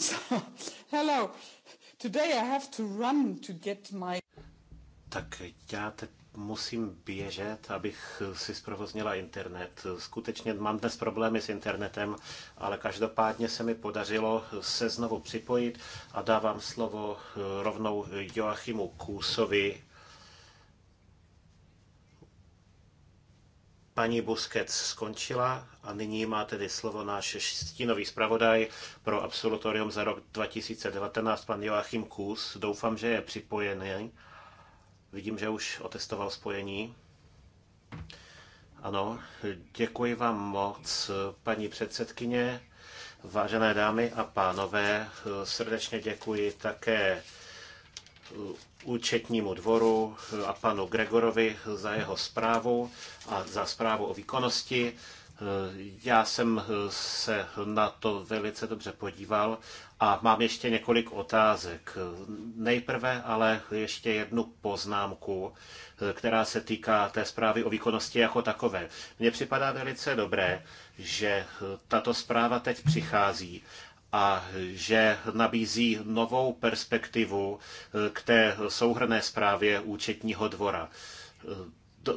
So, hello. Today I have to run to get my... Tak já teď musím běžet, abych si zprovoznila internet. Skutečně mám dnes problémy s internetem, ale každopádně se mi podařilo se znovu připojit a dávám slovo rovnou Joachimu Kůsovi, Paní Busquets skončila a nyní má tedy slovo náš stínový zpravodaj pro absolutorium za rok 2019, pan Joachim Kus. Doufám, že je připojený. Vidím, že už otestoval spojení. Ano, děkuji vám moc, paní předsedkyně. Vážené dámy a pánové, srdečně děkuji také účetnímu dvoru a panu Gregorovi za jeho zprávu a za zprávu o výkonnosti. Já jsem se na to velice dobře podíval a mám ještě několik otázek. Nejprve ale ještě jednu poznámku, která se týká té zprávy o výkonnosti jako takové. Mně připadá velice dobré, že tato zpráva teď přichází a že nabízí novou perspektivu eh, k té souhrné zprávě účetního dvora. Eh,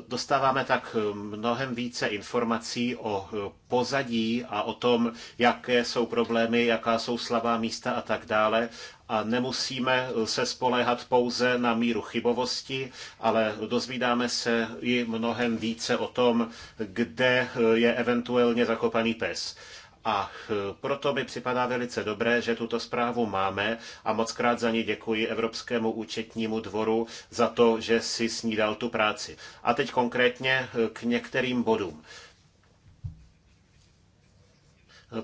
dostáváme tak eh, mnohem více informací o pozadí a o tom, jaké jsou problémy, jaká jsou slabá místa a tak dále. A nemusíme se spoléhat pouze na míru chybovosti, ale dozvídáme se i mnohem více o tom, kde je eventuálně zakopaný pes. A proto mi připadá velice dobré, že tuto zprávu máme a moc krát za ní děkuji Evropskému účetnímu dvoru za to, že si snídal tu práci. A teď konkrétně k některým bodům.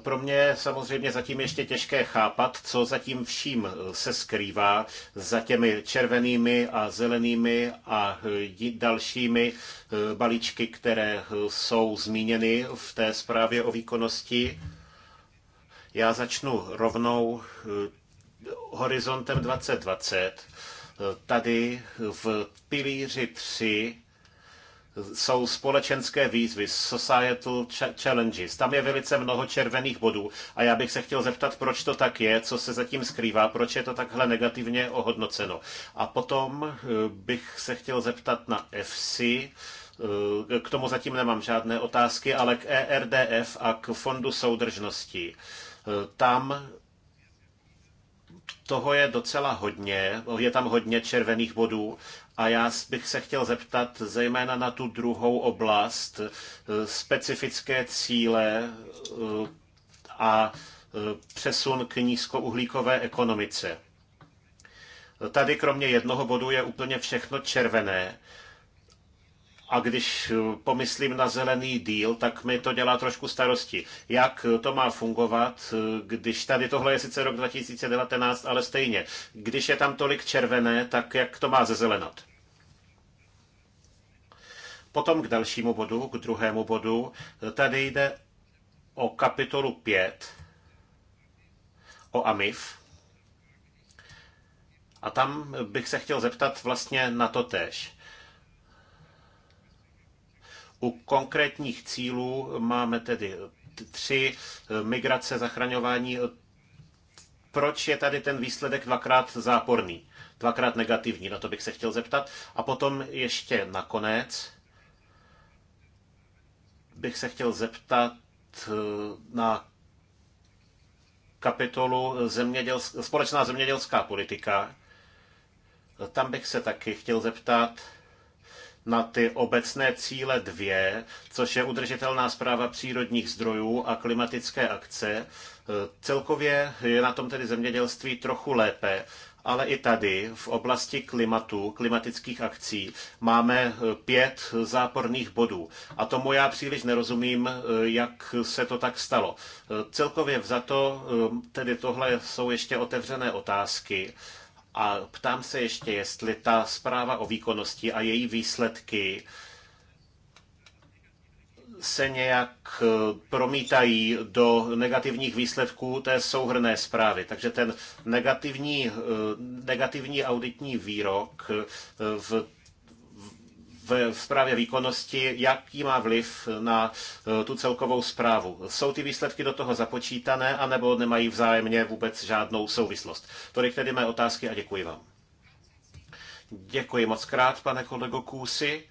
Pro mě samozřejmě zatím ještě těžké chápat, co zatím vším eh, se skrývá za těmi červenými a zelenými a eh, dalšími eh, balíčky, které jsou zmíněny v té zprávě o výkonnosti. Já začnu rovnou horizontem 2020. Tady v pilíři 3 jsou společenské výzvy, societal challenges. Tam je velice mnoho červených bodů a já bych se chtěl zeptat, proč to tak je, co se zatím skrývá, proč je to takhle negativně ohodnoceno. A potom eh, bych se chtěl zeptat na FC. Eh, k tomu zatím nemám žádné otázky, ale k ERDF a k Fondu soudržnosti. Eh, tam toho je docela hodně, je tam hodně červených bodů a já bych se chtěl zeptat zejména na tu druhou oblast, eh, specifické cíle eh, a eh, přesun k nízkouhlíkové ekonomice. Tady kromě jednoho bodu je úplně všechno červené. A když pomyslím na zelený díl, tak mi to dělá trošku starosti. Jak to má fungovat, když tady tohle je sice rok 2019, ale stejně. Když je tam tolik červené, tak jak to má zezelenat? Potom k dalšímu bodu, k druhému bodu. Tady jde o kapitolu 5, o AMIF. A tam bych se chtěl zeptat vlastně na to tež. U konkrétních cílů máme tedy tři migrace, zachraňování. Proč je tady ten výsledek dvakrát záporný, dvakrát negativní? Na to bych se chtěl zeptat. A potom ještě nakonec bych se chtěl zeptat eh, na kapitolu eh, zemědělsk- společná zemědělská politika. Tam bych se taky chtěl zeptat na ty obecné cíle dvě, což je udržitelná zpráva přírodních zdrojů a klimatické akce. Celkově je na tom tedy zemědělství trochu lépe, ale i tady v oblasti klimatu, klimatických akcí, máme eh, pět záporných bodů. A tomu já příliš nerozumím, eh, jak se to tak stalo. Eh, celkově vzato, tedy tohle jsou ještě otevřené otázky. A ptám se ještě, jestli ta zpráva o výkonnosti a její výsledky se nějak eh, promítají do negativních výsledků té souhrné zprávy. Takže ten negativní, eh, negativní auditní výrok eh, v v zprávě výkonnosti, jaký má vliv na tu celkovou zprávu. Jsou ty výsledky do toho započítané, anebo nemají vzájemně vůbec žádnou souvislost? Tolik tedy mé otázky a děkuji vám. Děkuji moc krát, pane kolego Kůsi.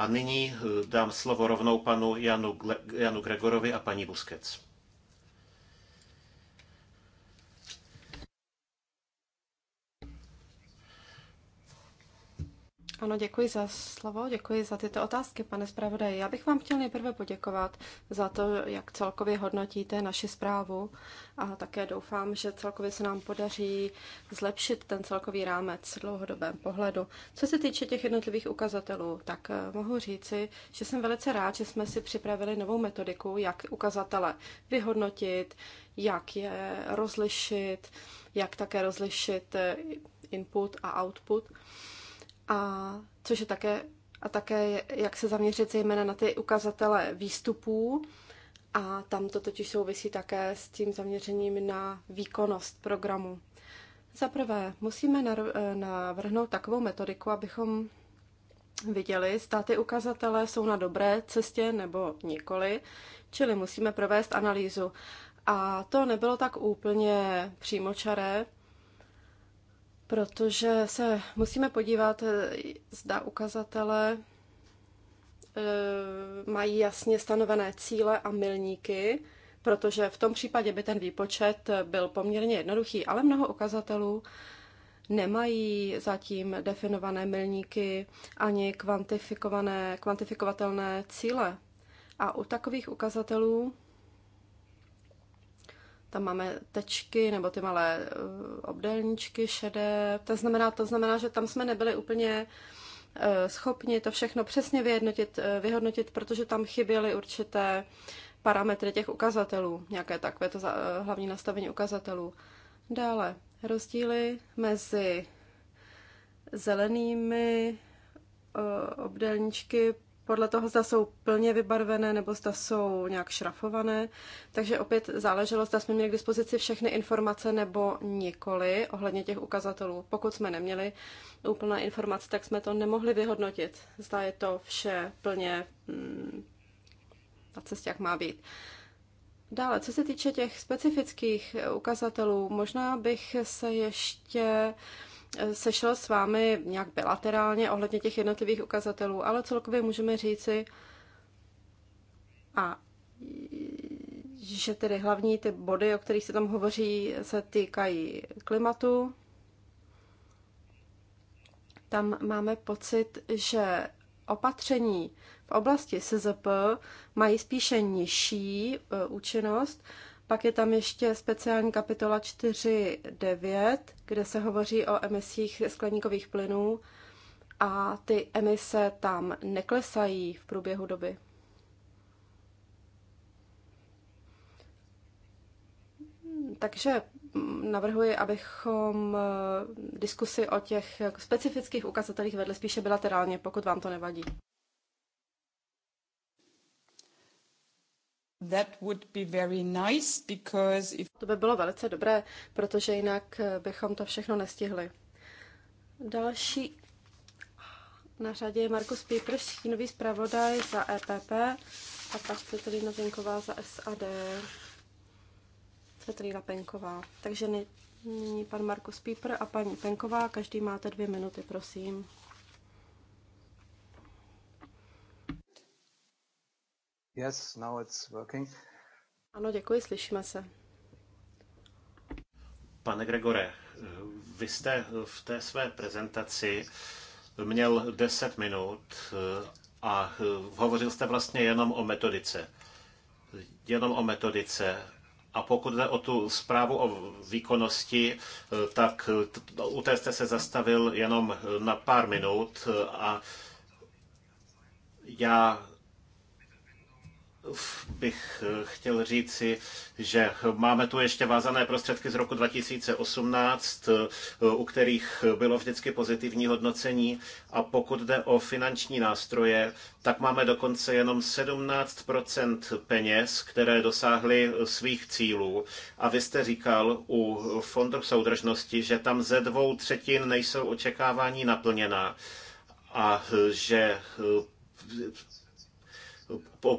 A nyní eh, dám slovo rovnou panu Janu, Janu Gregorovi a paní Busquets. Ano, děkuji za slovo, děkuji za tyto otázky, pane zpravodaji. Já bych vám chtěl nejprve poděkovat za to, jak celkově hodnotíte naši zprávu a také doufám, že celkově se nám podaří zlepšit ten celkový rámec v dlouhodobém pohledu. Co se týče těch jednotlivých ukazatelů, tak eh, mohu říci, že jsem velice rád, že jsme si připravili novou metodiku, jak ukazatele vyhodnotit, jak je rozlišit, jak také rozlišit eh, input a output a což je také, a také jak se zaměřit zejména na ty ukazatele výstupů, a tam to totiž souvisí také s tím zaměřením na výkonnost programu. Za prvé, musíme eh, navrhnout takovou metodiku, abychom viděli, zda ty ukazatele jsou na dobré cestě nebo nikoli, čili musíme provést analýzu. A to nebylo tak úplně přímočaré, protože se musíme podívat, eh, zda ukazatele eh, mají jasně stanovené cíle a milníky, protože v tom případě by ten výpočet eh, byl poměrně jednoduchý, ale mnoho ukazatelů nemají zatím definované milníky ani kvantifikované, kvantifikovatelné cíle. A u takových ukazatelů tam máme tečky nebo ty malé eh, obdélníčky šedé. To znamená, to znamená, že tam jsme nebyli úplně eh, schopni to všechno přesně vyhodnotit, eh, vyhodnotit protože tam chyběly určité parametry těch ukazatelů, nějaké takové to hlavní nastavení ukazatelů. Dále rozdíly mezi zelenými obdélníčky podle toho, zda jsou plně vybarvené nebo zda jsou nějak šrafované. Takže opět záleželo, zda jsme měli k dispozici všechny informace nebo nikoli ohledně těch ukazatelů. Pokud jsme neměli úplné informace, tak jsme to nemohli vyhodnotit. Zda je to vše plně hmm, na cestě, jak má být. Dále, co se týče těch specifických ukazatelů, možná bych se ještě sešel s vámi nějak bilaterálně ohledně těch jednotlivých ukazatelů, ale celkově můžeme říci, a že tedy hlavní ty body, o kterých se tam hovoří, se týkají klimatu. Tam máme pocit, že opatření v oblasti SZP mají spíše nižší e, účinnost, pak je tam ještě speciální kapitola 4.9, kde se hovoří o emisích skleníkových plynů a ty emise tam neklesají v průběhu doby. Takže navrhuji, abychom eh, diskusi o těch specifických ukazatelích vedli spíše bilaterálně, pokud vám to nevadí. That would be very nice, because if... To by bylo velice dobré, protože jinak bychom to všechno nestihli. Další na řadě je Markus Pieper, nový zpravodaj za EPP a pak Petrina Penková za SAD. Petrina Penková. Takže nyní pan Markus Pieper a paní Penková, každý máte dvě minuty, prosím. Yes, now it's working. Ano, děkuji, slyšíme se. Pane Gregore, vy jste v té své prezentaci měl 10 minut eh, a eh, hovořil jste vlastně jenom o metodice. Jenom o metodice. A pokud jde o tu zprávu o výkonnosti, eh, tak u té jste se zastavil jenom na pár minut a já bych eh, chtěl říci, že máme tu ještě vázané prostředky z roku 2018, eh, u kterých bylo vždycky pozitivní hodnocení a pokud jde o finanční nástroje, tak máme dokonce jenom 17 peněz, které dosáhly eh, svých cílů. A vy jste říkal u fondu soudržnosti, že tam ze dvou třetin nejsou očekávání naplněná a že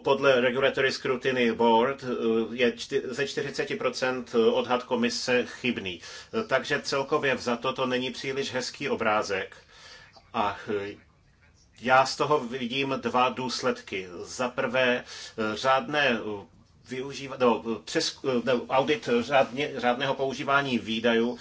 podle Regulatory Scrutiny Board eh, je ze 40% eh, odhad komise chybný. Eh, takže celkově za to není příliš hezký obrázek. A já z toho vidím dva důsledky. Za prvé, řádné využíva, no, přes, no, audit řádně, řádného používání výdajů,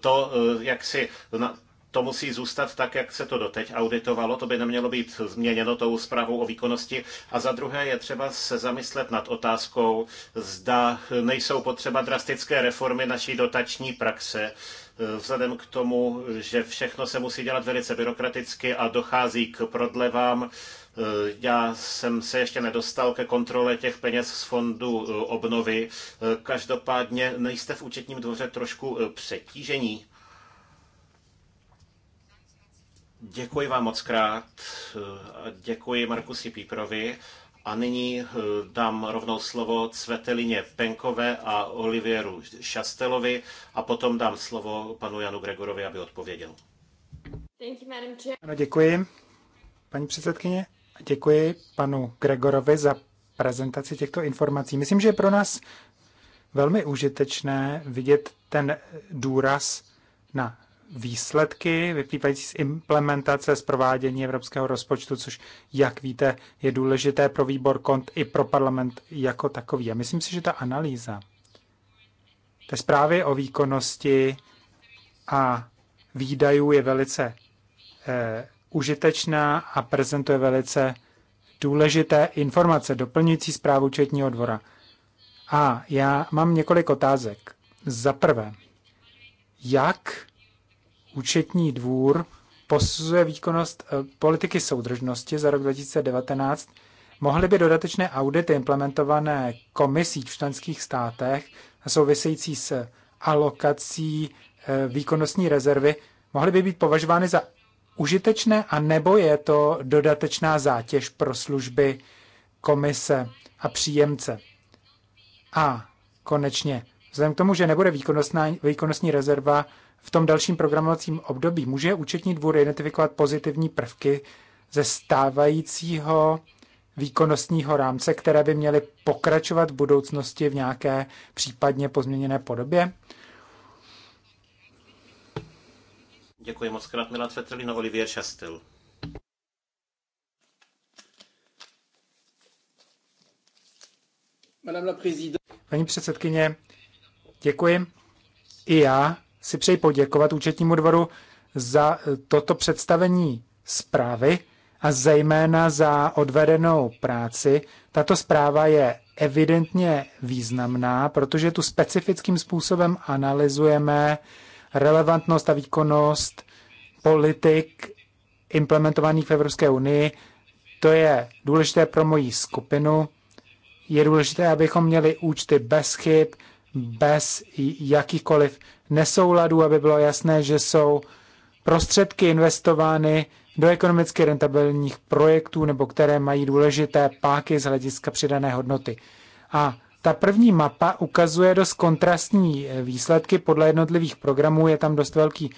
to, jak si na, to musí zůstat tak, jak se to doteď auditovalo, to by nemělo být změněno tou zprávou o výkonnosti. A za druhé je třeba se zamyslet nad otázkou, zda nejsou potřeba drastické reformy naší dotační praxe, eh, vzhledem k tomu, že všechno se musí dělat velice byrokraticky a dochází k prodlevám. Eh, já jsem se ještě nedostal ke kontrole těch peněz z fondu eh, obnovy. Každopádně nejste v účetním dvoře trošku přetížení? Děkuji vám moc krát. Eh, děkuji Markusi Píprovi. A nyní eh, dám rovnou slovo Cvetelině Penkové a Olivieru Šastelovi a potom dám slovo panu Janu Gregorovi, aby odpověděl. Ano, děkuji, paní předsedkyně. Děkuji panu Gregorovi za prezentaci těchto informací. Myslím, že je pro nás velmi užitečné vidět ten důraz na výsledky vyplývající z implementace, z provádění evropského rozpočtu, což, jak víte, je důležité pro výbor kont i pro parlament jako takový. A myslím si, že ta analýza té zprávy o výkonnosti a výdajů je velice eh, užitečná a prezentuje velice důležité informace doplňující zprávu Četního dvora. A já mám několik otázek. Za prvé, jak účetní dvůr posuzuje výkonnost eh, politiky soudržnosti za rok 2019, mohly by dodatečné audity implementované komisí v členských státech a související s alokací eh, výkonnostní rezervy mohly by být považovány za užitečné a nebo je to dodatečná zátěž pro služby komise a příjemce. A konečně Vzhledem k tomu, že nebude výkonnostní rezerva v tom dalším programovacím období, může účetní dvůr identifikovat pozitivní prvky ze stávajícího výkonnostního rámce, které by měly pokračovat v budoucnosti v nějaké případně pozměněné podobě? Děkuji moc krát, Milan Tvetelina, Olivier Šastel. Paní předsedkyně, Děkuji. I já si přeji poděkovat účetnímu dvoru za eh, toto představení zprávy a zejména za odvedenou práci. Tato zpráva je evidentně významná, protože tu specifickým způsobem analyzujeme relevantnost a výkonnost politik implementovaných v Evropské unii. To je důležité pro moji skupinu. Je důležité, abychom měli účty bez chyb, bez jakýchkoliv nesouladů, aby bylo jasné, že jsou prostředky investovány do ekonomicky rentabilních projektů nebo které mají důležité páky z hlediska přidané hodnoty. A ta první mapa ukazuje dost kontrastní e, výsledky podle jednotlivých programů, je tam dost velký,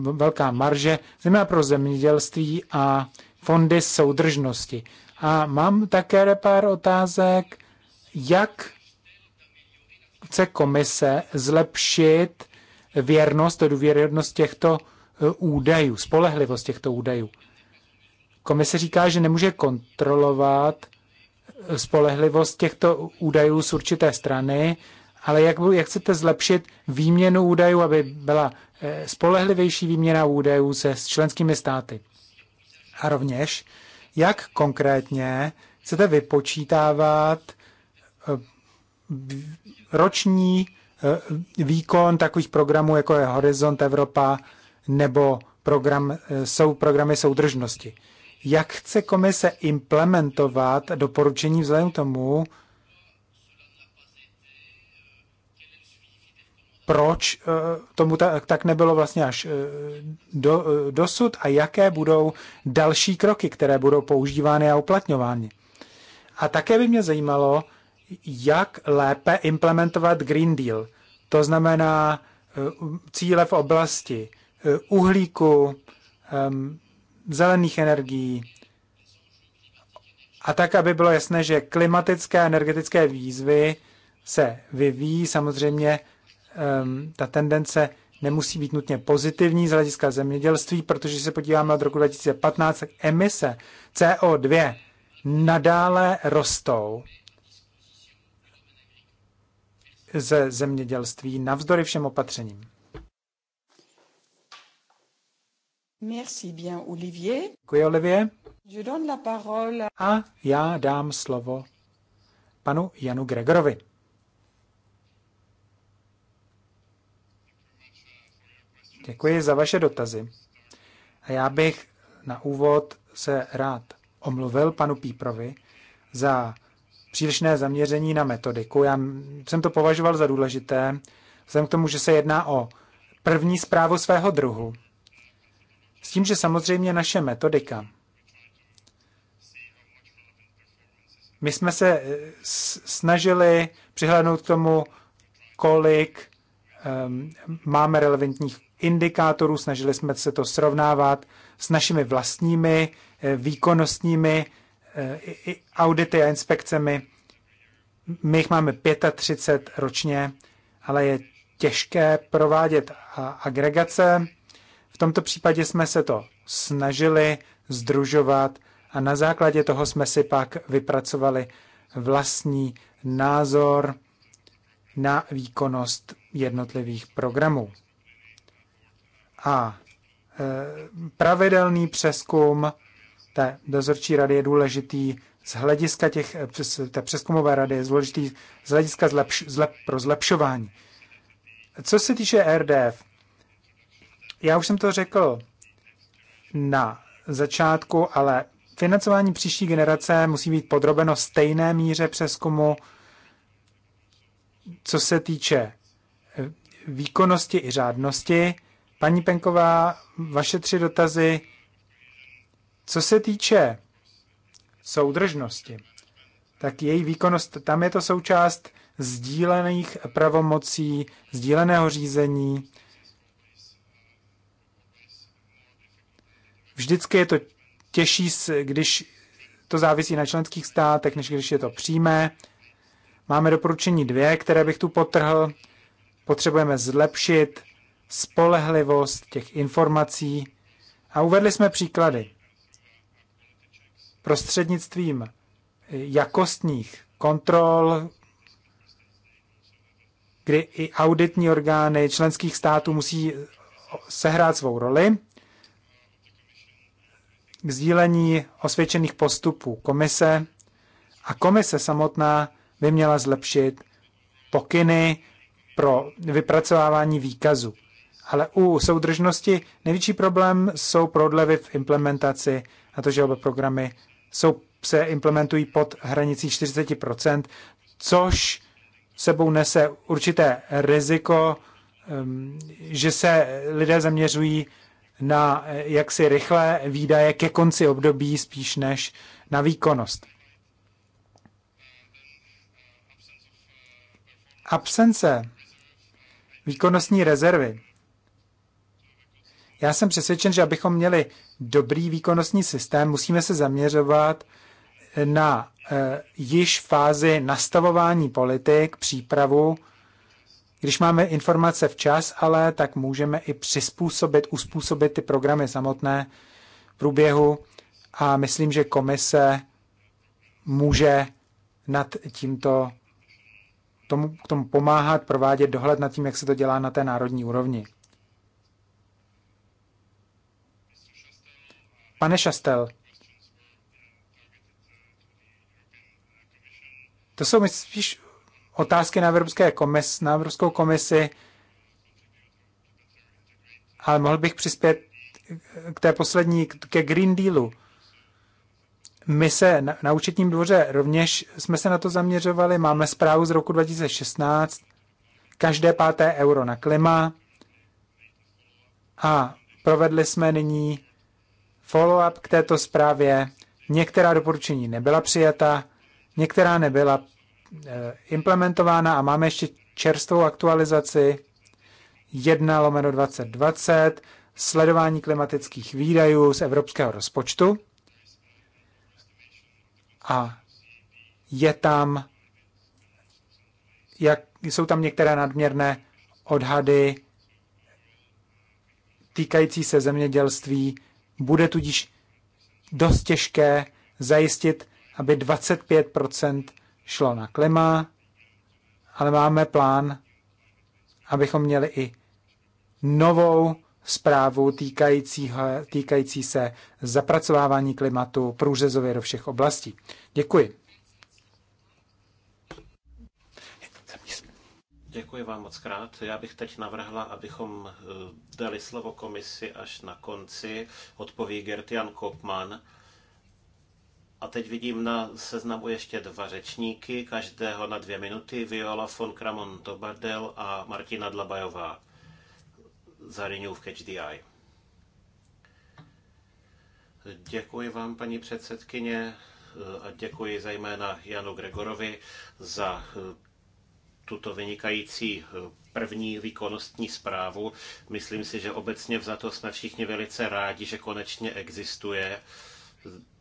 velká marže, zejména pro zemědělství a fondy soudržnosti. A mám také pár otázek, jak chce komise zlepšit věrnost a důvěryhodnost těchto eh, údajů, spolehlivost těchto údajů. Komise říká, že nemůže kontrolovat eh, spolehlivost těchto údajů z určité strany, ale jak, jak chcete zlepšit výměnu údajů, aby byla eh, spolehlivější výměna údajů se s členskými státy? A rovněž, jak konkrétně chcete vypočítávat roční eh, výkon takových programů, jako je Horizont Evropa nebo program, eh, jsou programy soudržnosti. Jak chce komise implementovat doporučení vzhledem k tomu, proč eh, tomu tak nebylo vlastně až do, dosud a jaké budou další kroky, které budou používány a uplatňovány. A také by mě zajímalo, jak lépe implementovat Green Deal. To znamená eh, cíle v oblasti eh, uhlíku, ehm, zelených energií, a tak, aby bylo jasné, že klimatické a energetické výzvy se vyvíjí. Samozřejmě ehm, ta tendence nemusí být nutně pozitivní z hlediska zemědělství, protože se podíváme od roku 2015, tak emise CO2 nadále rostou ze zemědělství navzdory všem opatřením. Merci bien, Olivier. Děkuji, Olivier. Je donne la parole. A já dám slovo panu Janu Gregorovi. Děkuji za vaše dotazy. A já bych na úvod se rád omluvil panu Píprovi za přílišné zaměření na metodiku. Já jsem to považoval za důležité, vzhledem k tomu, že se jedná o první zprávu svého druhu. S tím, že samozřejmě naše metodika. My jsme se eh, snažili přihlédnout k tomu, kolik um, máme relevantních indikátorů, snažili jsme se to srovnávat s našimi vlastními eh, výkonnostními Eh, audity a inspekcemi. My jich máme 35 ročně, ale je těžké provádět agregace. V tomto případě jsme se to snažili združovat a na základě toho jsme si pak vypracovali vlastní názor na výkonnost jednotlivých programů. A eh, pravidelný přeskum té dozorčí rady je důležitý z hlediska těch, té přeskumové rady je důležitý z hlediska zlepš, zlep, pro zlepšování. Co se týče RDF, já už jsem to řekl na začátku, ale financování příští generace musí být podrobeno stejné míře přeskumu, co se týče eh, výkonnosti i řádnosti. Paní Penková, vaše tři dotazy co se týče soudržnosti, tak její výkonnost, tam je to součást sdílených pravomocí, sdíleného řízení. Vždycky je to těžší, když to závisí na členských státech, než když je to přímé. Máme doporučení dvě, které bych tu potrhl. Potřebujeme zlepšit spolehlivost těch informací a uvedli jsme příklady prostřednictvím jakostních kontrol, kdy i auditní orgány členských států musí sehrát svou roli k sdílení osvědčených postupů komise a komise samotná by měla zlepšit pokyny pro vypracovávání výkazu. Ale u soudržnosti největší problém jsou prodlevy v implementaci a to, že oba programy jsou, se implementují pod hranicí 40%, což sebou nese určité riziko, ehm, že se lidé zaměřují na eh, jaksi rychlé výdaje ke konci období spíš než na výkonnost. Absence výkonnostní rezervy já jsem přesvědčen, že abychom měli dobrý výkonnostní systém, musíme se zaměřovat na e, již fázi nastavování politik, přípravu. Když máme informace včas, ale tak můžeme i přizpůsobit, uspůsobit ty programy samotné v průběhu a myslím, že komise může nad tímto tomu, k tomu pomáhat, provádět dohled nad tím, jak se to dělá na té národní úrovni. Pane Šastel, to jsou spíš otázky na, Evropské komis, na Evropskou komisi, ale mohl bych přispět k té poslední, ke Green Dealu. My se na, na účetním dvoře rovněž jsme se na to zaměřovali, máme zprávu z roku 2016, každé páté euro na klima a provedli jsme nyní Follow-up k této zprávě. Některá doporučení nebyla přijata, některá nebyla eh, implementována a máme ještě čerstvou aktualizaci 1 lomeno 2020, sledování klimatických výdajů z evropského rozpočtu. A je tam, jak, jsou tam některé nadměrné odhady týkající se zemědělství bude tudíž dost těžké zajistit, aby 25 šlo na klima, ale máme plán, abychom měli i novou zprávu týkající, se zapracovávání klimatu průřezově do všech oblastí. Děkuji. Děkuji vám moc krát. Já bych teď navrhla, abychom eh, dali slovo komisi až na konci. Odpoví Gertian Kopman. A teď vidím na seznamu ještě dva řečníky, každého na dvě minuty, Viola von Kramon Dobardel a Martina Dlabajová za Renew v Catch the Eye. Děkuji vám, paní předsedkyně, eh, a děkuji zejména Janu Gregorovi za eh, tuto vynikající eh, první výkonnostní zprávu. Myslím si, že obecně to jsme všichni velice rádi, že konečně existuje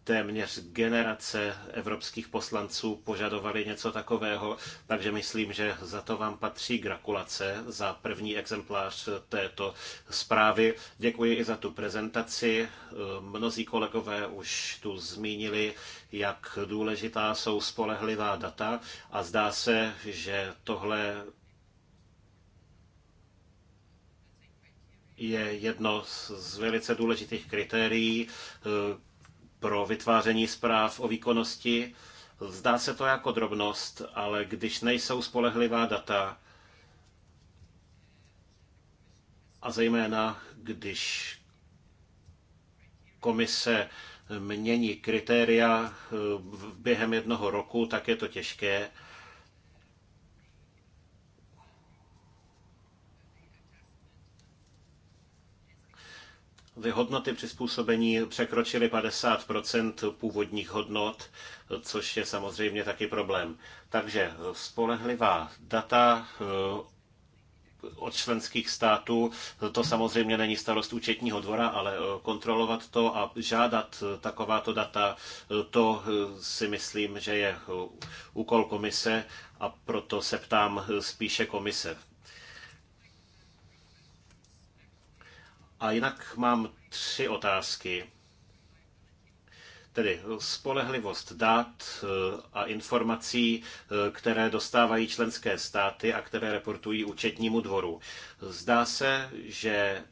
téměř generace evropských poslanců požadovali něco takového, takže myslím, že za to vám patří gratulace za první exemplář této zprávy. Děkuji i za tu prezentaci. Mnozí kolegové už tu zmínili, jak důležitá jsou spolehlivá data a zdá se, že tohle je jedno z velice důležitých kritérií, pro vytváření zpráv o výkonnosti. Zdá se to jako drobnost, ale když nejsou spolehlivá data, a zejména když komise mění kritéria eh, během jednoho roku, tak je to těžké. Ty hodnoty přizpůsobení překročily 50 původních hodnot, což je samozřejmě taky problém. Takže spolehlivá data eh, od členských států. To samozřejmě není starost účetního dvora, ale eh, kontrolovat to a žádat eh, takováto data, to si myslím, že je úkol komise a proto se ptám spíše komise A jinak mám tři otázky. Tedy spolehlivost dat eh, a informací, eh, které dostávají členské státy a které reportují účetnímu dvoru. Zdá se, že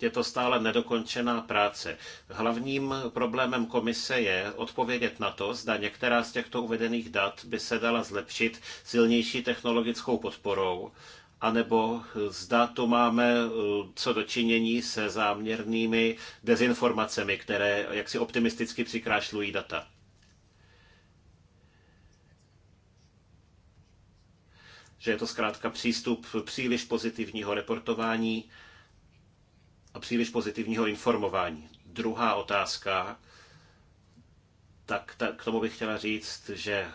je to stále nedokončená práce. Hlavním problémem komise je odpovědět na to, zda některá z těchto uvedených dat by se dala zlepšit silnější technologickou podporou anebo zda tu máme eh, co dočinění se záměrnými dezinformacemi, které jaksi optimisticky přikrášlují data. Že je to zkrátka přístup příliš pozitivního reportování a příliš pozitivního informování. Druhá otázka, tak, tak k tomu bych chtěla říct, že eh,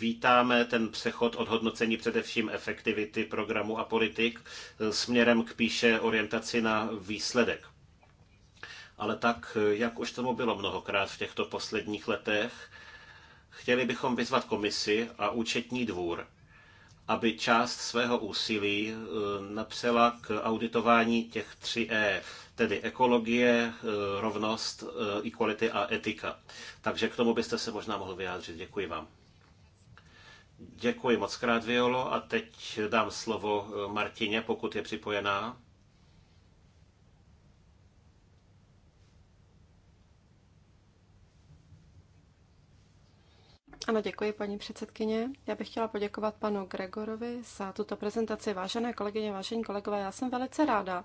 Vítáme ten přechod od hodnocení především efektivity programu a politik eh, směrem k píše orientaci na výsledek. Ale tak, eh, jak už tomu bylo mnohokrát v těchto posledních letech, chtěli bychom vyzvat komisi a účetní dvůr, aby část svého úsilí eh, napřela k auditování těch tři e tedy ekologie, rovnost, equality a etika. Takže k tomu byste se možná mohl vyjádřit. Děkuji vám. Děkuji moc krát, Violo, a teď dám slovo eh, Martině, pokud je připojená. Ano, děkuji paní předsedkyně. Já bych chtěla poděkovat panu Gregorovi za tuto prezentaci. Vážené kolegyně, vážení kolegové, já jsem velice ráda,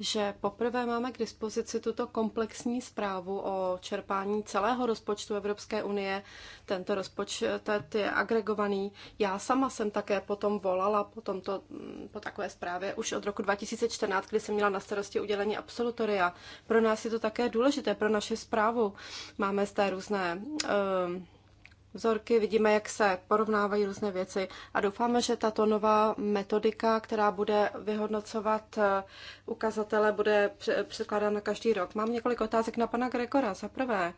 že poprvé máme k dispozici tuto komplexní zprávu o čerpání celého rozpočtu Evropské unie. Tento rozpočet je agregovaný. Já sama jsem také potom volala po, tomto, mm, po takové zprávě už od roku 2014, kdy jsem měla na starosti udělení absolutoria. Pro nás je to také důležité, pro naši zprávu. Máme zde různé um, vzorky, vidíme, jak se porovnávají různé věci a doufáme, že tato nová metodika, která bude vyhodnocovat eh, ukazatele, bude předkládána každý rok. Mám několik otázek na pana Gregora. Za prvé,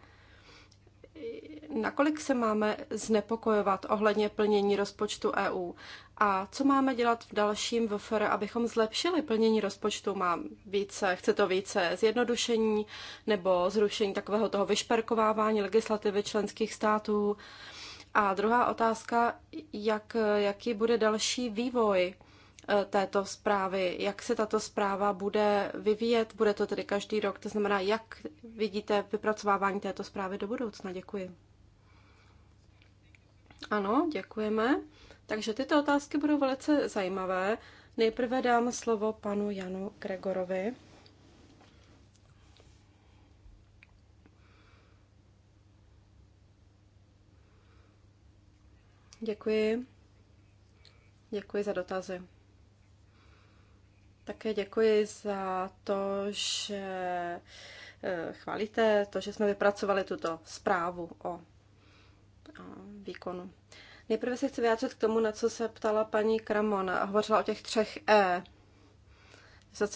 nakolik se máme znepokojovat ohledně plnění rozpočtu EU? A co máme dělat v dalším VFR, abychom zlepšili plnění rozpočtu? Mám více, chce to více zjednodušení nebo zrušení takového toho vyšperkovávání legislativy členských států? A druhá otázka, jak, jaký bude další vývoj eh, této zprávy, jak se tato zpráva bude vyvíjet, bude to tedy každý rok, to znamená, jak vidíte vypracovávání této zprávy do budoucna. Děkuji. Ano, děkujeme. Takže tyto otázky budou velice zajímavé. Nejprve dám slovo panu Janu Gregorovi. Děkuji. Děkuji za dotazy. Také děkuji za to, že eh, chválíte to, že jsme vypracovali tuto zprávu o výkonu. Nejprve se chci vyjádřit k tomu, na co se ptala paní Kramona a hovořila o těch třech E,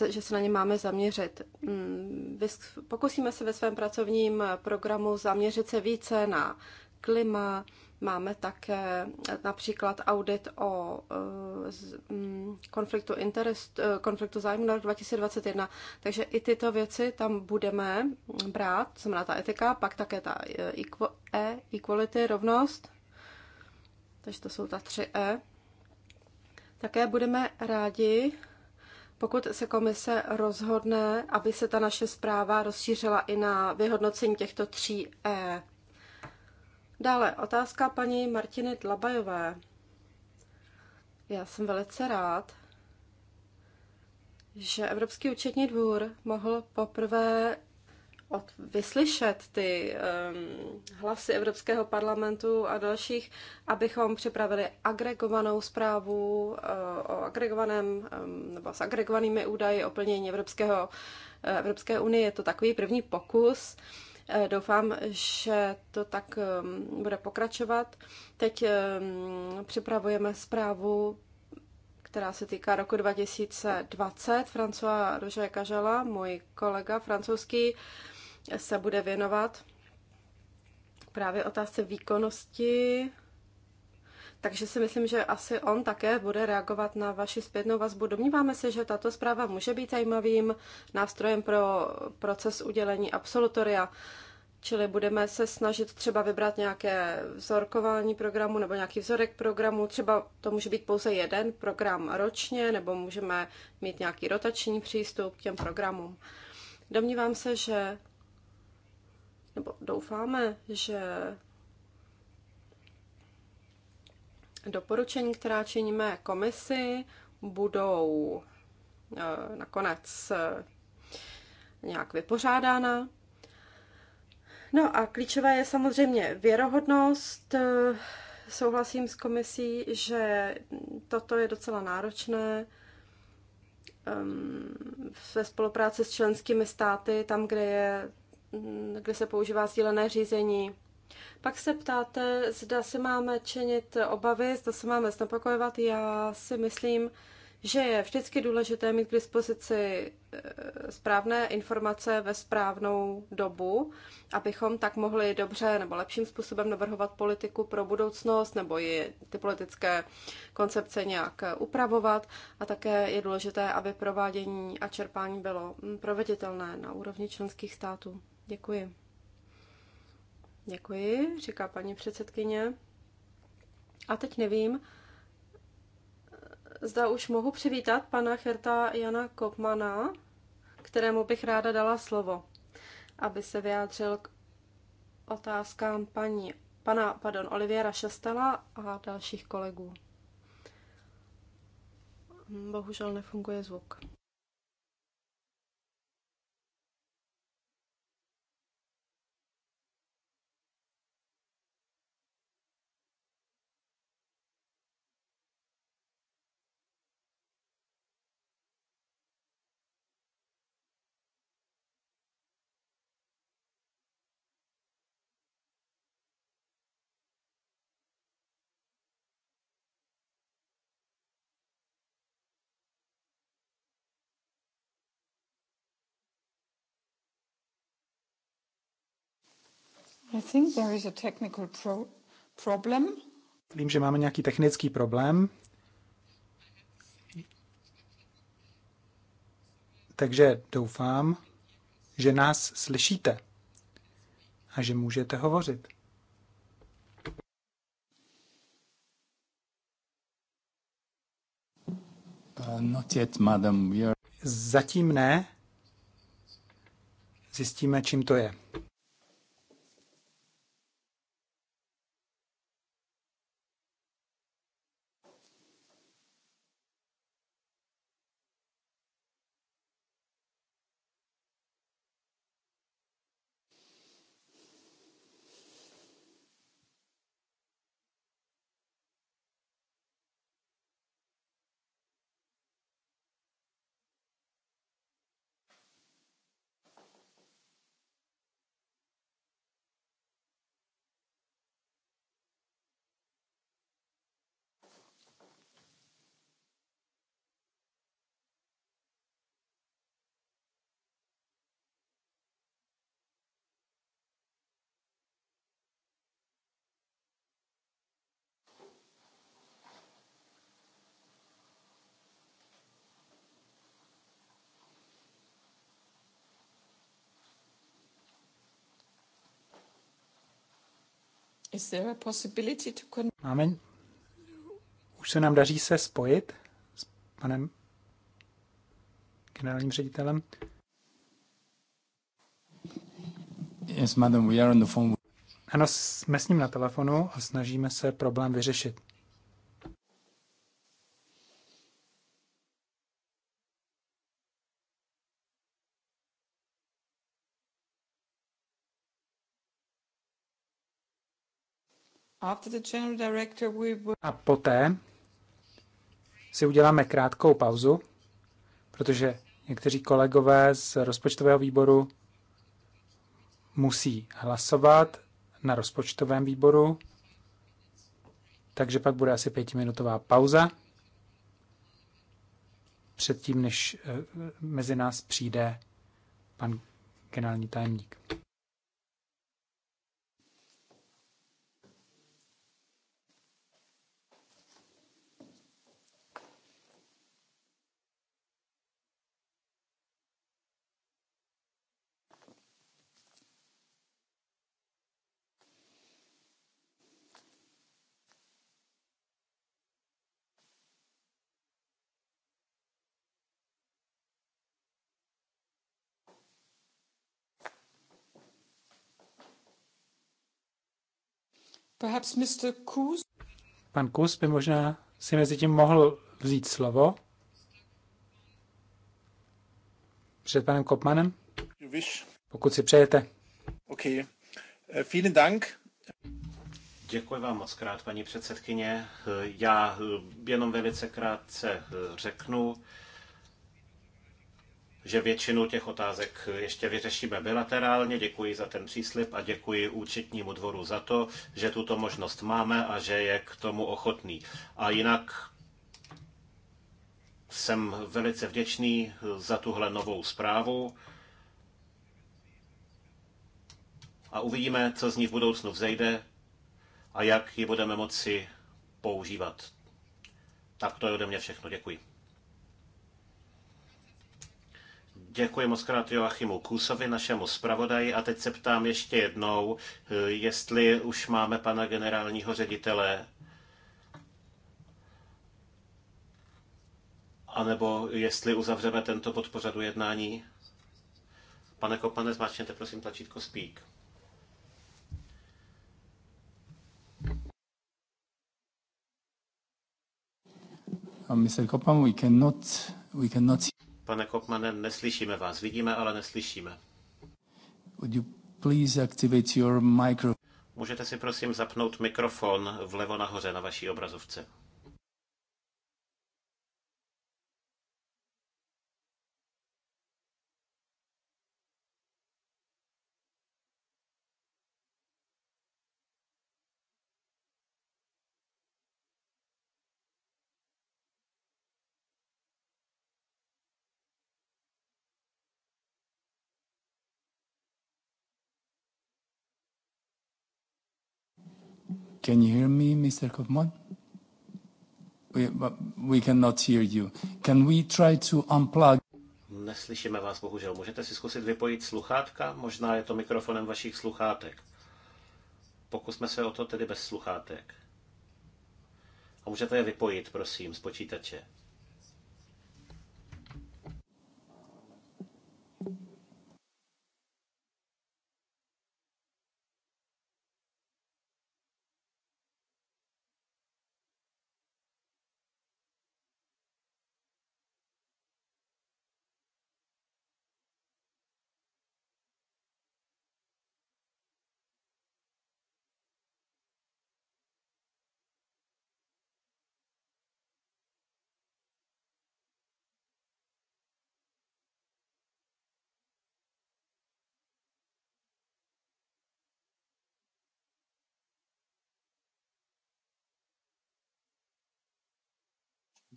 že se na ně máme zaměřit. Mm, pokusíme se ve svém pracovním programu zaměřit se více na klima, máme také například audit o e, mm, konfliktu, interest, e, konfliktu zájmu na rok 2021, takže i tyto věci tam budeme brát, znamená ta etika, pak také ta e-equality, e, rovnost, takže to jsou ta 3E. Také budeme rádi, pokud se komise rozhodne, aby se ta naše zpráva rozšířila i na vyhodnocení těchto 3E. Dále otázka paní Martiny Dlabajové. Já jsem velice rád, že Evropský účetní dvůr mohl poprvé od, vyslyšet ty um, hlasy Evropského parlamentu a dalších, abychom připravili agregovanou zprávu uh, o agregovaném um, nebo s agregovanými údaji o plnění Evropského, uh, Evropské unie. Je to takový první pokus. Uh, doufám, že to tak um, bude pokračovat. Teď um, připravujeme zprávu která se týká roku 2020. François Roger Kažela, můj kolega francouzský, se bude věnovat právě otázce výkonnosti. Takže si myslím, že asi on také bude reagovat na vaši zpětnou vazbu. Domníváme se, že tato zpráva může být zajímavým nástrojem pro proces udělení absolutoria. Čili budeme se snažit třeba vybrat nějaké vzorkování programu nebo nějaký vzorek programu. Třeba to může být pouze jeden program ročně, nebo můžeme mít nějaký rotační přístup k těm programům. Domnívám se, že nebo doufáme, že doporučení, která činíme komisi, budou eh, nakonec eh, nějak vypořádána. No a klíčové je samozřejmě věrohodnost. Eh, souhlasím s komisí, že toto je docela náročné ehm, ve spolupráci s členskými státy, tam, kde je Mm, kde se používá sdílené řízení. Pak se ptáte, zda si máme činit obavy, zda se máme znepokojovat. Já si myslím, že je vždycky důležité mít k dispozici eh, správné informace ve správnou dobu, abychom tak mohli dobře nebo lepším způsobem navrhovat politiku pro budoucnost nebo i ty politické koncepce nějak eh, upravovat. A také je důležité, aby provádění a čerpání bylo mm, proveditelné na úrovni členských států. Děkuji. Děkuji, říká paní předsedkyně. A teď nevím, zda už mohu přivítat pana Herta Jana Kopmana, kterému bych ráda dala slovo, aby se vyjádřil k otázkám paní, pana pardon, Oliviera Šestela a dalších kolegů. Bohužel nefunguje zvuk. I think there is a technical pro- problem. Vím, že máme nějaký technický problém. Takže doufám, že nás slyšíte a že můžete hovořit. Uh, not yet, madam. We are... Zatím ne. Zjistíme, čím to je. Máme, už se nám daří se spojit s panem generálním ředitelem. Yes, madam, we are on the phone. Ano, jsme s ním na telefonu a snažíme se problém vyřešit. A poté si uděláme krátkou pauzu, protože někteří kolegové z rozpočtového výboru musí hlasovat na rozpočtovém výboru, takže pak bude asi pětiminutová pauza předtím, než eh, mezi nás přijde pan generální tajemník. Perhaps Mr. Kuz. Pan Kus by možná si mezi tím mohl vzít slovo před panem Kopmanem, pokud si přejete. OK. Eh, vielen Dank. Děkuji vám moc krát, paní předsedkyně. Eh, já eh, jenom velice krátce řeknu, že většinu těch otázek ještě vyřešíme bilaterálně. Děkuji za ten příslip a děkuji účetnímu dvoru za to, že tuto možnost máme a že je k tomu ochotný. A jinak jsem velice vděčný za tuhle novou zprávu a uvidíme, co z ní v budoucnu vzejde a jak ji budeme moci používat. Tak to je ode mě všechno. Děkuji. Děkuji moc krát Joachimu Kůsovi, našemu zpravodaji. A teď se ptám ještě jednou, eh, jestli už máme pana generálního ředitele. A nebo jestli uzavřeme tento bod pořadu jednání. Pane Kopane, zmáčněte prosím tlačítko Speak. Uh, Mr. Kopan, we cannot, we cannot see. Pane Kopmane, neslyšíme vás. Vidíme, ale neslyšíme. Would you please activate your micro... Můžete si prosím zapnout mikrofon vlevo nahoře na vaší obrazovce. Can you hear me, Mr. Kopmon? We, we cannot hear you. Can we try to unplug? Neslyšíme vás, bohužel. Můžete si zkusit vypojit sluchátka? Možná je to mikrofonem vašich sluchátek. Pokusme se o to tedy bez sluchátek. A můžete je vypojit, prosím, z počítače.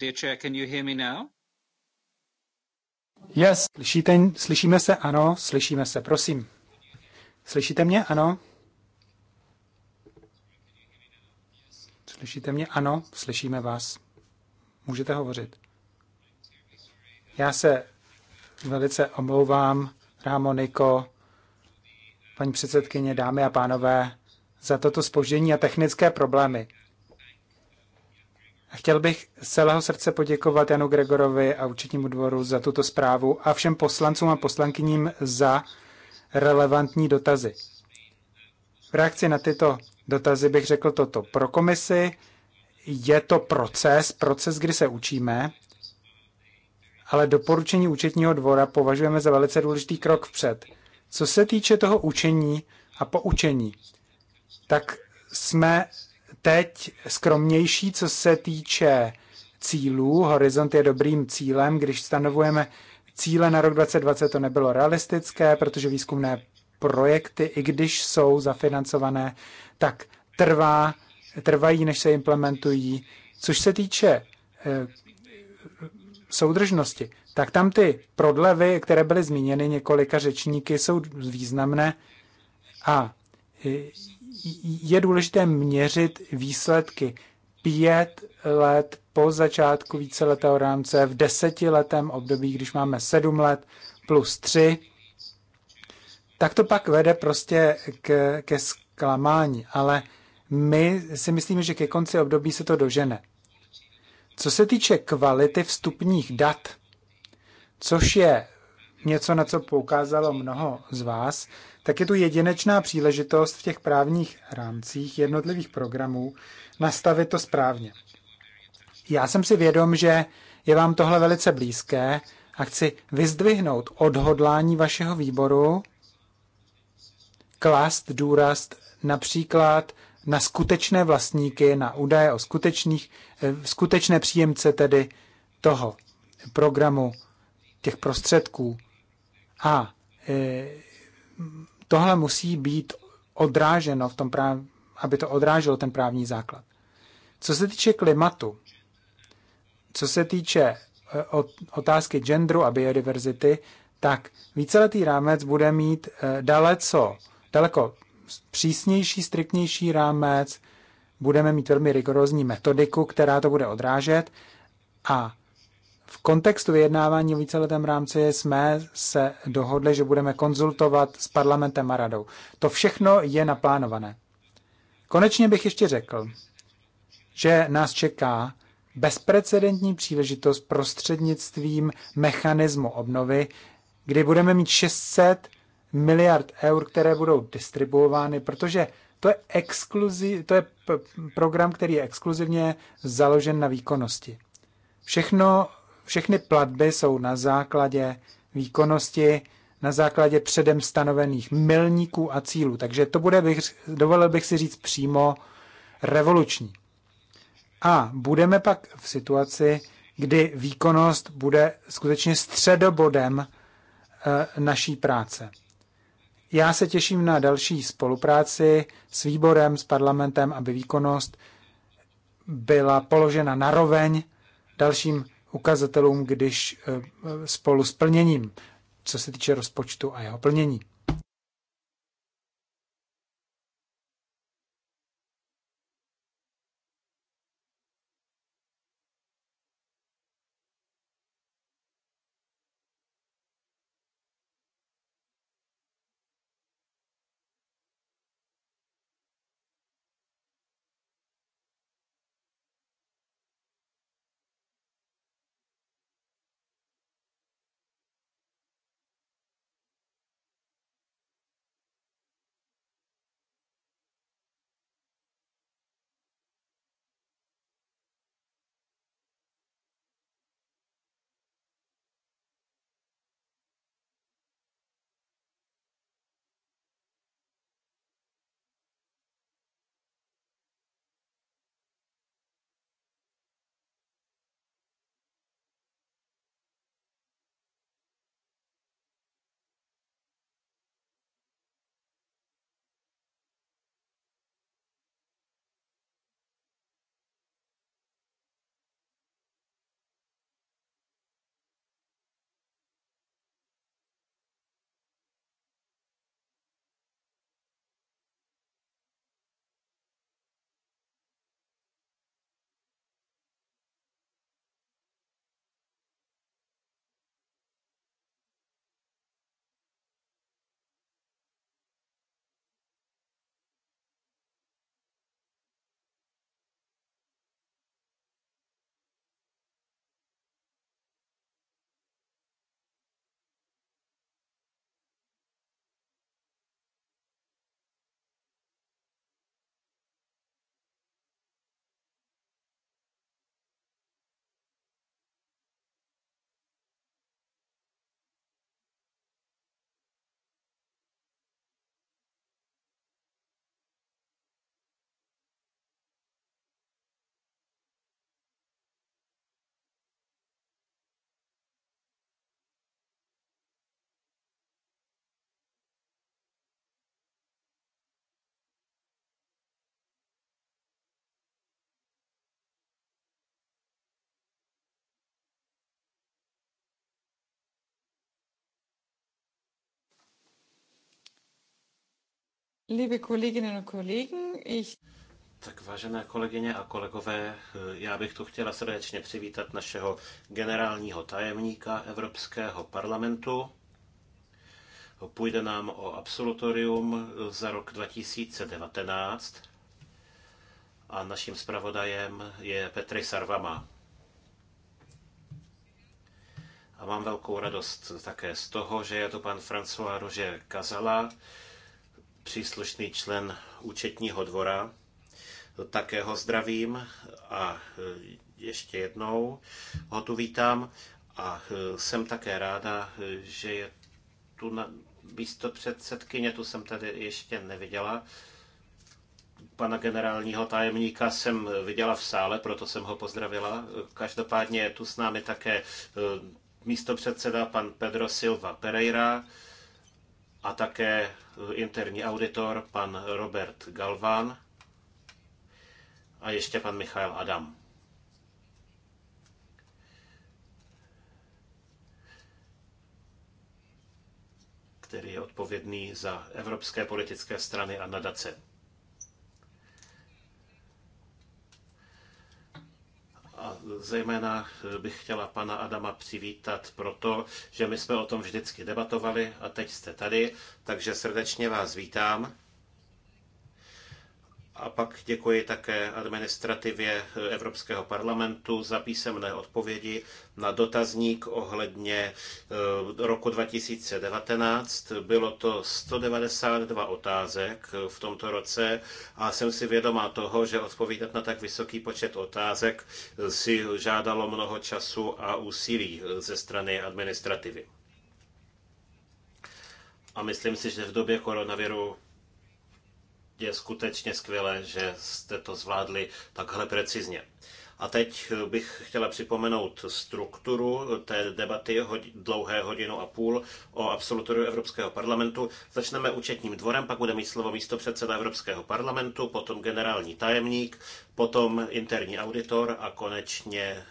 Dear Chair, can you hear me now? Yes, slyšíte, slyšíme se, ano, slyšíme se, prosím. Slyšíte mě, ano? Slyšíte mě, ano, slyšíme vás. Můžete hovořit. Já se velice omlouvám, Rámo, Niko, paní předsedkyně, dámy a pánové, za toto spoždění a technické problémy. Chtěl bych z celého srdce poděkovat Janu Gregorovi a účetnímu dvoru za tuto zprávu a všem poslancům a poslankyním za relevantní dotazy. V reakci na tyto dotazy bych řekl toto. Pro komisi je to proces, proces, kdy se učíme, ale doporučení účetního dvora považujeme za velice důležitý krok vpřed. Co se týče toho učení a poučení, tak jsme teď skromnější, co se týče cílů. Horizont je dobrým cílem. Když stanovujeme cíle na rok 2020, to nebylo realistické, protože výzkumné projekty, i když jsou zafinancované, tak trvá, trvají, než se implementují. Což se týče e, soudržnosti, tak tam ty prodlevy, které byly zmíněny několika řečníky, jsou významné a eh, je důležité měřit výsledky pět let po začátku víceletého rámce v desetiletém období, když máme sedm let plus tři, tak to pak vede prostě k, ke zklamání. Ale my si myslíme, že ke konci období se to dožene. Co se týče kvality vstupních dat, což je něco, na co poukázalo mnoho z vás, tak je tu jedinečná příležitost v těch právních rámcích jednotlivých programů nastavit to správně. Já jsem si vědom, že je vám tohle velice blízké a chci vyzdvihnout odhodlání vašeho výboru klást důraz například na skutečné vlastníky, na údaje o skutečných, eh, skutečné příjemce tedy toho programu, těch prostředků, a e, tohle musí být odráženo v tom práv, aby to odráželo ten právní základ. Co se týče klimatu, co se týče e, otázky genderu a biodiverzity, tak víceletý rámec bude mít e, daleco, daleko přísnější, striktnější rámec, budeme mít velmi rigorózní metodiku, která to bude odrážet a v kontextu vyjednávání o víceletém rámci jsme se dohodli, že budeme konzultovat s parlamentem a radou. To všechno je naplánované. Konečně bych ještě řekl, že nás čeká bezprecedentní příležitost prostřednictvím mechanismu obnovy, kdy budeme mít 600 miliard eur, které budou distribuovány, protože to je, exkluzi, to je program, který je exkluzivně založen na výkonnosti. Všechno všechny platby jsou na základě výkonnosti, na základě předem stanovených milníků a cílů. Takže to bude, bych, dovolil bych si říct, přímo revoluční. A budeme pak v situaci, kdy výkonnost bude skutečně středobodem eh, naší práce. Já se těším na další spolupráci s výborem, s parlamentem, aby výkonnost byla položena na roveň dalším ukazatelům, když eh, spolu s plněním, co se týče rozpočtu a jeho plnění. Liebe Kolleginnen und Kollegen, ich... Tak vážené kolegyně a kolegové, já bych tu chtěla srdečně přivítat našeho generálního tajemníka Evropského parlamentu. Půjde nám o absolutorium za rok 2019 a naším zpravodajem je Petr Sarvama. A mám velkou radost také z toho, že je to pan François Roger Kazala, příslušný člen účetního dvora. Také ho zdravím a e, ještě jednou ho tu vítám a e, jsem také ráda, e, že je tu na místo předsedkyně, tu jsem tady ještě neviděla. Pana generálního tajemníka jsem viděla v sále, proto jsem ho pozdravila. Každopádně je tu s námi také místo předseda pan Pedro Silva Pereira, a také interní auditor pan Robert Galván a ještě pan Michal Adam. který je odpovědný za evropské politické strany a nadace. A zejména eh, bych chtěla pana Adama přivítat proto, že my jsme o tom vždycky debatovali a teď jste tady, takže srdečně vás vítám. A pak děkuji také administrativě Evropského parlamentu za písemné odpovědi na dotazník ohledně eh, roku 2019. Bylo to 192 otázek eh, v tomto roce a jsem si vědomá toho, že odpovídat na tak vysoký počet otázek eh, si žádalo mnoho času a úsilí ze strany administrativy. A myslím si, že v době koronaviru je skutečně skvělé, že jste to zvládli takhle precizně. A teď bych chtěla připomenout strukturu té debaty dlouhé hodinu a půl o absolutoriu Evropského parlamentu. Začneme účetním dvorem, pak bude mít slovo místo předseda Evropského parlamentu, potom generální tajemník, potom interní auditor a konečně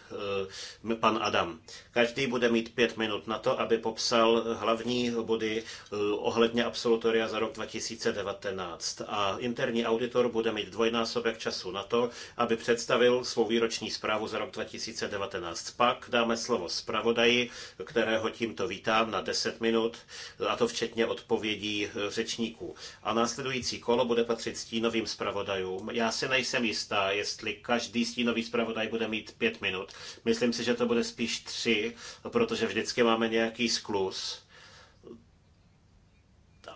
eh, pan Adam. Každý bude mít pět minut na to, aby popsal hlavní body eh, ohledně absolutoria za rok 2019. A interní auditor bude mít dvojnásobek času na to, aby představil svou výroční zprávu za rok 2019. Pak dáme slovo zpravodaji, kterého tímto vítám na 10 minut, eh, a to včetně odpovědí řečníků. A následující kolo bude patřit stínovým zpravodajům. Já si nejsem jistá, jestli každý stínový zpravodaj bude mít pět minut. Myslím si, že to bude spíš tři, protože vždycky máme nějaký sklus.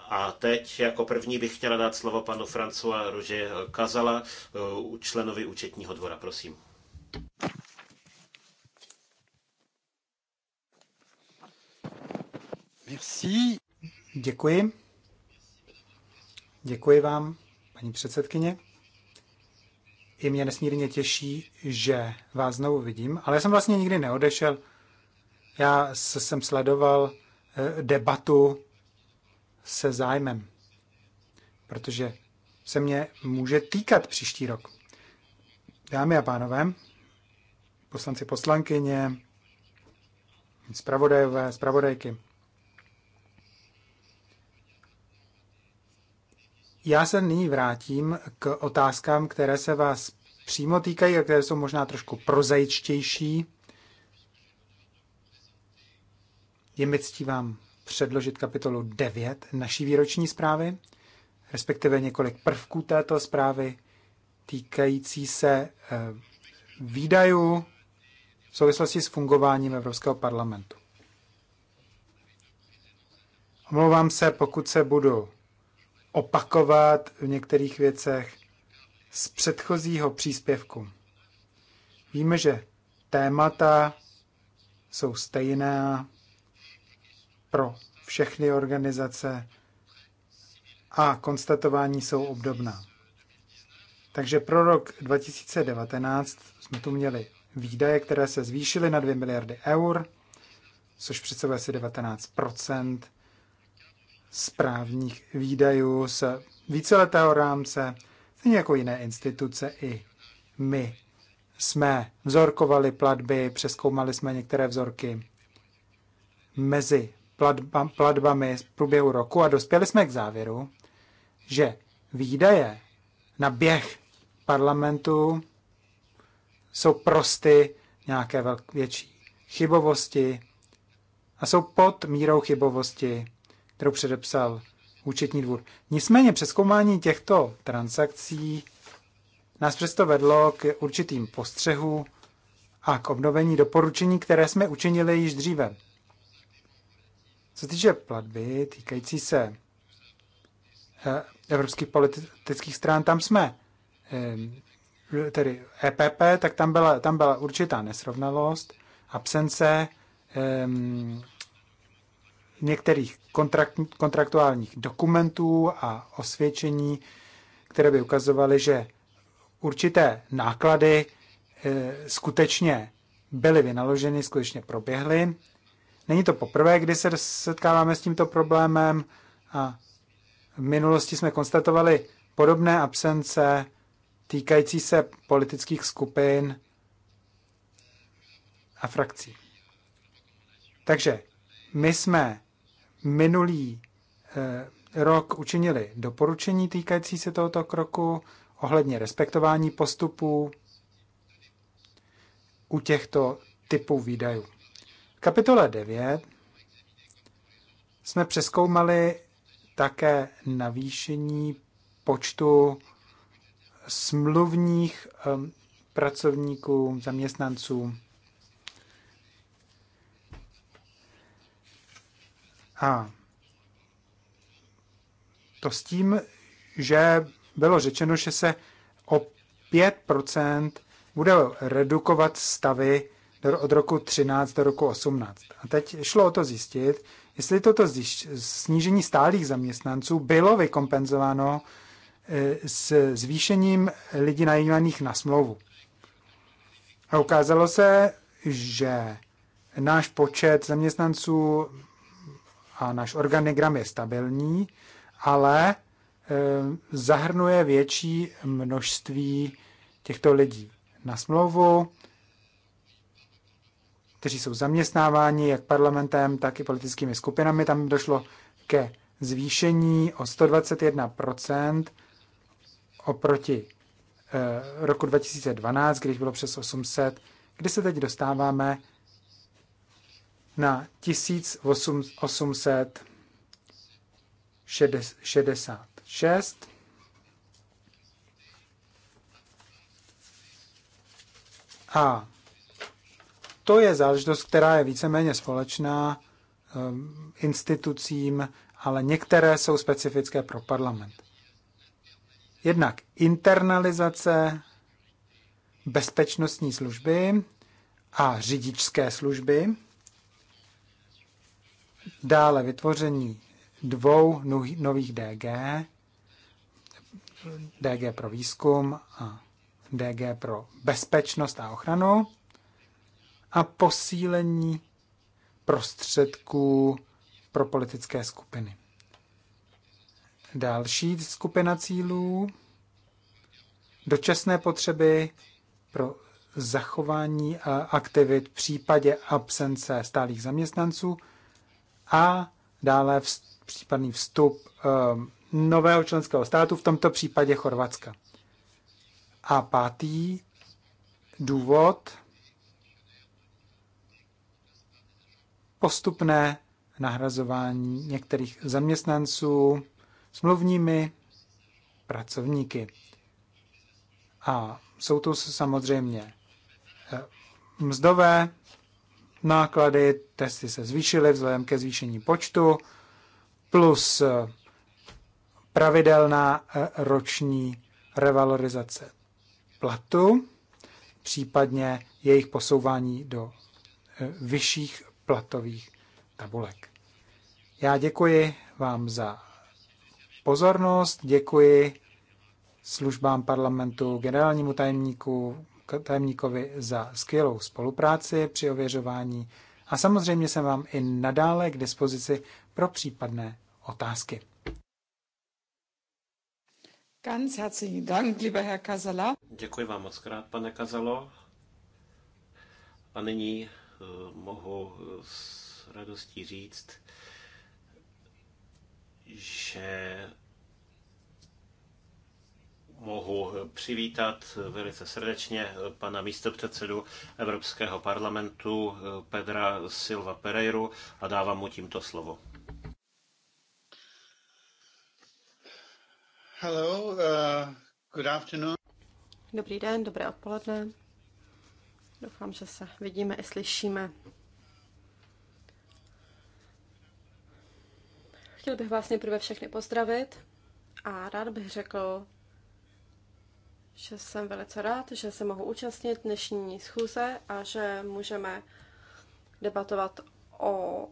A teď jako první bych chtěla dát slovo panu François Rože Kazala, uh, členovi účetního dvora, prosím. Merci. Děkuji. Děkuji vám, paní předsedkyně. I mě nesmírně těší, že vás znovu vidím, ale já jsem vlastně nikdy neodešel. Já jsem sledoval eh, debatu se zájmem, protože se mě může týkat příští rok. Dámy a pánové, poslanci poslankyně, zpravodajové, zpravodajky, Já se nyní vrátím k otázkám, které se vás přímo týkají a které jsou možná trošku prozaičtější. Je mi ctí vám předložit kapitolu 9 naší výroční zprávy, respektive několik prvků této zprávy týkající se eh, výdajů v souvislosti s fungováním Evropského parlamentu. Omlouvám se, pokud se budu opakovat v některých věcech z předchozího příspěvku. Víme, že témata jsou stejná pro všechny organizace a konstatování jsou obdobná. Takže pro rok 2019 jsme tu měli výdaje, které se zvýšily na 2 miliardy eur, což představuje asi 19 správních výdajů z víceletého rámce, stejně jako jiné instituce i my jsme vzorkovali platby, přeskoumali jsme některé vzorky mezi platba, platbami z průběhu roku a dospěli jsme k závěru, že výdaje na běh parlamentu jsou prosty nějaké větší chybovosti a jsou pod mírou chybovosti kterou předepsal účetní dvůr. Nicméně přeskoumání těchto transakcí nás přesto vedlo k určitým postřehu a k obnovení doporučení, které jsme učinili již dříve. Co týče platby týkající se eh, evropských politických stran, tam jsme, eh, tedy EPP, tak tam byla, tam byla určitá nesrovnalost, absence ehm, některých kontrakt, kontraktuálních dokumentů a osvědčení, které by ukazovaly, že určité náklady e, skutečně byly vynaloženy, skutečně proběhly. Není to poprvé, kdy se setkáváme s tímto problémem a v minulosti jsme konstatovali podobné absence týkající se politických skupin a frakcí. Takže my jsme minulý eh, rok učinili doporučení týkající se tohoto kroku ohledně respektování postupů u těchto typů výdajů. V kapitole 9 jsme přeskoumali také navýšení počtu smluvních eh, pracovníků, zaměstnanců A to s tím, že bylo řečeno, že se o 5% bude redukovat stavy od roku 13 do roku 18. A teď šlo o to zjistit, jestli toto snížení stálých zaměstnanců bylo vykompenzováno e, s zvýšením lidí najímaných na smlouvu. A ukázalo se, že náš počet zaměstnanců a náš organigram je stabilní, ale eh, zahrnuje větší množství těchto lidí na smlouvu, kteří jsou zaměstnáváni jak parlamentem, tak i politickými skupinami. Tam došlo ke zvýšení o 121% oproti eh, roku 2012, když bylo přes 800, kdy se teď dostáváme na 1866. A to je záležitost, která je víceméně společná um, institucím, ale některé jsou specifické pro parlament. Jednak internalizace bezpečnostní služby a řidičské služby. Dále vytvoření dvou nových DG, DG pro výzkum a DG pro bezpečnost a ochranu a posílení prostředků pro politické skupiny. Další skupina cílů dočasné potřeby pro zachování aktivit v případě absence stálých zaměstnanců a dále v, případný vstup um, nového členského státu, v tomto případě Chorvatska. A pátý důvod postupné nahrazování některých zaměstnanců smluvními pracovníky. A jsou to samozřejmě eh, mzdové náklady, testy se zvýšily vzhledem ke zvýšení počtu, plus eh, pravidelná eh, roční revalorizace platu, případně jejich posouvání do eh, vyšších platových tabulek. Já děkuji vám za pozornost, děkuji službám parlamentu, generálnímu tajemníku, tajemníkovi za skvělou spolupráci při ověřování a samozřejmě jsem vám i nadále k dispozici pro případné otázky. Ganz herzlichen Dank, lieber Herr Kasala. Děkuji vám moc krát, pane Kazalo. A nyní eh, mohu eh, s radostí říct, že mohu přivítat velice srdečně pana místopředsedu Evropského parlamentu Pedra Silva Pereiru a dávám mu tímto slovo. Hello, uh, good afternoon. Dobrý den, dobré odpoledne. Doufám, že se vidíme i slyšíme. Chtěl bych vás nejprve všechny pozdravit a rád bych řekl, že jsem velice rád, že se mohu účastnit dnešní schůze a že můžeme debatovat o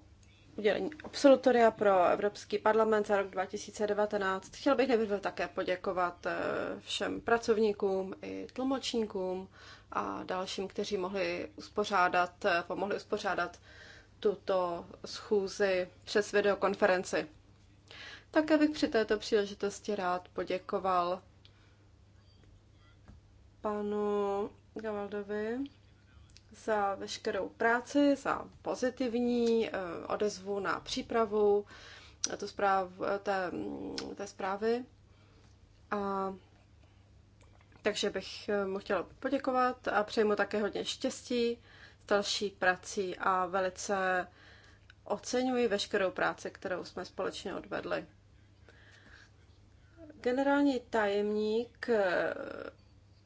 udělení absolutoria pro Evropský parlament za rok 2019. Chtěl bych nejprve také poděkovat eh, všem pracovníkům i tlumočníkům a dalším, kteří mohli uspořádat, eh, pomohli uspořádat tuto schůzi přes videokonferenci. Také bych při této příležitosti rád poděkoval panu Gavaldovi za veškerou práci, za pozitivní eh, odezvu na přípravu tu zpráv, té, té zprávy. A takže bych eh, mu chtěla poděkovat a přeji mu také hodně štěstí s další prací a velice oceňuji veškerou práci, kterou jsme společně odvedli. Generální tajemník eh,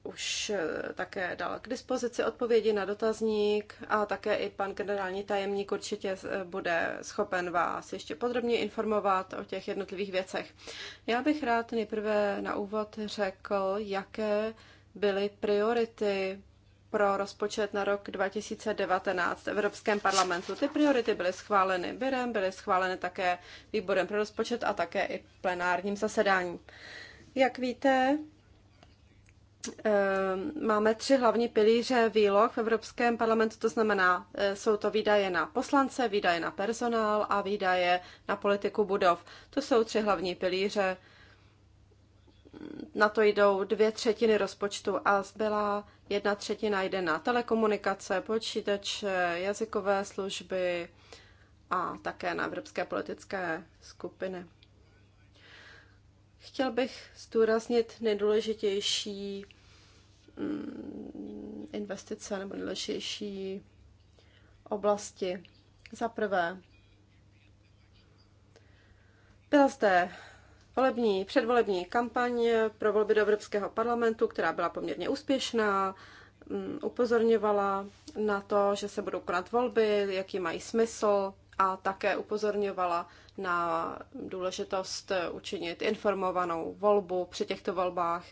už eh, také dal k dispozici odpovědi na dotazník a také i pan generální tajemník určitě eh, bude schopen vás ještě podrobně informovat o těch jednotlivých věcech. Já bych rád nejprve na úvod řekl, jaké byly priority pro rozpočet na rok 2019 v Evropském parlamentu. Ty priority byly schváleny Birem, byly schváleny také výborem pro rozpočet a také i plenárním zasedáním. Jak víte, Ehm, máme tři hlavní pilíře výloh v Evropském parlamentu, to znamená, e, jsou to výdaje na poslance, výdaje na personál a výdaje na politiku budov. To jsou tři hlavní pilíře. Na to jdou dvě třetiny rozpočtu a zbyla jedna třetina jde na telekomunikace, počítače, jazykové služby a také na evropské politické skupiny. Chtěl bych zdůraznit nejdůležitější mm, investice nebo nejdůležitější oblasti. Za prvé, byla zde volební, předvolební kampaň pro volby do Evropského parlamentu, která byla poměrně úspěšná, mm, upozorňovala na to, že se budou konat volby, jaký mají smysl a také upozorňovala na důležitost eh, učinit informovanou volbu při těchto volbách.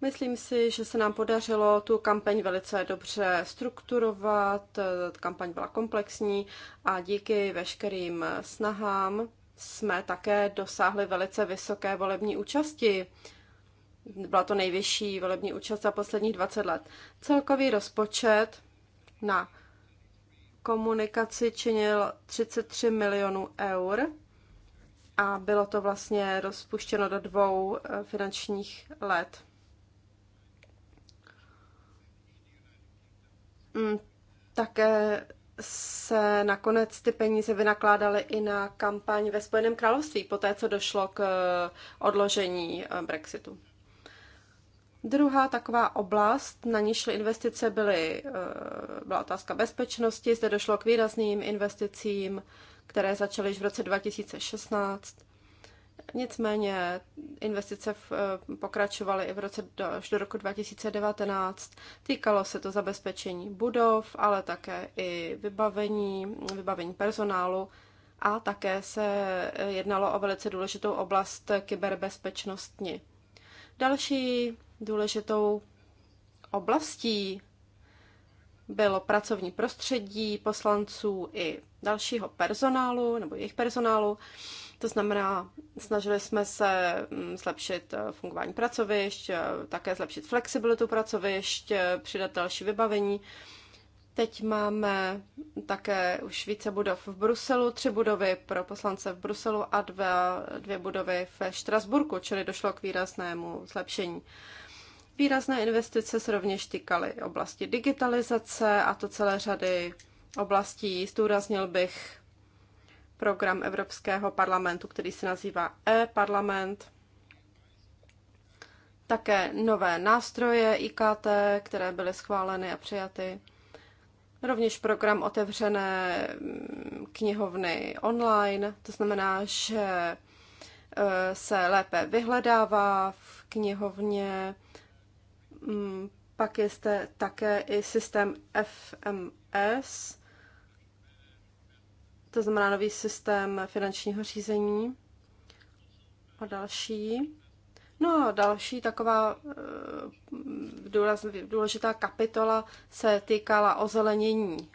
Myslím si, že se nám podařilo tu kampaň velice dobře strukturovat, eh, kampaň byla komplexní a díky veškerým snahám jsme také dosáhli velice vysoké volební účasti. Byla to nejvyšší volební účast za posledních 20 let. Celkový rozpočet na komunikaci činil 33 milionů eur a bylo to vlastně rozpuštěno do dvou eh, finančních let. Mm, také se nakonec ty peníze vynakládaly i na kampaň ve Spojeném království, poté co došlo k eh, odložení eh, Brexitu. Druhá taková oblast, na níž investice, byly, eh, byla otázka bezpečnosti. Zde došlo k výrazným investicím, které začaly již v roce 2016. Nicméně investice v, eh, pokračovaly i v roce do, až do roku 2019. Týkalo se to zabezpečení budov, ale také i vybavení, vybavení personálu a také se eh, jednalo o velice důležitou oblast kyberbezpečnostní. Další Důležitou oblastí bylo pracovní prostředí poslanců i dalšího personálu nebo jejich personálu. To znamená, snažili jsme se mm, zlepšit eh, fungování pracovišť, eh, také zlepšit flexibilitu pracovišť, eh, přidat další vybavení. Teď máme také už více budov v Bruselu, tři budovy pro poslance v Bruselu a dva, dvě budovy ve Štrasburku, čili došlo k výraznému zlepšení. Výrazné investice se rovněž týkaly oblasti digitalizace a to celé řady oblastí. Zdůraznil bych program Evropského parlamentu, který se nazývá e-parlament. Také nové nástroje IKT, které byly schváleny a přijaty. Rovněž program otevřené mm, knihovny online, to znamená, že e, se lépe vyhledává v knihovně, Mm, pak je zde také i systém FMS, to znamená nový systém finančního řízení a další. No a další taková eh, důležitá kapitola se týkala ozelenění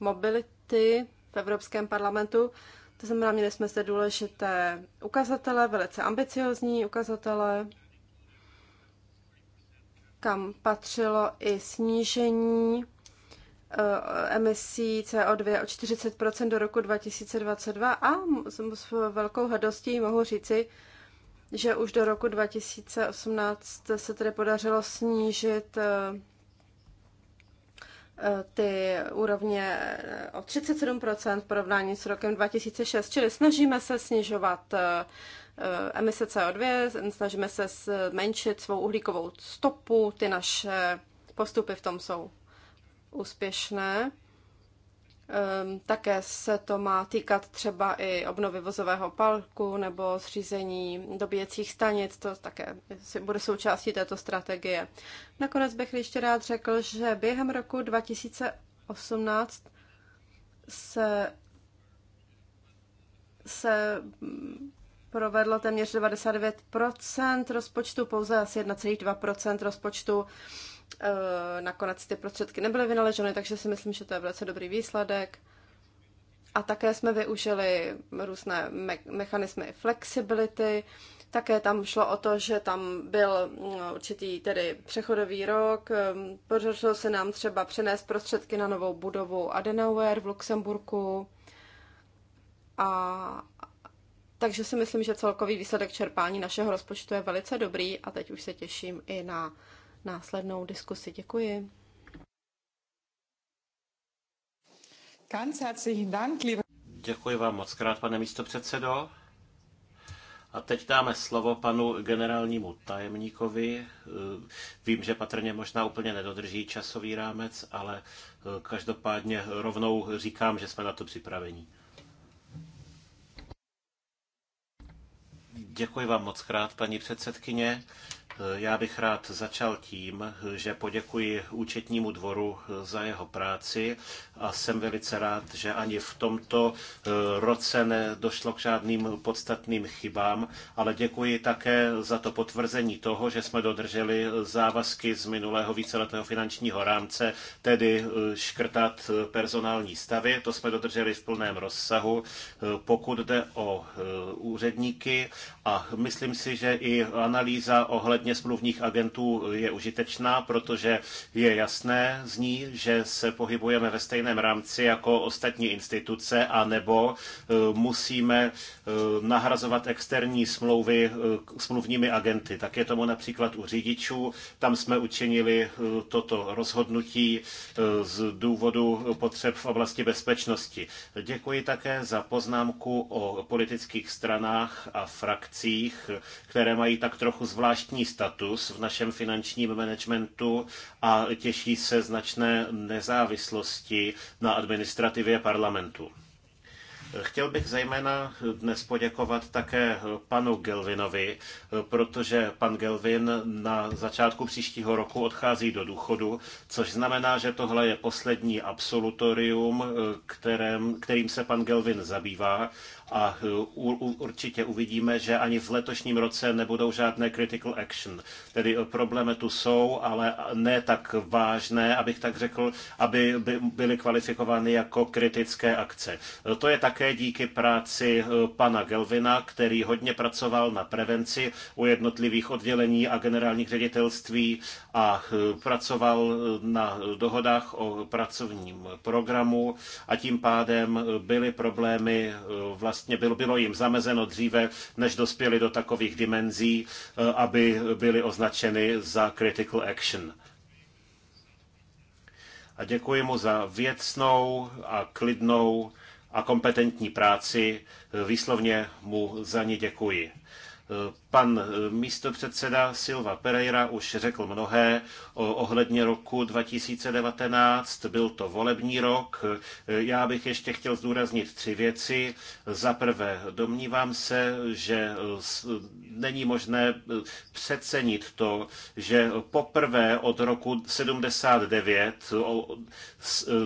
mobility v Evropském parlamentu. To znamená, měli jsme zde důležité ukazatele, velice ambiciozní ukazatele kam patřilo i snížení eh, emisí CO2 o 40 do roku 2022 a s velkou hrdostí mohu říci, že už do roku 2018 se tedy podařilo snížit eh, eh, ty úrovně o 37 v porovnání s rokem 2006, čili snažíme se snižovat Eh, emise CO2, snažíme se zmenšit svou uhlíkovou stopu, ty naše postupy v tom jsou úspěšné. Ehm, také se to má týkat třeba i obnovy vozového palku nebo zřízení dobíjecích stanic, to také bude součástí této strategie. Nakonec bych ještě rád řekl, že během roku 2018 se, se provedlo téměř 99 rozpočtu, pouze asi 1,2 rozpočtu. E, nakonec ty prostředky nebyly vynaleženy, takže si myslím, že to je velice dobrý výsledek. A také jsme využili různé me- mechanismy flexibility. Také tam šlo o to, že tam byl mm, určitý tedy přechodový rok. E, podařilo se nám třeba přenést prostředky na novou budovu Adenauer v Luxemburku. A takže si myslím, že celkový výsledek čerpání našeho rozpočtu je velice dobrý a teď už se těším i na následnou diskusi. Děkuji. Děkuji vám moc krát, pane předsedo. A teď dáme slovo panu generálnímu tajemníkovi. Vím, že patrně možná úplně nedodrží časový rámec, ale každopádně rovnou říkám, že jsme na to připraveni. Děkuji vám moc krát, paní předsedkyně. Já bych rád začal tím, že poděkuji účetnímu dvoru za jeho práci a jsem velice rád, že ani v tomto eh, roce nedošlo k žádným podstatným chybám, ale děkuji také za to potvrzení toho, že jsme dodrželi závazky z minulého víceletého finančního rámce, tedy eh, škrtat eh, personální stavy. To jsme dodrželi v plném rozsahu, pokud jde o úředníky a myslím si, že i analýza ohledně ohledně smluvních agentů je užitečná, protože je jasné z ní, že se pohybujeme ve stejném rámci jako ostatní instituce, anebo e, musíme e, nahrazovat externí smlouvy e, smluvními agenty. Tak je tomu například u řidičů. Tam jsme učinili toto rozhodnutí z důvodu potřeb v oblasti bezpečnosti. Děkuji také za poznámku o politických stranách a frakcích, které mají tak trochu zvláštní status v našem finančním managementu a těší se značné nezávislosti na administrativě parlamentu. Chtěl bych zejména dnes poděkovat také panu Gelvinovi, protože pan Gelvin na začátku příštího roku odchází do důchodu, což znamená, že tohle je poslední absolutorium, kterým se pan Gelvin zabývá a určitě uvidíme, že ani v letošním roce nebudou žádné critical action. Tedy problémy tu jsou, ale ne tak vážné, abych tak řekl, aby byly kvalifikovány jako kritické akce. To je také díky práci eh, pana Gelvina, který hodně pracoval na prevenci u jednotlivých oddělení a generálních ředitelství a eh, pracoval eh, na dohodách o pracovním programu a tím pádem byly problémy vlastně vlastně bylo, bylo jim zamezeno dříve, než dospěli do takových dimenzí, eh, aby byly označeny za critical action. A děkuji mu za věcnou a klidnou a kompetentní práci. Eh, Výslovně mu za ní děkuji. Eh, Pan eh, místopředseda Silva Pereira už řekl mnohé ohledně roku 2019. Byl to volební rok. Eh, já bych ještě chtěl zdůraznit tři věci. Za prvé, domnívám se, že eh, není možné přecenit to, že poprvé od roku 79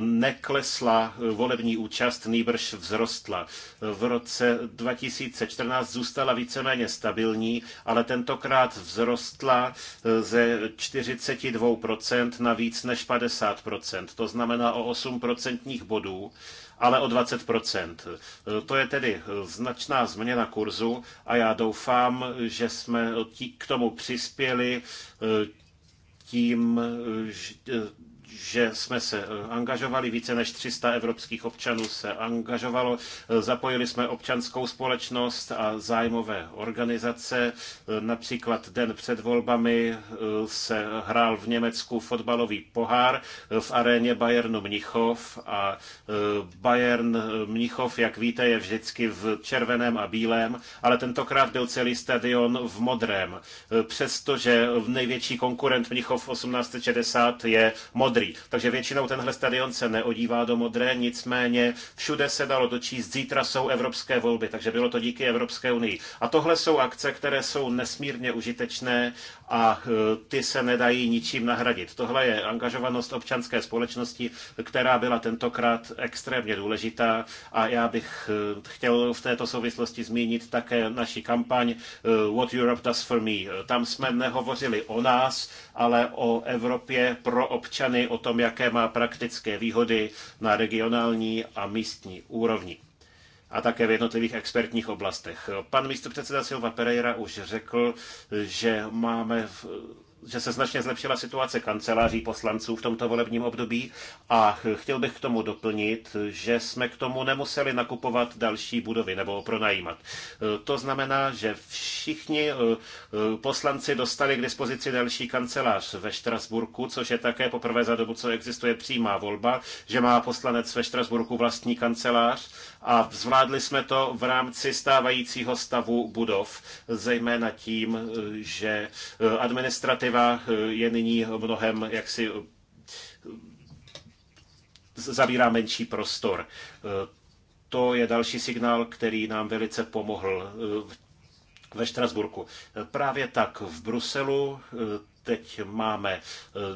neklesla volební účast, nýbrž vzrostla. V roce 2014 zůstala víceméně stabilní ale tentokrát vzrostla eh, ze 42% na víc než 50%, to znamená o 8% bodů ale o 20 eh, To je tedy eh, značná změna kurzu a já doufám, že jsme k tomu přispěli tím, že jsme se eh, angažovali, více než 300 evropských občanů se angažovalo, eh, zapojili jsme občanskou společnost a zájmové organizace. Eh, například den před volbami se hrál v Německu fotbalový pohár v aréně Bayernu Mnichov a Bayern Mnichov, jak víte, je vždycky v červeném a bílém, ale tentokrát byl celý stadion v modrém, přestože největší konkurent Mnichov 1860 je modrý neexistují. Takže většinou tenhle stadion se neodívá do modré, nicméně všude se dalo dočíst, zítra jsou evropské volby, takže bylo to díky Evropské unii. A tohle jsou akce, které jsou nesmírně užitečné a e, ty se nedají ničím nahradit. Tohle je angažovanost občanské společnosti, která byla tentokrát extrémně důležitá a já bych e, chtěl v této souvislosti zmínit také naši kampaň e, What Europe Does For Me. Tam jsme nehovořili o nás, ale o Evropě pro občany, o tom, jaké má praktické výhody na regionální a místní úrovni a také v jednotlivých expertních oblastech. Pan místopředseda Silva Pereira už řekl, že máme v že se značně zlepšila situace kanceláří poslanců v tomto volebním období a chtěl bych k tomu doplnit, že jsme k tomu nemuseli nakupovat další budovy nebo pronajímat. To znamená, že všichni eh, eh, poslanci dostali k dispozici další kancelář ve Štrasburku, což je také poprvé za dobu, co existuje přímá volba, že má poslanec ve Štrasburku vlastní kancelář a zvládli jsme to v rámci stávajícího stavu budov, zejména tím, eh, že eh, administrativa eh, je nyní mnohem jaksi zabírá menší prostor. To je další signál, který nám velice pomohl ve Štrasburku. Právě tak v Bruselu teď máme eh,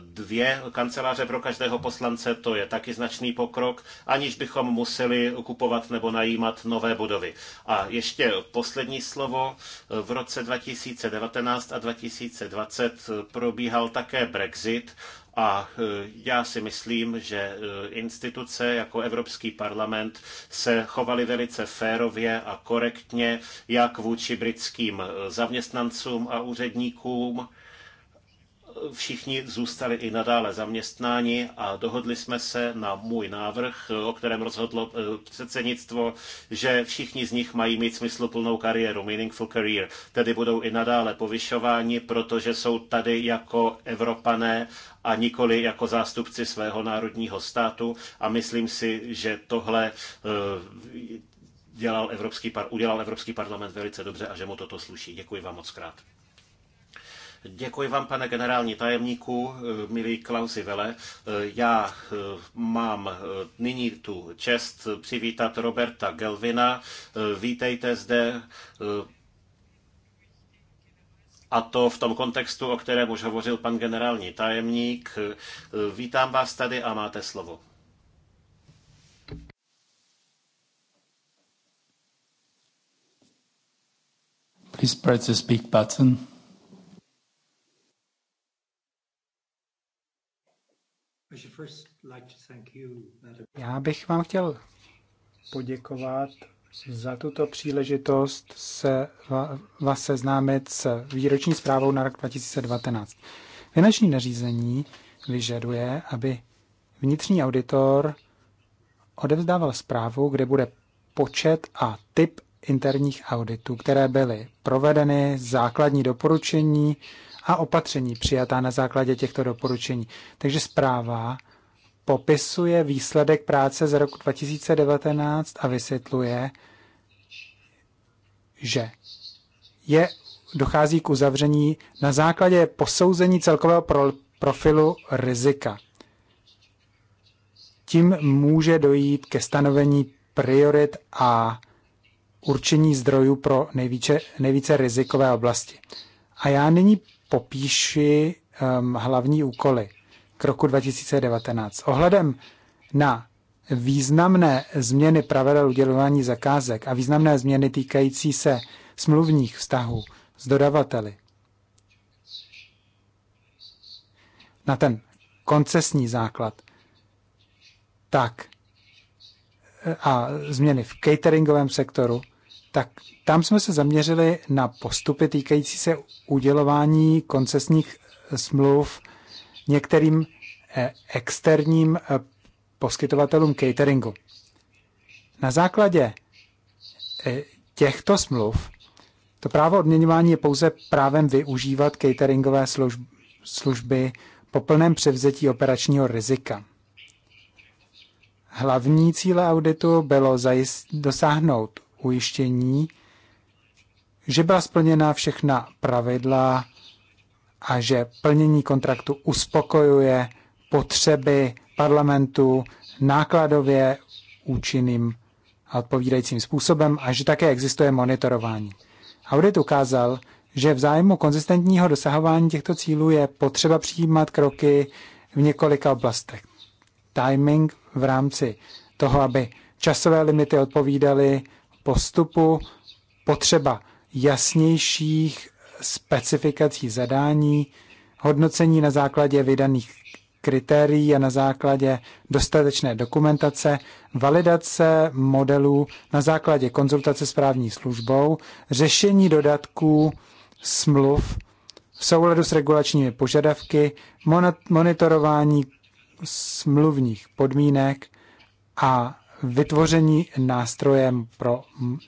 dvě kanceláře pro každého poslance, to je taky značný pokrok, aniž bychom museli kupovat nebo najímat nové budovy. A ještě poslední slovo. Eh, v roce 2019 a 2020 eh, probíhal také Brexit a já si myslím, že instituce jako Evropský parlament se chovaly velice férově a korektně, jak vůči britským zaměstnancům a úředníkům, všichni zůstali i nadále zaměstnáni a dohodli jsme se na můj návrh, o kterém rozhodlo eh, předsednictvo, že všichni z nich mají mít smysluplnou kariéru, meaningful career, tedy budou i nadále povyšováni, protože jsou tady jako Evropané a nikoli jako zástupci svého národního státu a myslím si, že tohle eh, dělal Evropský, udělal Evropský parlament velice dobře a že mu toto sluší. Děkuji vám moc krát. Děkuji vám, pane generální tajemníku, eh, milý Klausi Vele. Eh, já eh, mám nyní tu čest přivítat Roberta Gelvina. Vítejte zde a to v tom kontextu, o kterém už hovořil pan generální tajemník. Vítám vás tady a máte slovo. Please press the speak button. Já bych vám chtěl poděkovat za tuto příležitost se vás seznámit s výroční zprávou na rok 2019. Finanční nařízení vyžaduje, aby vnitřní auditor odevzdával zprávu, kde bude počet a typ interních auditů, které byly provedeny, základní doporučení, a opatření přijatá na základě těchto doporučení. Takže zpráva popisuje výsledek práce z roku 2019 a vysvětluje, že je, dochází k uzavření na základě posouzení celkového pro, profilu rizika. Tím může dojít ke stanovení priorit a určení zdrojů pro nejvíce, nejvíce rizikové oblasti. A já nyní popíši um, hlavní úkoly k roku 2019. Ohledem na významné změny pravidel udělování zakázek a významné změny týkající se smluvních vztahů s dodavateli na ten koncesní základ, tak e, a změny v cateringovém sektoru, tak tam jsme se zaměřili na postupy týkající se udělování koncesních smluv některým eh, externím eh, poskytovatelům cateringu. Na základě eh, těchto smluv to právo odměňování je pouze právem využívat cateringové služby po plném převzetí operačního rizika. Hlavní cíle auditu bylo dosáhnout ujištění, že byla splněna všechna pravidla a že plnění kontraktu uspokojuje potřeby parlamentu nákladově účinným a odpovídajícím způsobem a že také existuje monitorování. Audit ukázal, že v zájmu konzistentního dosahování těchto cílů je potřeba přijímat kroky v několika oblastech. Timing v rámci toho, aby časové limity odpovídaly postupu, potřeba jasnějších specifikací zadání, hodnocení na základě vydaných kritérií a na základě dostatečné dokumentace, validace modelů na základě konzultace s právní službou, řešení dodatků smluv v souladu s regulačními požadavky, monitorování smluvních podmínek a vytvoření nástrojem pro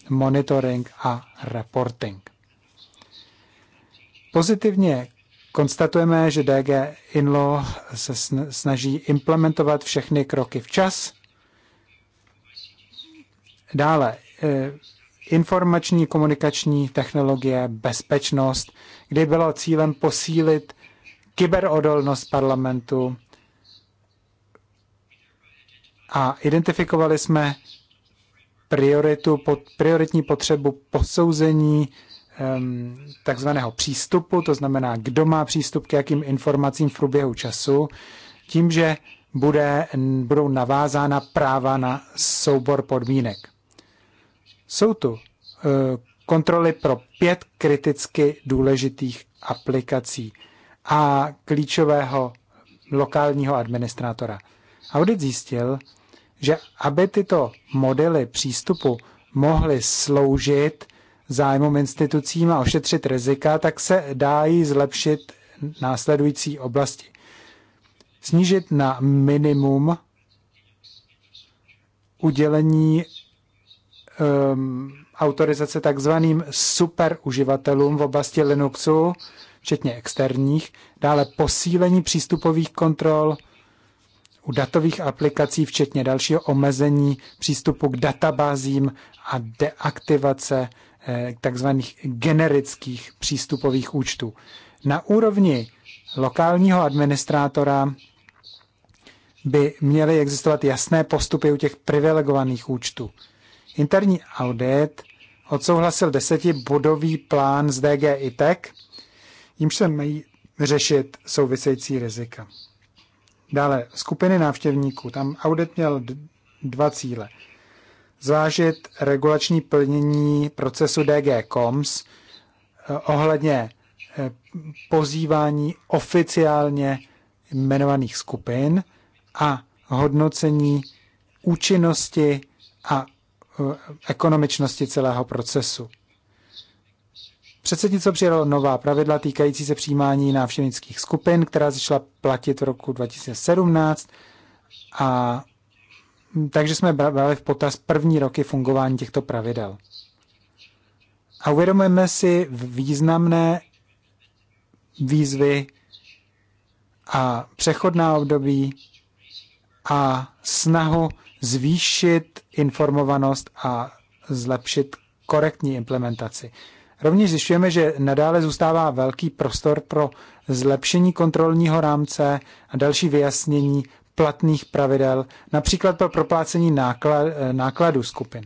monitoring a reporting. Pozitivně konstatujeme, že DG Inlo se snaží implementovat všechny kroky včas. Dále e, informační komunikační technologie, bezpečnost, kdy bylo cílem posílit kyberodolnost parlamentu, a identifikovali jsme prioritu, pod, prioritní potřebu posouzení um, takzvaného přístupu, to znamená, kdo má přístup k jakým informacím v průběhu času, tím, že bude, budou navázána práva na soubor podmínek. Jsou tu e, kontroly pro pět kriticky důležitých aplikací a klíčového lokálního administrátora. Audit zjistil, že aby tyto modely přístupu mohly sloužit zájmům institucím a ošetřit rizika, tak se dají zlepšit následující oblasti. Snížit na minimum udělení um, autorizace takzvaným superuživatelům v oblasti Linuxu, včetně externích, dále posílení přístupových kontrol, u datových aplikací, včetně dalšího omezení přístupu k databázím a deaktivace eh, takzvaných generických přístupových účtů. Na úrovni lokálního administrátora by měly existovat jasné postupy u těch privilegovaných účtů. Interní audit odsouhlasil desetibodový plán z DG ITEC, jímž se mají řešit související rizika. Dále skupiny návštěvníků. Tam audit měl dva cíle. Zvážit regulační plnění procesu DG Coms eh, ohledně eh, pozývání oficiálně jmenovaných skupin a hodnocení účinnosti a eh, ekonomičnosti celého procesu. Předsednice přijalo nová pravidla týkající se přijímání návštěvnických skupin, která začala platit v roku 2017 a mm, takže jsme brali v potaz první roky fungování těchto pravidel. A uvědomujeme si významné výzvy a přechodná období a snahu zvýšit informovanost a zlepšit korektní implementaci. Rovněž zjišťujeme, že nadále zůstává velký prostor pro zlepšení kontrolního rámce a další vyjasnění platných pravidel, například pro proplácení náklad, nákladů skupin.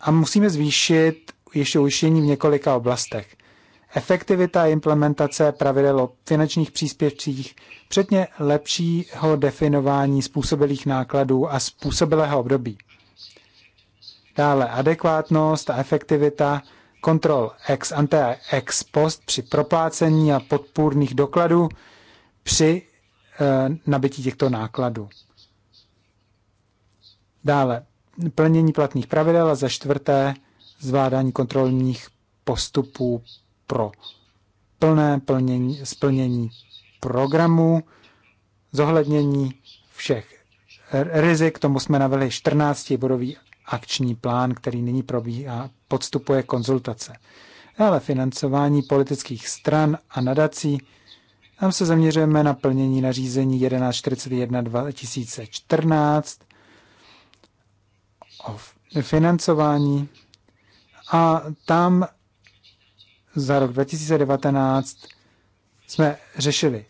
A musíme zvýšit ještě ujištění v několika oblastech. Efektivita implementace pravidel o finančních příspěvcích, předně lepšího definování způsobilých nákladů a způsobilého období. Dále adekvátnost a efektivita kontrol ex ante a ex post při proplácení a podpůrných dokladů při e, nabití těchto nákladů. Dále plnění platných pravidel a za čtvrté zvládání kontrolních postupů pro plné plnění, splnění programu, zohlednění všech rizik, tomu jsme navili 14-bodový akční plán, který nyní probíhá, podstupuje konzultace. Ale financování politických stran a nadací, tam se zaměřujeme na plnění nařízení 1141 2014 o financování a tam za rok 2019 jsme řešili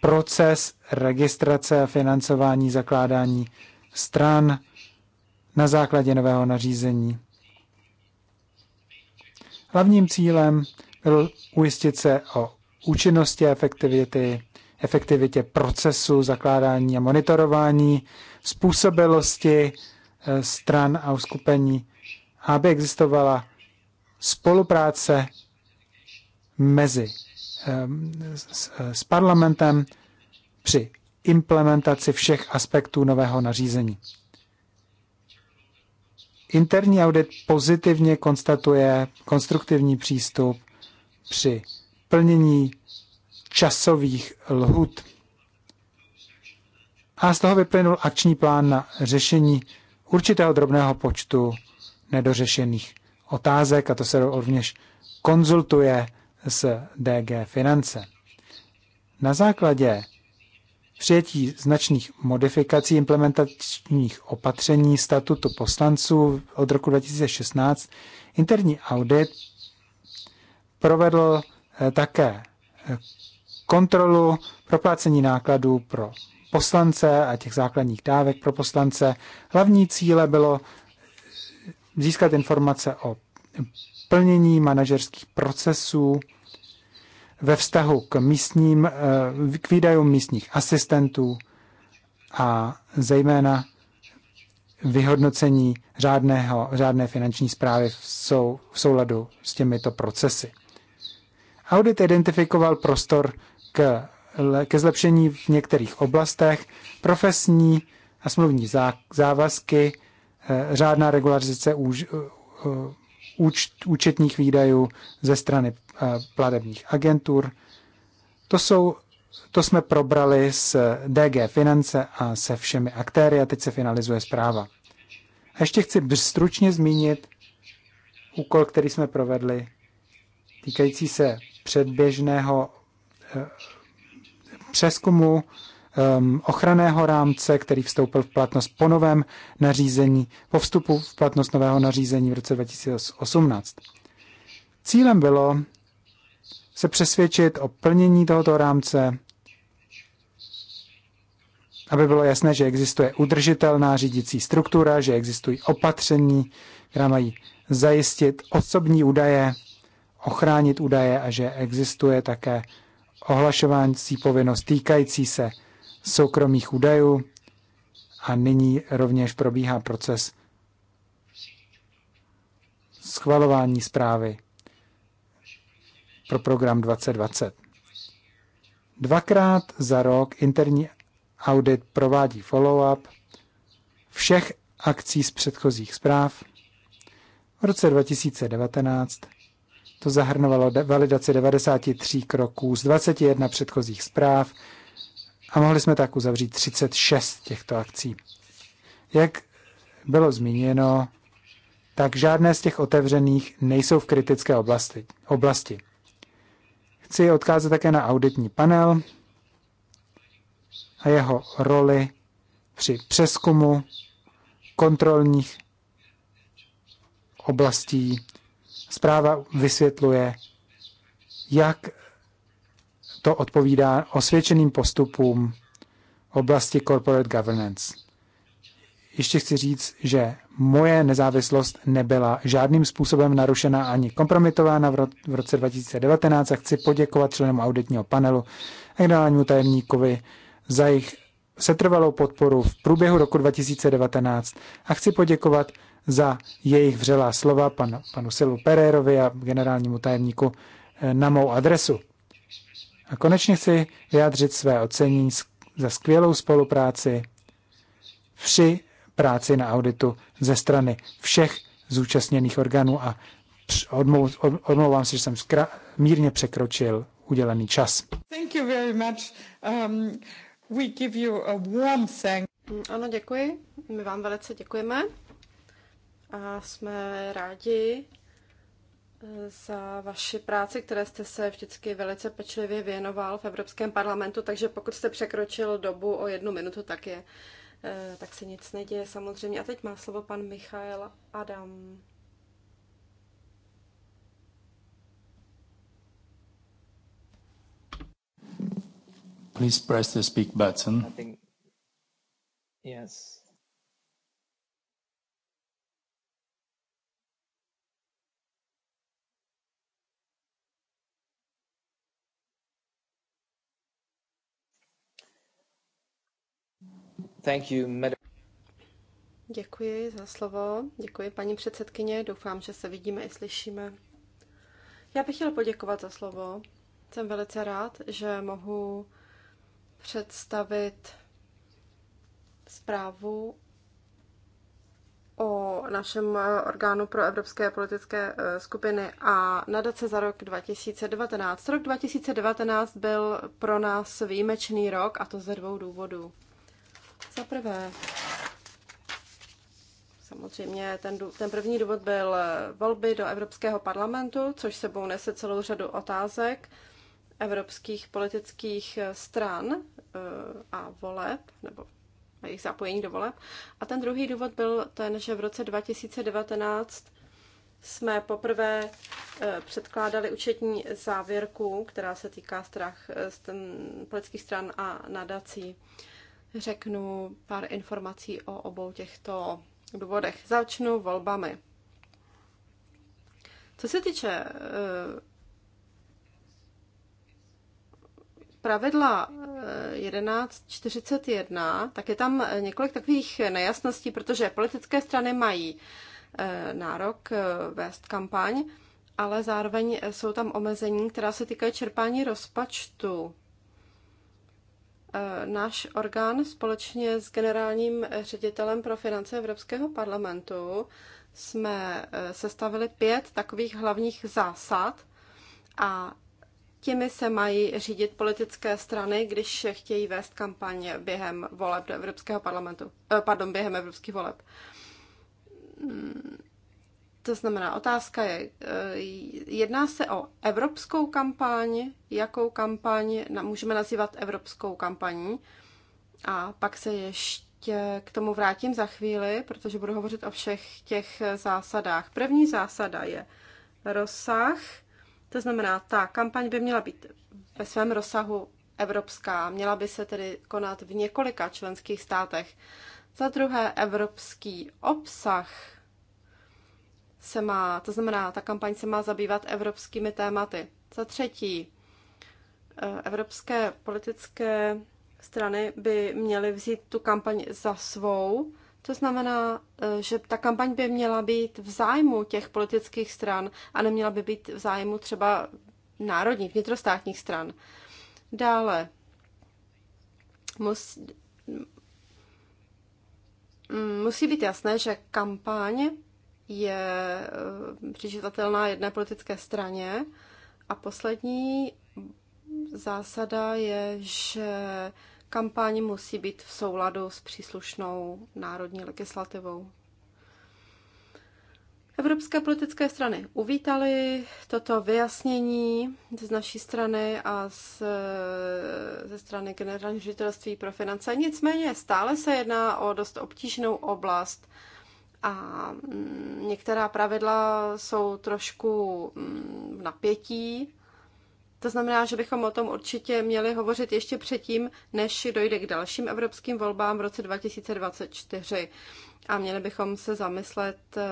proces registrace a financování zakládání stran, na základě nového nařízení. Hlavním cílem byl ujistit se o účinnosti a efektivity, efektivitě procesu zakládání a monitorování, způsobilosti eh, stran a uskupení, aby existovala spolupráce mezi ehm, s, s parlamentem při implementaci všech aspektů nového nařízení. Interní audit pozitivně konstatuje konstruktivní přístup při plnění časových lhut. A z toho vyplynul akční plán na řešení určitého drobného počtu nedořešených otázek a to se rovněž konzultuje s DG Finance. Na základě přijetí značných modifikací implementačních opatření statutu poslanců od roku 2016 interní audit provedl eh, také eh, kontrolu proplácení nákladů pro poslance a těch základních dávek pro poslance. Hlavní cíle bylo eh, získat informace o plnění manažerských procesů ve vztahu k místním, eh, k výdajům místních asistentů a zejména vyhodnocení řádného, řádné finanční zprávy v, sou, v souladu s těmito procesy. Audit identifikoval prostor k, ke zlepšení v některých oblastech, profesní a smluvní zá, závazky, eh, řádná regularizace úč, eh, úč, účetních výdajů ze strany Eh, platebních agentur. To, jsou, to jsme probrali s DG Finance a se všemi aktéry a teď se finalizuje zpráva. A ještě chci stručně zmínit úkol, který jsme provedli, týkající se předběžného eh, přeskumu ehm, ochranného rámce, který vstoupil v platnost po novém nařízení, po vstupu v platnost nového nařízení v roce 2018. Cílem bylo se přesvědčit o plnění tohoto rámce, aby bylo jasné, že existuje udržitelná řídící struktura, že existují opatření, která mají zajistit osobní údaje, ochránit údaje a že existuje také ohlašování povinnost týkající se soukromých údajů. A nyní rovněž probíhá proces schvalování zprávy pro program 2020. Dvakrát za rok interní audit provádí follow-up všech akcí z předchozích zpráv. V roce 2019 to zahrnovalo validaci 93 kroků z 21 předchozích zpráv a mohli jsme tak uzavřít 36 těchto akcí. Jak bylo zmíněno, tak žádné z těch otevřených nejsou v kritické oblasti. oblasti. Chci odkázat také na auditní panel a jeho roli při přeskumu kontrolních oblastí. Zpráva vysvětluje, jak to odpovídá osvědčeným postupům oblasti corporate governance. Ještě chci říct, že moje nezávislost nebyla žádným způsobem narušena ani kompromitována v roce 2019 a chci poděkovat členům auditního panelu a generálnímu tajemníkovi za jejich setrvalou podporu v průběhu roku 2019 a chci poděkovat za jejich vřelá slova pan, panu Silu Perérovi a generálnímu tajemníku eh, na mou adresu. A konečně chci vyjádřit své ocenění za skvělou spolupráci při práci na auditu ze strany všech zúčastněných orgánů a odmlouvám se, že jsem zkra- mírně překročil udělený čas. Thank you very much. Um, we give you a warm thank. Ano, děkuji. My vám velice děkujeme a jsme rádi eh, za vaši práci, které jste se vždycky velice pečlivě věnoval v Evropském parlamentu, takže pokud jste překročil dobu o jednu minutu, tak je Eh, tak se nic neděje samozřejmě. A teď má slovo pan Michael Adam. Please press the speak button. I think, yes. Thank you, madam. Děkuji za slovo. Děkuji, paní předsedkyně. Doufám, že se vidíme i slyšíme. Já bych chtěl poděkovat za slovo. Jsem velice rád, že mohu představit zprávu o našem orgánu pro evropské politické eh, skupiny a nadace za rok 2019. Rok 2019 byl pro nás výjimečný rok a to ze dvou důvodů. Za prvé, samozřejmě ten, ten první důvod byl eh, volby do Evropského parlamentu, což sebou nese celou řadu otázek evropských politických eh, stran eh, a voleb, nebo a jejich zapojení do voleb. A ten druhý důvod byl ten, že v roce 2019 jsme poprvé předkládali účetní závěrku, která se týká strach z politických stran a nadací řeknu pár informací o obou těchto důvodech. Začnu volbami. Co se týče eh, pravidla 1141, eh, tak je tam eh, několik takových nejasností, protože politické strany mají nárok vést kampaň, ale zároveň jsou tam omezení, která se týkají čerpání rozpočtu Eh, náš orgán společně s generálním ředitelem pro finance Evropského parlamentu jsme eh, sestavili pět takových hlavních zásad a těmi se mají řídit politické strany, když chtějí vést kampaně během voleb do Evropského parlamentu, eh, pardon, během evropských voleb hmm. To znamená, otázka je, eh, jedná se o evropskou kampaň, jakou kampaň můžeme nazývat evropskou kampaní. A pak se ještě k tomu vrátím za chvíli, protože budu hovořit o všech těch zásadách. První zásada je rozsah, to znamená, ta kampaň by měla být ve svém rozsahu evropská, měla by se tedy konat v několika členských státech. Za druhé, evropský obsah se má, to znamená, ta kampaň se má zabývat evropskými tématy. Za třetí, eh, evropské politické strany by měly vzít tu kampaň za svou, to znamená, eh, že ta kampaň by měla být v zájmu těch politických stran a neměla by být v zájmu třeba národních, vnitrostátních stran. Dále, mus, mm, musí být jasné, že kampaň je eh, přičitatelná jedné politické straně. A poslední zásada je, že kampaň musí být v souladu s příslušnou národní legislativou. Evropské politické strany uvítali toto vyjasnění z naší strany a z, ze strany generální ředitelství pro finance. Nicméně stále se jedná o dost obtížnou oblast a mm, některá pravidla jsou trošku mm, v napětí. To znamená, že bychom o tom určitě měli hovořit ještě předtím, než dojde k dalším evropským volbám v roce 2024. A měli bychom se zamyslet eh,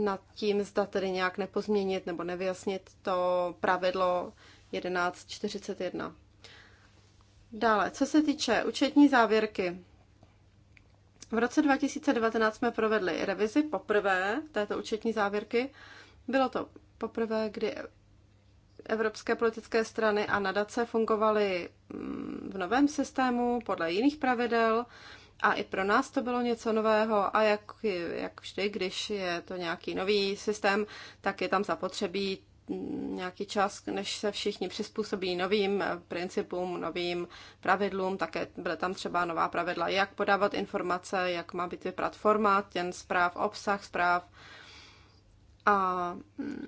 nad tím, zda tedy nějak nepozměnit nebo nevyjasnit to pravidlo 1141. Dále, co se týče účetní závěrky, v roce 2019 jsme provedli revizi poprvé této účetní závěrky. Bylo to poprvé, kdy evropské politické strany a nadace fungovaly mm, v novém systému podle jiných pravidel a i pro nás to bylo něco nového a jak, jak vždy, když je to nějaký nový systém, tak je tam zapotřebí nějaký čas, než se všichni přizpůsobí novým principům, novým pravidlům. Také byly tam třeba nová pravidla, jak podávat informace, jak má být vyprat formát těn zpráv, obsah zpráv. A mm,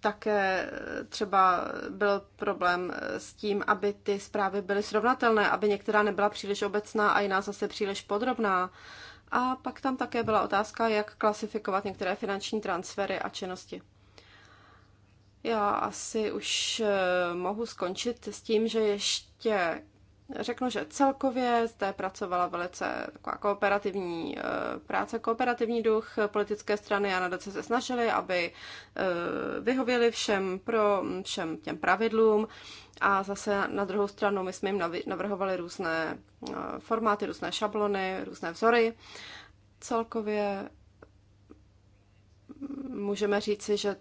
také třeba byl problém s tím, aby ty zprávy byly srovnatelné, aby některá nebyla příliš obecná a jiná zase příliš podrobná. A pak tam také byla otázka, jak klasifikovat některé finanční transfery a činnosti. Já asi už eh, mohu skončit s tím, že ještě Řeknu, že celkově zde pracovala velice taková kooperativní eh, práce, kooperativní duch politické strany a nadace se snažili, aby eh, vyhověli všem, pro, všem těm pravidlům. A zase na druhou stranu my jsme jim navrhovali různé eh, formáty, různé šablony, různé vzory. Celkově můžeme říci, že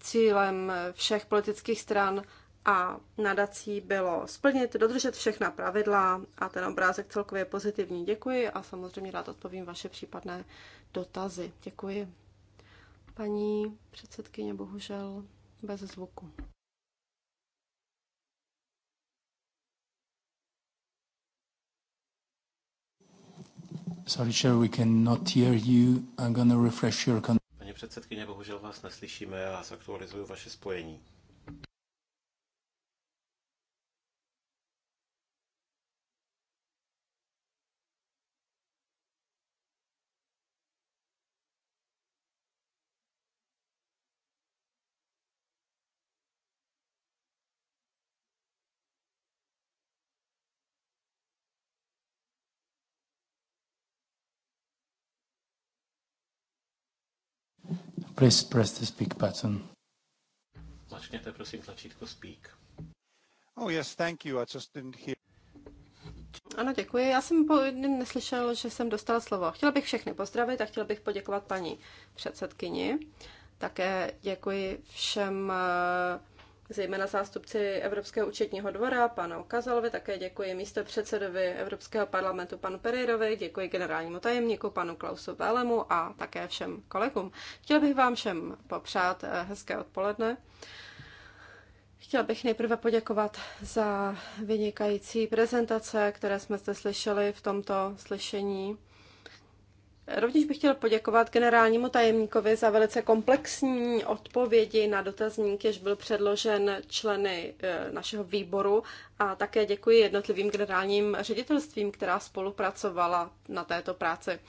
cílem všech politických stran a nadací bylo splnit, dodržet všechna pravidla a ten obrázek celkově je pozitivní. Děkuji a samozřejmě rád odpovím vaše případné dotazy. Děkuji. Paní předsedkyně, bohužel bez zvuku. Sorry, sir, we cannot hear you. I'm gonna refresh your... Paní předsedkyně, bohužel vás neslyšíme a zaktualizuju vaše spojení. Please press the speak button. Začněte prosím tlačítko speak. Oh yes, thank you. I just didn't hear. Ano, děkuji. Já jsem po, neslyšel, že jsem dostal slovo. Chtěla bych všechny pozdravit a chtěla bych poděkovat paní předsedkyni. Také děkuji všem uh, zejména zástupci Evropského účetního dvora, panu Kazalovi, také děkuji místo předsedovi Evropského parlamentu panu Pereirovi, děkuji generálnímu tajemníku panu Klausu Belemu a také všem kolegům. Chtěl bych vám všem popřát eh, hezké odpoledne. Chtěl bych nejprve poděkovat za vynikající prezentace, které jsme zde slyšeli v tomto slyšení. Rovněž bych chtěla poděkovat generálnímu tajemníkovi za velice komplexní odpovědi na dotazník, jež byl předložen členy e, našeho výboru a také děkuji jednotlivým generálním ředitelstvím, která spolupracovala na této práci.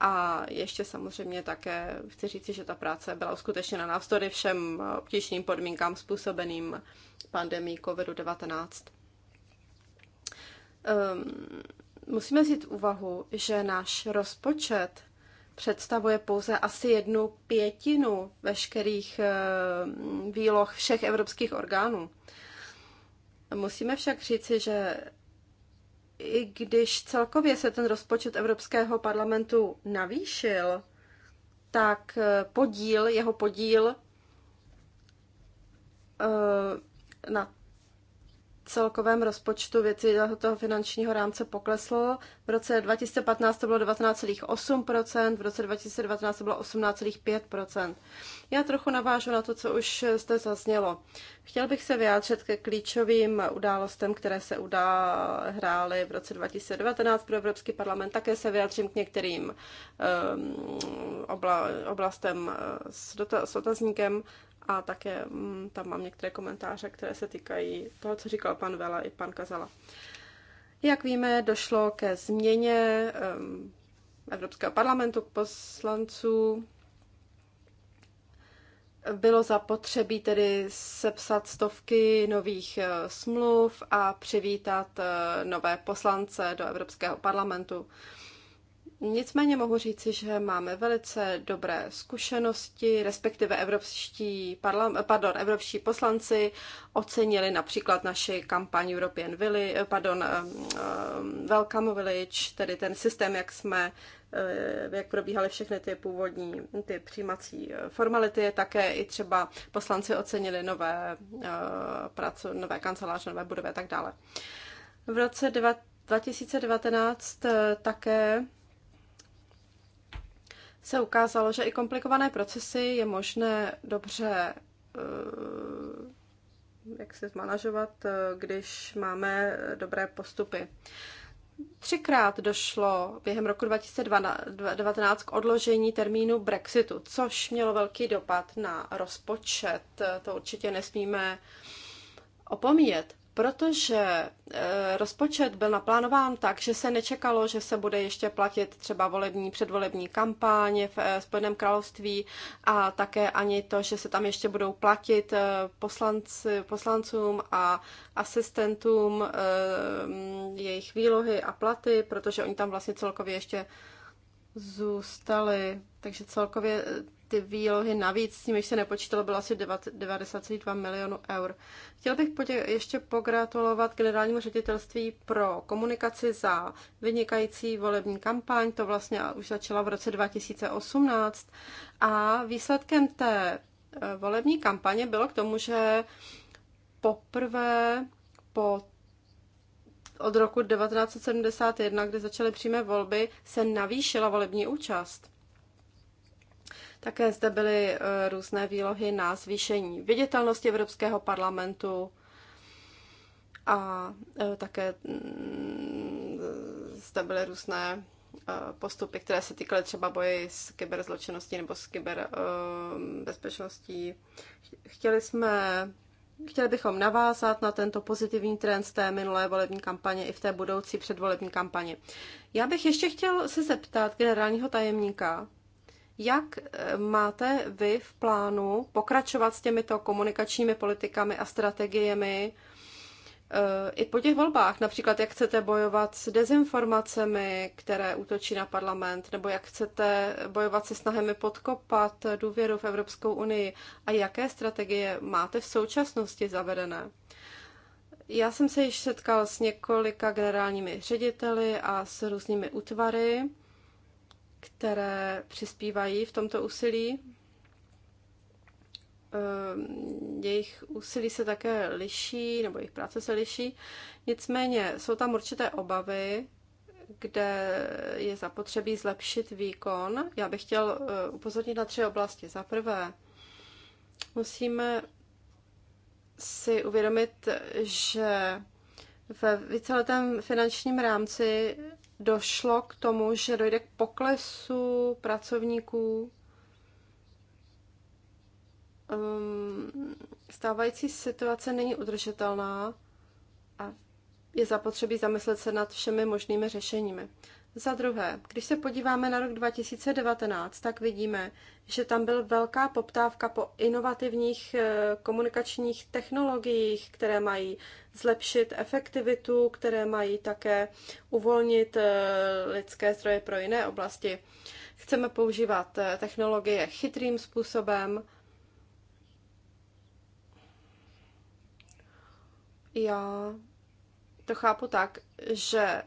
A ještě samozřejmě také chci říci, že ta práce byla uskutečněna navzdory všem obtížným podmínkám způsobeným pandemí COVID-19. Um, musíme vzít úvahu, že náš rozpočet představuje pouze asi jednu pětinu veškerých eh, výloh všech evropských orgánů. Musíme však říci, že i když celkově se ten rozpočet Evropského parlamentu navýšil, tak eh, podíl, jeho podíl eh, na celkovém rozpočtu věci toho finančního rámce pokleslo V roce 2015 to bylo 19,8%, v roce 2019 to bylo 18,5%. Já trochu navážu na to, co už jste zaznělo. Chtěl bych se vyjádřit ke klíčovým událostem, které se udá, hrály v roce 2019 pro Evropský parlament. Také se vyjádřím k některým um, obla, oblastem eh, s, dota, s otazníkem a také mm, tam mám některé komentáře, které se týkají toho, co říkal pan Vela i pan Kazala. Jak víme, došlo ke změně Evropského parlamentu k poslanců. Bylo zapotřebí tedy sepsat stovky nových eh, smluv a přivítat eh, nové poslance do Evropského parlamentu. Nicméně mohu říci, že máme velice dobré zkušenosti, respektive evropští, parlam, pardon, evropští poslanci ocenili například naši kampaň European Village, pardon, Welcome Village, tedy ten systém, jak jsme eh, jak probíhaly všechny ty původní ty přijímací eh, formality, také i třeba poslanci ocenili nové, eh, pracu, nové kanceláře, nové budovy a tak dále. V roce 2019 také se ukázalo, že i komplikované procesy je možné dobře eh, jak se zmanažovat, eh, když máme dobré postupy. Třikrát došlo během roku 2019 k odložení termínu Brexitu, což mělo velký dopad na rozpočet. To určitě nesmíme opomíjet protože eh, rozpočet byl naplánován tak, že se nečekalo, že se bude ještě platit třeba volební, předvolební kampaň v eh, Spojeném království a také ani to, že se tam ještě budou platit eh, poslanci, poslancům a asistentům jejich výlohy a platy, protože oni tam vlastně celkově ještě zůstali. Takže celkově ty výlohy navíc, s nimiž se nepočítalo, bylo asi 90,2 milionů eur. Chtěl bych podě- ještě pogratulovat generálnímu ředitelství pro komunikaci za vynikající volební kampaň, to vlastně už začala v roce 2018 a výsledkem té eh, volební kampaně bylo k tomu, že poprvé po od roku 1971, kdy začaly přímé volby, se navýšila volební účast. Také zde byly e, různé výlohy na zvýšení viditelnosti Evropského parlamentu a e, také mm, zde byly různé e, postupy, které se týkaly třeba boji s kyberzločinností nebo s kyberbezpečností. Chtěli jsme Chtěli bychom navázat na tento pozitivní trend z té minulé volební kampaně i v té budoucí předvolební kampani. Já bych ještě chtěl se zeptat generálního tajemníka, jak eh, máte vy v plánu pokračovat s těmito komunikačními politikami a strategiemi eh, i po těch volbách? Například, jak chcete bojovat s dezinformacemi, které útočí na parlament, nebo jak chcete bojovat se snahami podkopat důvěru v Evropskou unii a jaké strategie máte v současnosti zavedené? Já jsem se již setkal s několika generálními řediteli a s různými útvary které přispívají v tomto úsilí. Ehm, jejich úsilí se také liší, nebo jejich práce se liší. Nicméně jsou tam určité obavy, kde je zapotřebí zlepšit výkon. Já bych chtěl eh, upozornit na tři oblasti. Za prvé, musíme si uvědomit, že ve víceletém finančním rámci došlo k tomu, že dojde k poklesu pracovníků. Um, stávající situace není udržitelná a je zapotřebí zamyslet se nad všemi možnými řešeními. Za druhé, když se podíváme na rok 2019, tak vidíme, že tam byl velká poptávka po inovativních eh, komunikačních technologiích, které mají zlepšit efektivitu, které mají také uvolnit eh, lidské zdroje pro jiné oblasti. Chceme používat eh, technologie chytrým způsobem. Já to chápu tak, že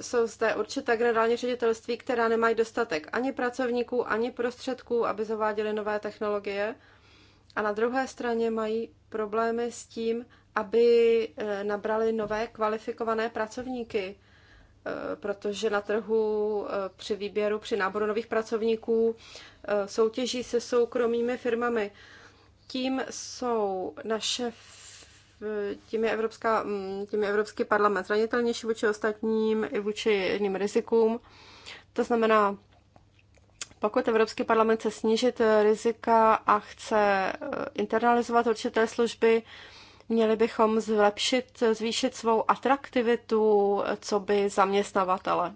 jsou zde určité generální ředitelství, která nemají dostatek ani pracovníků, ani prostředků, aby zaváděly nové technologie. A na druhé straně mají problémy s tím, aby eh, nabrali nové kvalifikované pracovníky, eh, protože na trhu eh, při výběru, při náboru nových pracovníků soutěží se soukromými firmami. Tím jsou naše tím je, Evropská, tím je Evropský parlament zranitelnější vůči ostatním i vůči jiným rizikům. To znamená, pokud Evropský parlament chce snížit rizika a chce eh, internalizovat určité služby, měli bychom zlepšit, zvýšit svou atraktivitu, eh, co by zaměstnavatele.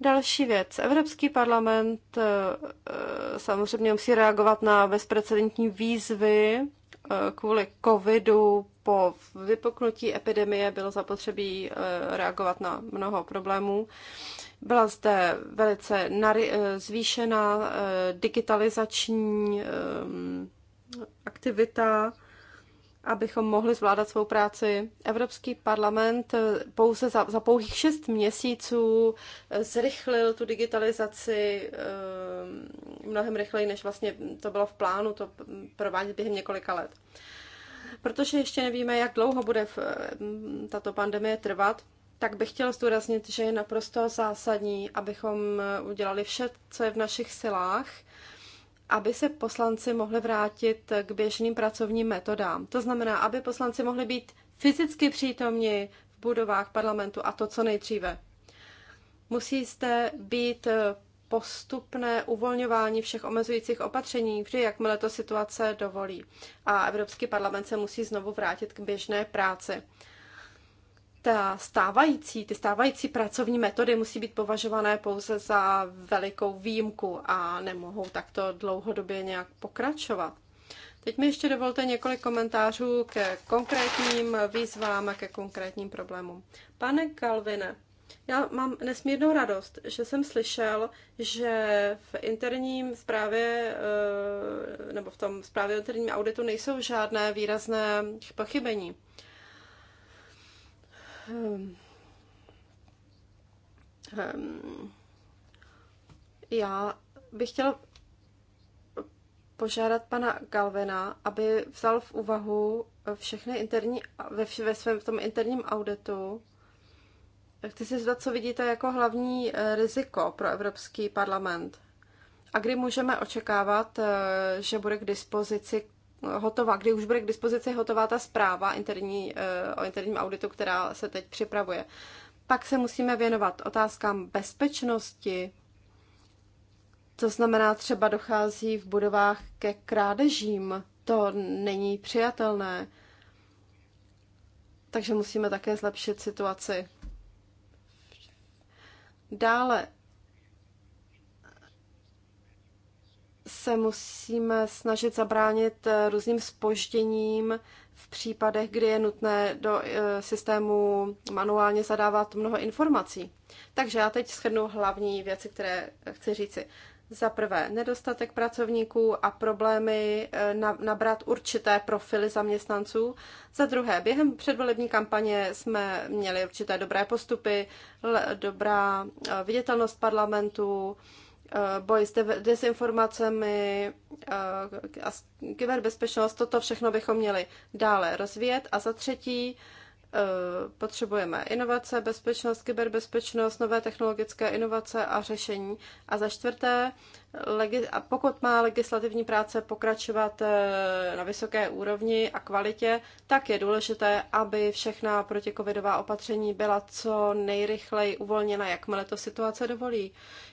Další věc. Evropský parlament eh, samozřejmě musí reagovat na bezprecedentní výzvy kvůli covidu po vypuknutí epidemie bylo zapotřebí eh, reagovat na mnoho problémů. Byla zde velice eh, zvýšená eh, digitalizační ehm, aktivita, abychom mohli zvládat svou práci. Evropský parlament eh, pouze za, za pouhých šest měsíců eh, zrychlil tu digitalizaci eh, mnohem rychleji, než vlastně to bylo v plánu to provádět během několika let. Protože ještě nevíme, jak dlouho bude v, tato pandemie trvat, tak bych chtěl zdůraznit, že je naprosto zásadní, abychom udělali vše, co je v našich silách – aby se poslanci mohli vrátit k běžným pracovním metodám. To znamená, aby poslanci mohli být fyzicky přítomni v budovách parlamentu a to co nejdříve. Musí zde být postupné uvolňování všech omezujících opatření, vždy jakmile to situace dovolí. A Evropský parlament se musí znovu vrátit k běžné práci ta stávající, ty stávající pracovní metody musí být považované pouze za velikou výjimku a nemohou takto dlouhodobě nějak pokračovat. Teď mi ještě dovolte několik komentářů ke konkrétním výzvám a ke konkrétním problémům. Pane Kalvine, já mám nesmírnou radost, že jsem slyšel, že v interním zprávě eh, nebo v tom zprávě o interním auditu nejsou žádné výrazné pochybení. Ehm. Ehm. já bych chtěla požádat pana Galvena, aby vzal v úvahu všechny interní, ve, ve svém v tom interním auditu. Chci se zda co vidíte jako hlavní eh, riziko pro Evropský parlament. A kdy můžeme očekávat, eh, že bude k dispozici hotová, kdy už bude k dispozici hotová ta zpráva interní, eh, o interním auditu, která se teď připravuje. Pak se musíme věnovat otázkám bezpečnosti. To znamená, třeba dochází v budovách ke krádežím. To není přijatelné. Takže musíme také zlepšit situaci. Dále se musíme snažit zabránit eh, různým spožděním v případech, kdy je nutné do eh, systému manuálně zadávat mnoho informací. Takže já teď shrnu hlavní věci, které chci říci. Za prvé, nedostatek pracovníků a problémy eh, nabrat určité profily zaměstnanců. Za druhé, během předvolební kampaně jsme měli určité dobré postupy, dobrá viditelnost parlamentu, Eh, boj s dezinformacemi eh, a kyberbezpečnost, toto všechno bychom měli dále rozvíjet. A za třetí, eh, potřebujeme inovace, bezpečnost, kyberbezpečnost, nové technologické inovace a řešení. A za čtvrté, a pokud má legislativní práce pokračovat na vysoké úrovni a kvalitě, tak je důležité, aby všechna protikovidová opatření byla co nejrychleji uvolněna, jakmile to situace dovolí.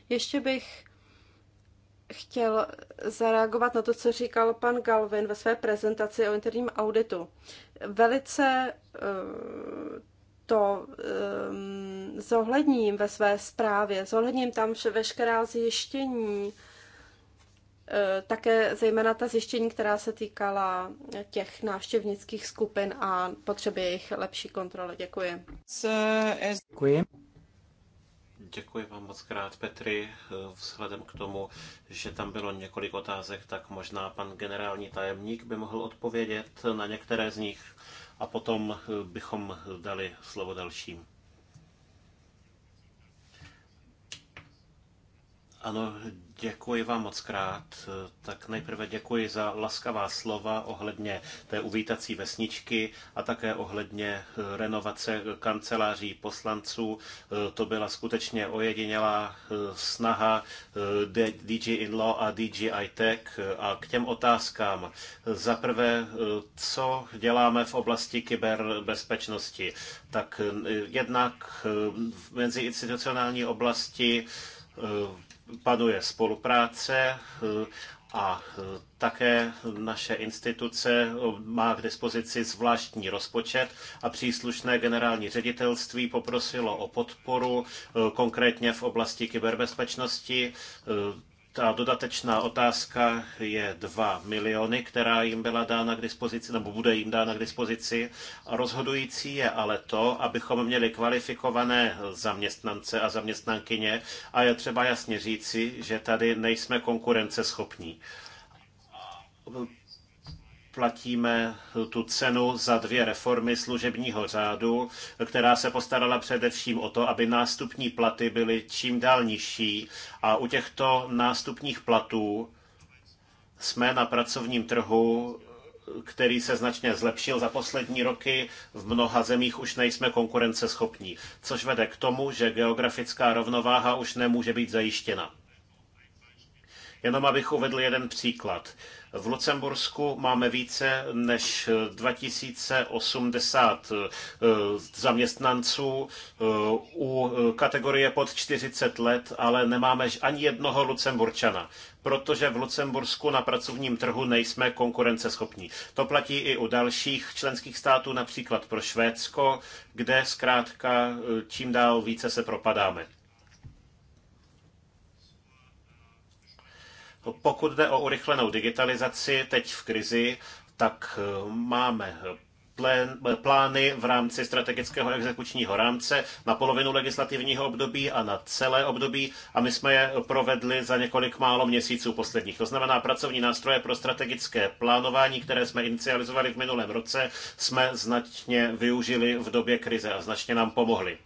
Ještě bych chtěl zareagovat na to, co říkal pan Galvin ve své prezentaci o interním auditu. Velice eh, to eh, zohledním ve své zprávě, zohledním tam veškerá zjištění, eh, také zejména ta zjištění, která se týkala těch návštěvnických skupin a potřeby jejich lepší kontroly. Děkuji. Děkuji. Děkuji vám moc krát, Petri. Vzhledem k tomu, že tam bylo několik otázek, tak možná pan generální tajemník by mohl odpovědět na některé z nich a potom bychom dali slovo dalším. Ano, Děkuji vám moc krát. Tak nejprve děkuji za laskavá slova ohledně té uvítací vesničky a také ohledně eh, renovace eh, kanceláří poslanců. Eh, to byla skutečně ojedinělá snaha DG Inlaw a DG Tech. A k těm otázkám. Za prvé, co děláme v oblasti kyberbezpečnosti? Tak jednak v institucionální oblasti panuje spolupráce eh, a eh, také naše instituce eh, má k dispozici zvláštní rozpočet a příslušné generální ředitelství poprosilo o podporu konkrétně v oblasti kyberbezpečnosti ta dodatečná otázka je 2 miliony, která jim byla dána k dispozici, nebo bude jim dána k dispozici. Rozhodující je ale to, abychom měli kvalifikované zaměstnance a zaměstnankyně a je třeba jasně říci, že tady nejsme konkurenceschopní platíme tu cenu za dvě reformy služebního řádu, která se postarala především o to, aby nástupní platy byly čím dál nižší a u těchto nástupních platů jsme na pracovním trhu který se značně zlepšil za poslední roky, v mnoha zemích už nejsme konkurenceschopní, což vede k tomu, že geografická rovnováha už nemůže být zajištěna. Jenom abych uvedl jeden příklad. V Lucembursku máme více než 2080 eh, zaměstnanců eh, u eh, kategorie pod 40 let, ale nemáme ani jednoho Lucemburčana, protože v Lucembursku na pracovním trhu nejsme konkurenceschopní. To platí i u dalších členských států, například pro Švédsko, kde zkrátka čím dál více se propadáme. Pokud jde o urychlenou digitalizaci teď v krizi, tak eh, máme eh, plány v rámci strategického exekučního rámce na polovinu legislativního období a na celé období a my jsme je provedli za několik málo měsíců posledních. To znamená pracovní nástroje pro strategické plánování, které jsme inicializovali v minulém roce, jsme značně využili v době krize a značně nám pomohly.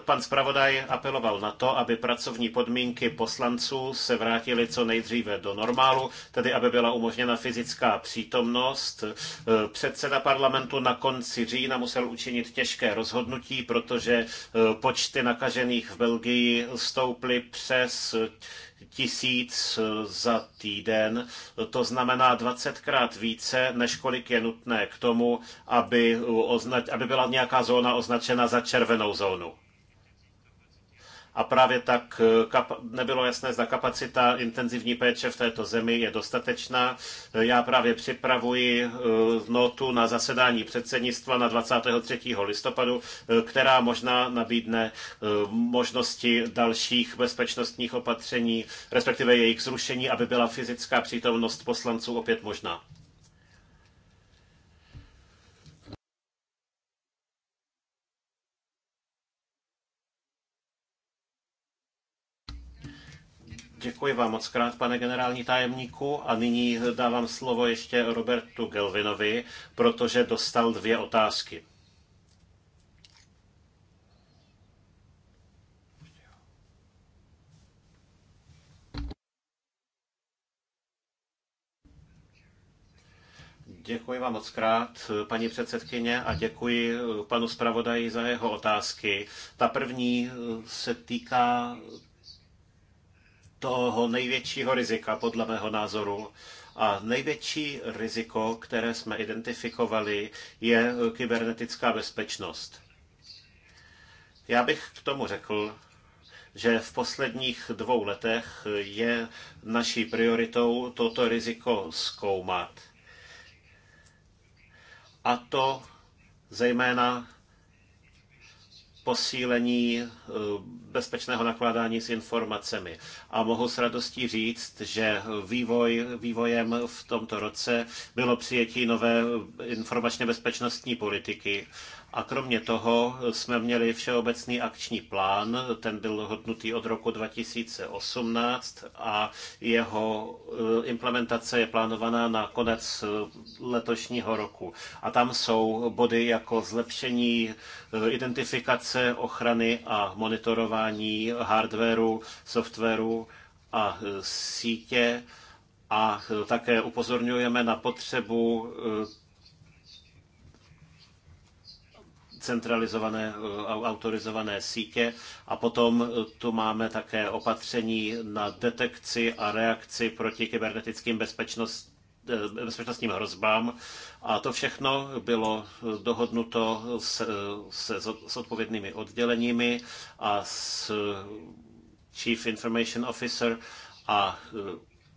Pan zpravodaj apeloval na to, aby pracovní podmínky poslanců se vrátily co nejdříve do normálu, tedy aby byla umožněna fyzická přítomnost. E, předseda parlamentu na konci října musel učinit těžké rozhodnutí, protože e, počty nakažených v Belgii stouply přes tisíc e, za týden. To znamená 20 krát více, než kolik je nutné k tomu, aby, označ, aby byla nějaká zóna označena za červenou zónu a právě tak eh, nebylo jasné, zda kapacita intenzivní péče v této zemi je dostatečná. Eh, já právě připravuji eh, notu na zasedání předsednictva na 23. listopadu, která možná nabídne možnosti dalších bezpečnostních opatření, respektive jejich zrušení, aby byla fyzická přítomnost poslanců opět možná. Děkuji vám moc krát, pane generální tajemníku. A nyní dávám slovo ještě Robertu Gelvinovi, protože dostal dvě otázky. Děkuji vám moc krát, paní předsedkyně, a děkuji panu zpravodaji za jeho otázky. Ta první se týká toho největšího rizika, podle mého názoru. A největší riziko, které jsme identifikovali, je kybernetická bezpečnost. Já bych k tomu řekl, že v posledních dvou letech je naší prioritou toto riziko zkoumat. A to zejména posílení eh, bezpečného nakládání s informacemi. A mohu s radostí říct, že vývoj, vývojem v tomto roce bylo přijetí nové informačně bezpečnostní politiky a kromě toho jsme měli všeobecný akční plán, ten byl hodnutý od roku 2018 a jeho eh, implementace je plánovaná na konec eh, letošního roku. A tam jsou body jako zlepšení eh, identifikace, ochrany a monitorování hardwareu, softwaru a sítě. A také upozorňujeme na potřebu centralizované eh, autorizované sítě a potom eh, tu máme také opatření na detekci a reakci proti kybernetickým bezpečnost, eh, bezpečnostním hrozbám. A to všechno bylo dohodnuto s, se, s odpovědnými odděleními a s Chief Information Officer a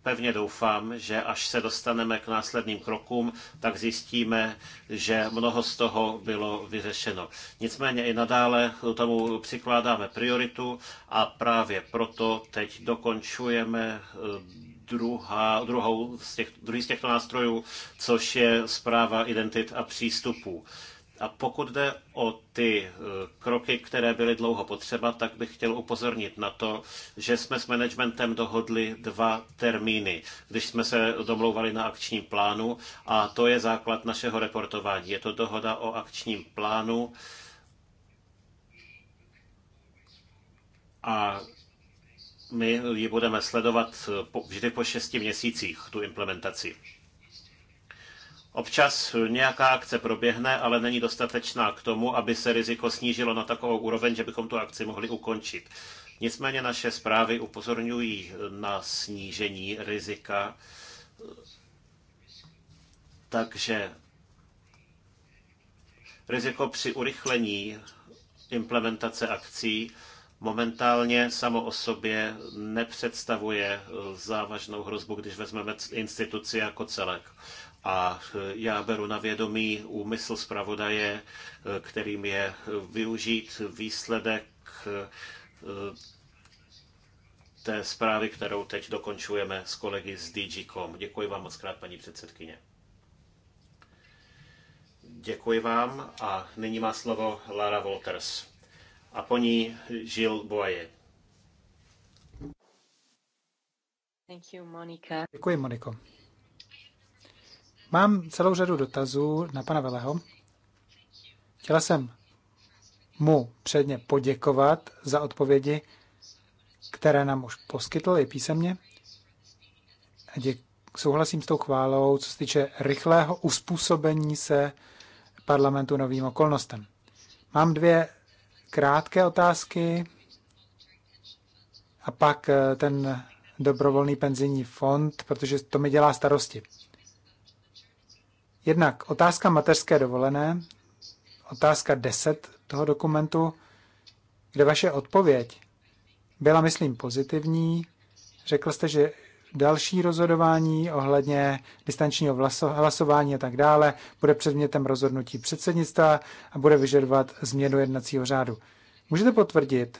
Pevně doufám, že až se dostaneme k následným krokům, tak zjistíme, že mnoho z toho bylo vyřešeno. Nicméně i nadále tomu přikládáme prioritu a právě proto teď dokončujeme eh, druhá, druhou z těch, druhý z těchto nástrojů, což je zpráva identit a přístupů. A pokud jde o ty e, kroky, které byly dlouho potřeba, tak bych chtěl upozornit na to, že jsme s managementem dohodli dva termíny, když jsme se domlouvali na akčním plánu a to je základ našeho reportování. Je to dohoda o akčním plánu a my ji budeme sledovat vždy po šesti měsících, tu implementaci. Občas nějaká akce proběhne, ale není dostatečná k tomu, aby se riziko snížilo na takovou úroveň, že bychom tu akci mohli ukončit. Nicméně naše zprávy upozorňují na snížení rizika, takže riziko při urychlení implementace akcí momentálně samo o sobě nepředstavuje závažnou hrozbu, když vezmeme instituci jako celek. A eh, já beru na vědomí úmysl zpravodaje, eh, kterým je využít výsledek eh, té zprávy, kterou teď dokončujeme s kolegy z DG.com. Děkuji vám moc krát, paní předsedkyně. Děkuji vám a nyní má slovo Lara Walters a po ní Žil Boaje. Děkuji, Moniko. Mám celou řadu dotazů na pana Veleho. Chtěla jsem mu předně poděkovat za odpovědi, které nám už poskytl i písemně. Děk, souhlasím s tou chválou, co se týče rychlého uspůsobení se parlamentu novým okolnostem. Mám dvě krátké otázky a pak eh, ten dobrovolný penzijní fond, protože to mi dělá starosti. Jednak otázka mateřské dovolené, otázka 10 toho dokumentu, kde vaše odpověď byla, myslím, pozitivní. Řekl jste, že další rozhodování ohledně distančního hlasování a tak dále bude předmětem rozhodnutí předsednictva a bude vyžadovat změnu jednacího řádu. Můžete potvrdit,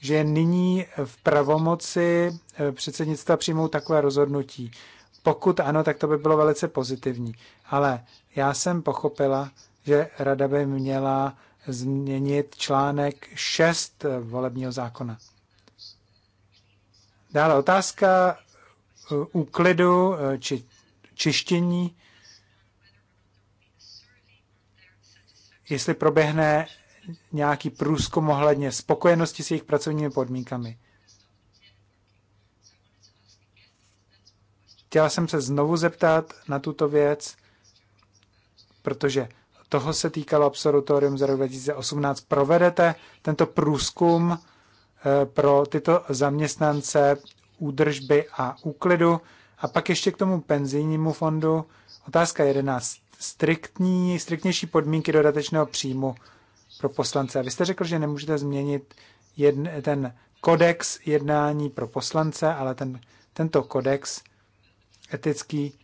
že je nyní v pravomoci eh, předsednictva přijmout takové rozhodnutí pokud ano, tak to by bylo velice pozitivní. Ale já jsem pochopila, že rada by měla změnit článek 6 volebního zákona. Dále otázka uh, úklidu uh, či čištění. Jestli proběhne nějaký průzkum ohledně spokojenosti s jejich pracovními podmínkami. Chtěla jsem se znovu zeptat na tuto věc, protože toho se týkalo absolutorium za rok 2018. Provedete tento průzkum eh, pro tyto zaměstnance údržby a úklidu. A pak ještě k tomu penzijnímu fondu. Otázka 11. Striktní, striktnější podmínky dodatečného příjmu pro poslance. Vy jste řekl, že nemůžete změnit jedn, ten kodex jednání pro poslance, ale ten, tento kodex etický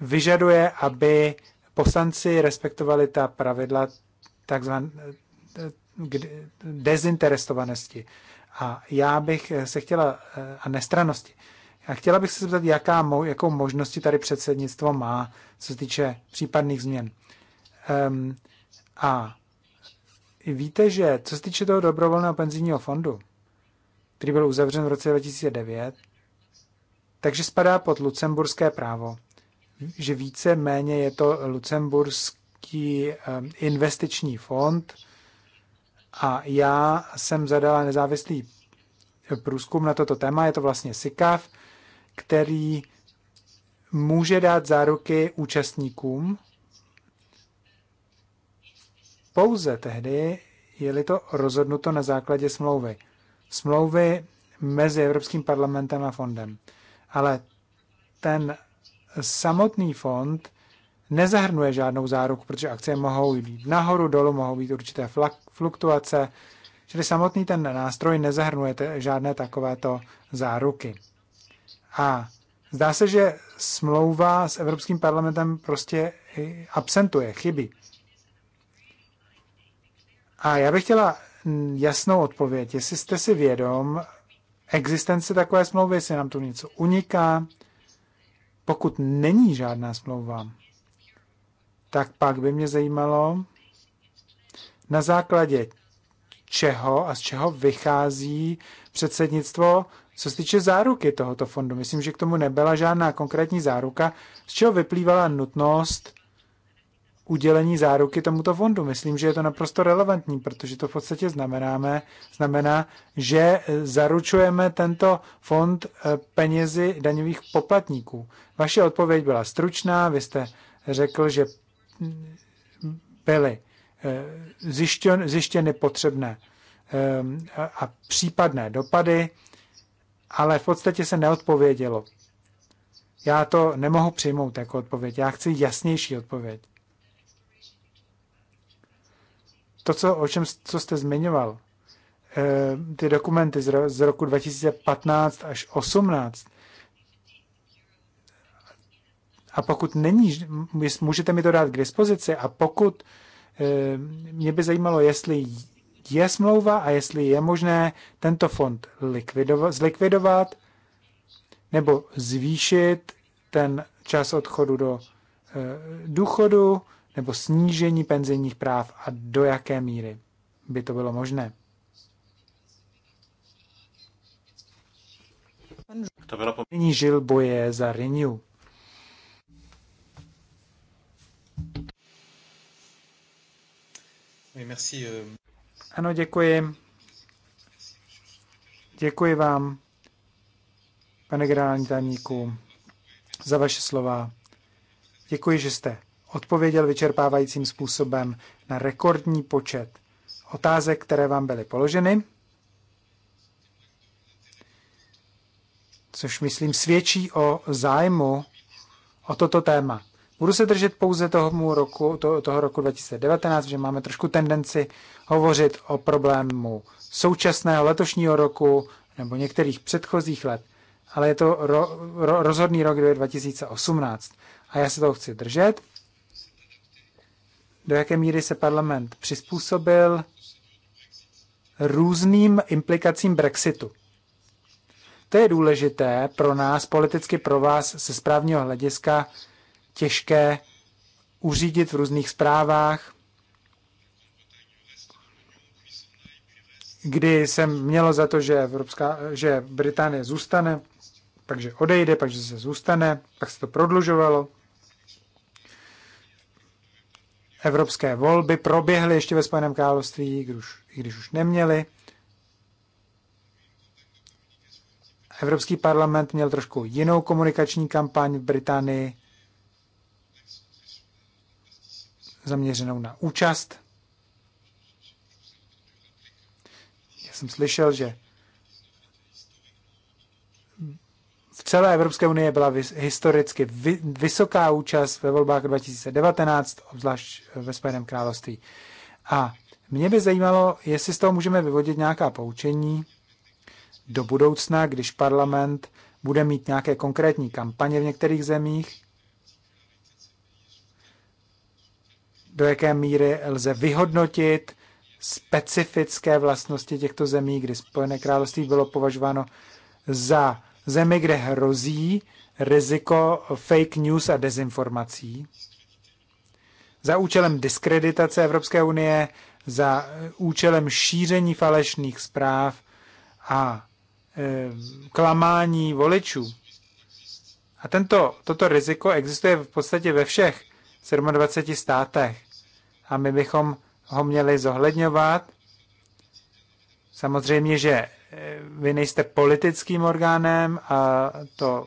vyžaduje, aby poslanci respektovali ta pravidla takzvané dezinteresovanosti. A já bych se chtěla, eh, a nestranosti, a chtěla bych se zeptat, jaká, jakou možnosti tady předsednictvo má, co se týče případných změn. Um, a víte, že co se týče toho dobrovolného penzijního fondu, který byl uzavřen v roce 2009, takže spadá pod lucemburské právo, že více méně je to lucemburský eh, investiční fond a já jsem zadala nezávislý průzkum na toto téma, je to vlastně SICAV, který může dát záruky účastníkům pouze tehdy, je-li to rozhodnuto na základě smlouvy. Smlouvy mezi Evropským parlamentem a fondem ale ten samotný fond nezahrnuje žádnou záruku, protože akcie mohou jít nahoru, dolů, mohou být určité fluktuace, čili samotný ten nástroj nezahrnuje žádné takovéto záruky. A zdá se, že smlouva s Evropským parlamentem prostě absentuje, chyby. A já bych chtěla jasnou odpověď, jestli jste si vědom existence takové smlouvy, jestli nám tu něco uniká. Pokud není žádná smlouva, tak pak by mě zajímalo, na základě čeho a z čeho vychází předsednictvo, co se týče záruky tohoto fondu. Myslím, že k tomu nebyla žádná konkrétní záruka, z čeho vyplývala nutnost udělení záruky tomuto fondu. Myslím, že je to naprosto relevantní, protože to v podstatě znamenáme, znamená, že eh, zaručujeme tento fond eh, penězi daňových poplatníků. Vaše odpověď byla stručná, vy jste řekl, že mm, byly eh, zjištěny potřebné a případné dopady, ale v podstatě se neodpovědělo. Já to nemohu přijmout jako odpověď. Já chci jasnější odpověď. to, co, o čem co jste zmiňoval, eh, ty dokumenty z, roku 2015 až 2018. a pokud není, můžete mi to dát k dispozici a pokud eh, mě by zajímalo, jestli je smlouva a jestli je možné tento fond likvidovat, zlikvidovat nebo zvýšit ten čas odchodu do eh, důchodu, nebo snížení penzijních práv a do jaké míry by to bylo možné. To bylo Nyní žil boje za Renew. Euh. Ano, děkuji. Děkuji vám, pane generální tajemníku, za vaše slova. Děkuji, že jste odpověděl vyčerpávajícím způsobem na rekordní počet otázek, které vám byly položeny, což myslím svědčí o zájmu o toto téma. Budu se držet pouze toho roku, to, toho roku 2019, že máme trošku tendenci hovořit o problému současného letošního roku nebo některých předchozích let, ale je to ro, ro, rozhodný rok 2018 a já se toho chci držet do jaké míry se parlament přizpůsobil různým implikacím Brexitu. To je důležité pro nás, politicky pro vás, se správního hlediska těžké uřídit v různých zprávách, kdy jsem mělo za to, že, Evropská, že Británie zůstane, takže odejde, takže se zůstane, tak se to prodlužovalo. Evropské volby proběhly ještě ve Spojeném království, když, i když už neměly. Evropský parlament měl trošku jinou komunikační kampaň v Británii, zaměřenou na účast. Já jsem slyšel, že v celé Evropské unii byla vys- historicky vy- vysoká účast ve volbách 2019, obzvlášť ve Spojeném království. A mě by zajímalo, jestli z toho můžeme vyvodit nějaká poučení do budoucna, když parlament bude mít nějaké konkrétní kampaně v některých zemích, do jaké míry lze vyhodnotit specifické vlastnosti těchto zemí, kdy Spojené království bylo považováno za zemi, kde hrozí riziko fake news a dezinformací za účelem diskreditace Evropské unie, za eh, účelem šíření falešných zpráv a e, klamání voličů. A tento, toto riziko existuje v podstatě ve všech 27 státech. A my bychom ho měli zohledňovat. Samozřejmě, že vy nejste politickým orgánem a to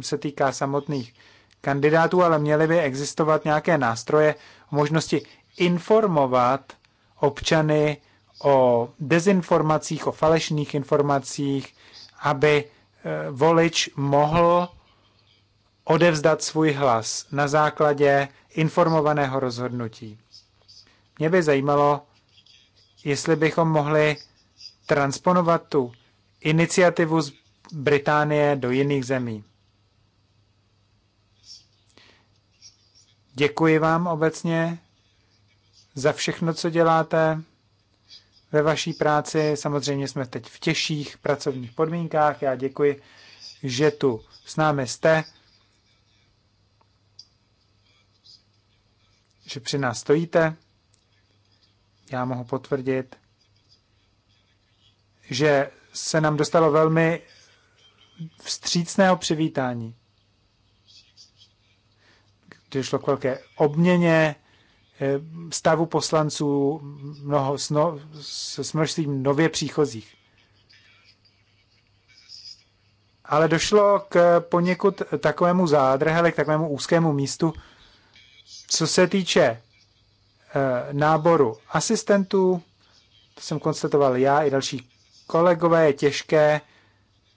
se týká samotných kandidátů, ale měly by existovat nějaké nástroje o možnosti informovat občany o dezinformacích, o falešných informacích, aby eh, volič mohl odevzdat svůj hlas na základě informovaného rozhodnutí. Mě by zajímalo, jestli bychom mohli transponovat tu iniciativu z Británie do jiných zemí. Děkuji vám obecně za všechno, co děláte ve vaší práci. Samozřejmě jsme teď v těžších pracovních podmínkách. Já děkuji, že tu s námi jste, že při nás stojíte. Já mohu potvrdit, že se nám dostalo velmi vstřícného přivítání. Došlo k velké obměně eh, stavu poslanců mnoho s, s množstvím nově příchozích. Ale došlo k poněkud takovému zádrhele, k takovému úzkému místu, co se týče eh, náboru asistentů, to jsem konstatoval já i další Kolegové, je těžké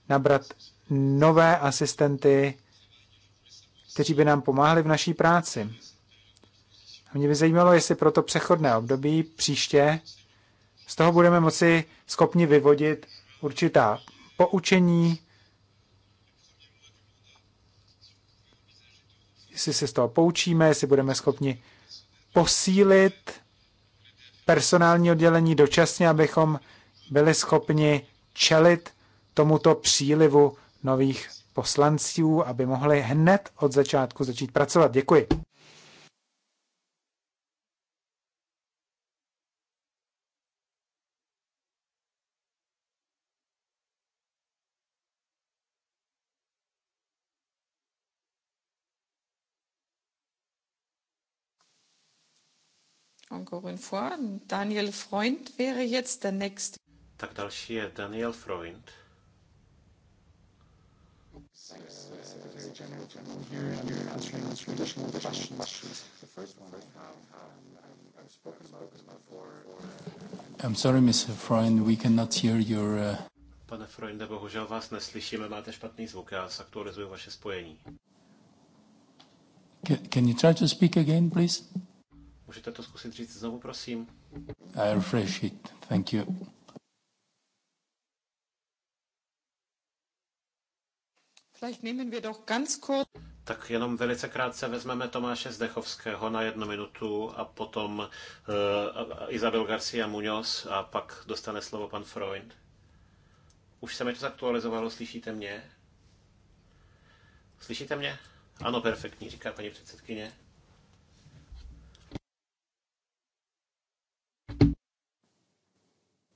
nabrat nové asistenty, kteří by nám pomáhli v naší práci. A mě by zajímalo, jestli pro to přechodné období příště z toho budeme moci schopni vyvodit určitá poučení, jestli se z toho poučíme, jestli budeme schopni posílit personální oddělení dočasně, abychom byli schopni čelit tomuto přílivu nových poslanců, aby mohli hned od začátku začít pracovat. Děkuji. Encore une fois, Daniel Freund wäre jetzt der nächste. Tak další je Daniel Freund. I'm sorry, Mr. Freund, we cannot hear your... Uh... Pane Freunde, bohužel vás neslyšíme, máte špatný zvuk, já zaktualizuju vaše spojení. Can, can you try to speak again, please? Můžete to zkusit říct znovu, prosím? I refresh it. Thank you. Tak jenom velice krátce vezmeme Tomáše Zdechovského na jednu minutu a potom uh, eh, Izabel Garcia Muñoz a pak dostane slovo pan Freund. Už se mi to zaktualizovalo, slyšíte mě? Slyšíte mě? Ano, perfektní, říká paní předsedkyně.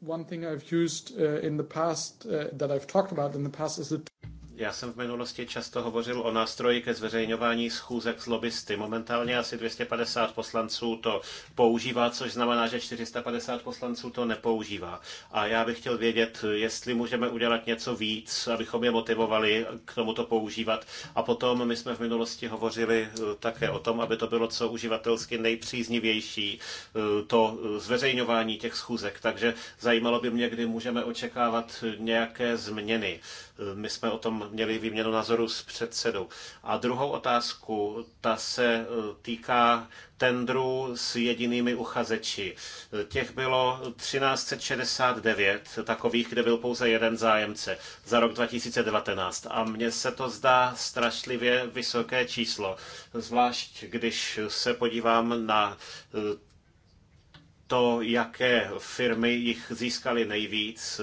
One thing I've used uh, in the past uh, that I've talked about in the past is the já jsem v minulosti často hovořil o nástroji ke zveřejňování schůzek s lobbysty. Momentálně asi 250 poslanců to používá, což znamená, že 450 poslanců to nepoužívá. A já bych chtěl vědět, jestli můžeme udělat něco víc, abychom je motivovali k tomuto používat. A potom my jsme v minulosti hovořili eh, také o tom, aby to bylo co uživatelsky nejpříznivější, eh, to eh, zveřejňování těch schůzek. Takže zajímalo by mě, kdy můžeme očekávat nějaké změny. My jsme o tom měli výměnu názoru s předsedou. A druhou otázku, ta se e, týká tendrů s jedinými uchazeči. Těch bylo 1369 takových, kde byl pouze jeden zájemce za rok 2019. A mně se to zdá strašlivě vysoké číslo. Zvlášť když se podívám na e, to, jaké firmy jich získaly nejvíc,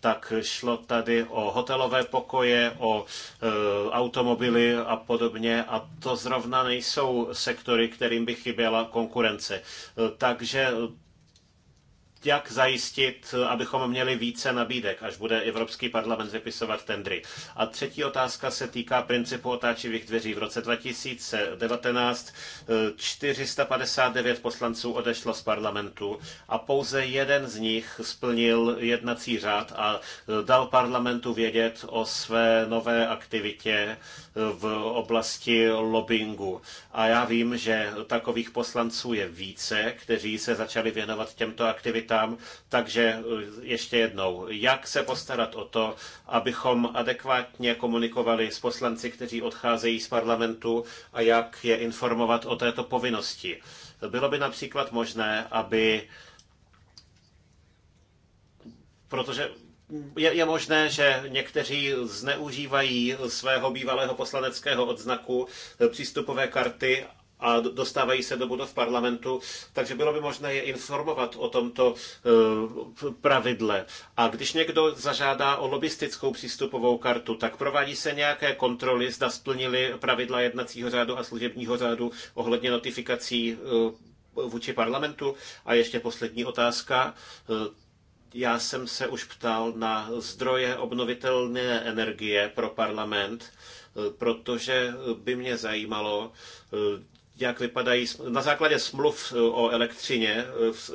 tak šlo tady o hotelové pokoje, o e, automobily a podobně a to zrovna nejsou sektory, kterým by chyběla konkurence. E, takže jak zajistit, abychom měli více nabídek, až bude Evropský parlament vypisovat tendry. A třetí otázka se týká principu otáčivých dveří. V roce 2019 459 eh, poslanců odešlo z parlamentu a pouze jeden z nich splnil jednací řád a eh, dal parlamentu vědět o své nové aktivitě eh, v oblasti lobbyingu. A já vím, že takových poslanců je více, kteří se začali věnovat těmto aktivitám aktivitám. Takže eh, ještě jednou, jak se postarat o to, abychom adekvátně komunikovali s poslanci, kteří odcházejí z parlamentu a jak je informovat o této povinnosti. Bylo by například možné, aby protože je, je možné, že někteří zneužívají svého bývalého poslaneckého odznaku eh, přístupové karty a dostávají se do budov parlamentu, takže bylo by možné je informovat o tomto eh, pravidle. A když někdo zažádá o lobistickou přístupovou kartu, tak provádí se nějaké kontroly, zda splnili pravidla jednacího řádu a služebního řádu ohledně notifikací eh, vůči parlamentu. A ještě poslední otázka. Eh, já jsem se už ptal na zdroje obnovitelné energie pro parlament, protože by mě zajímalo, jak vypadají na základě smluv e, o elektřině,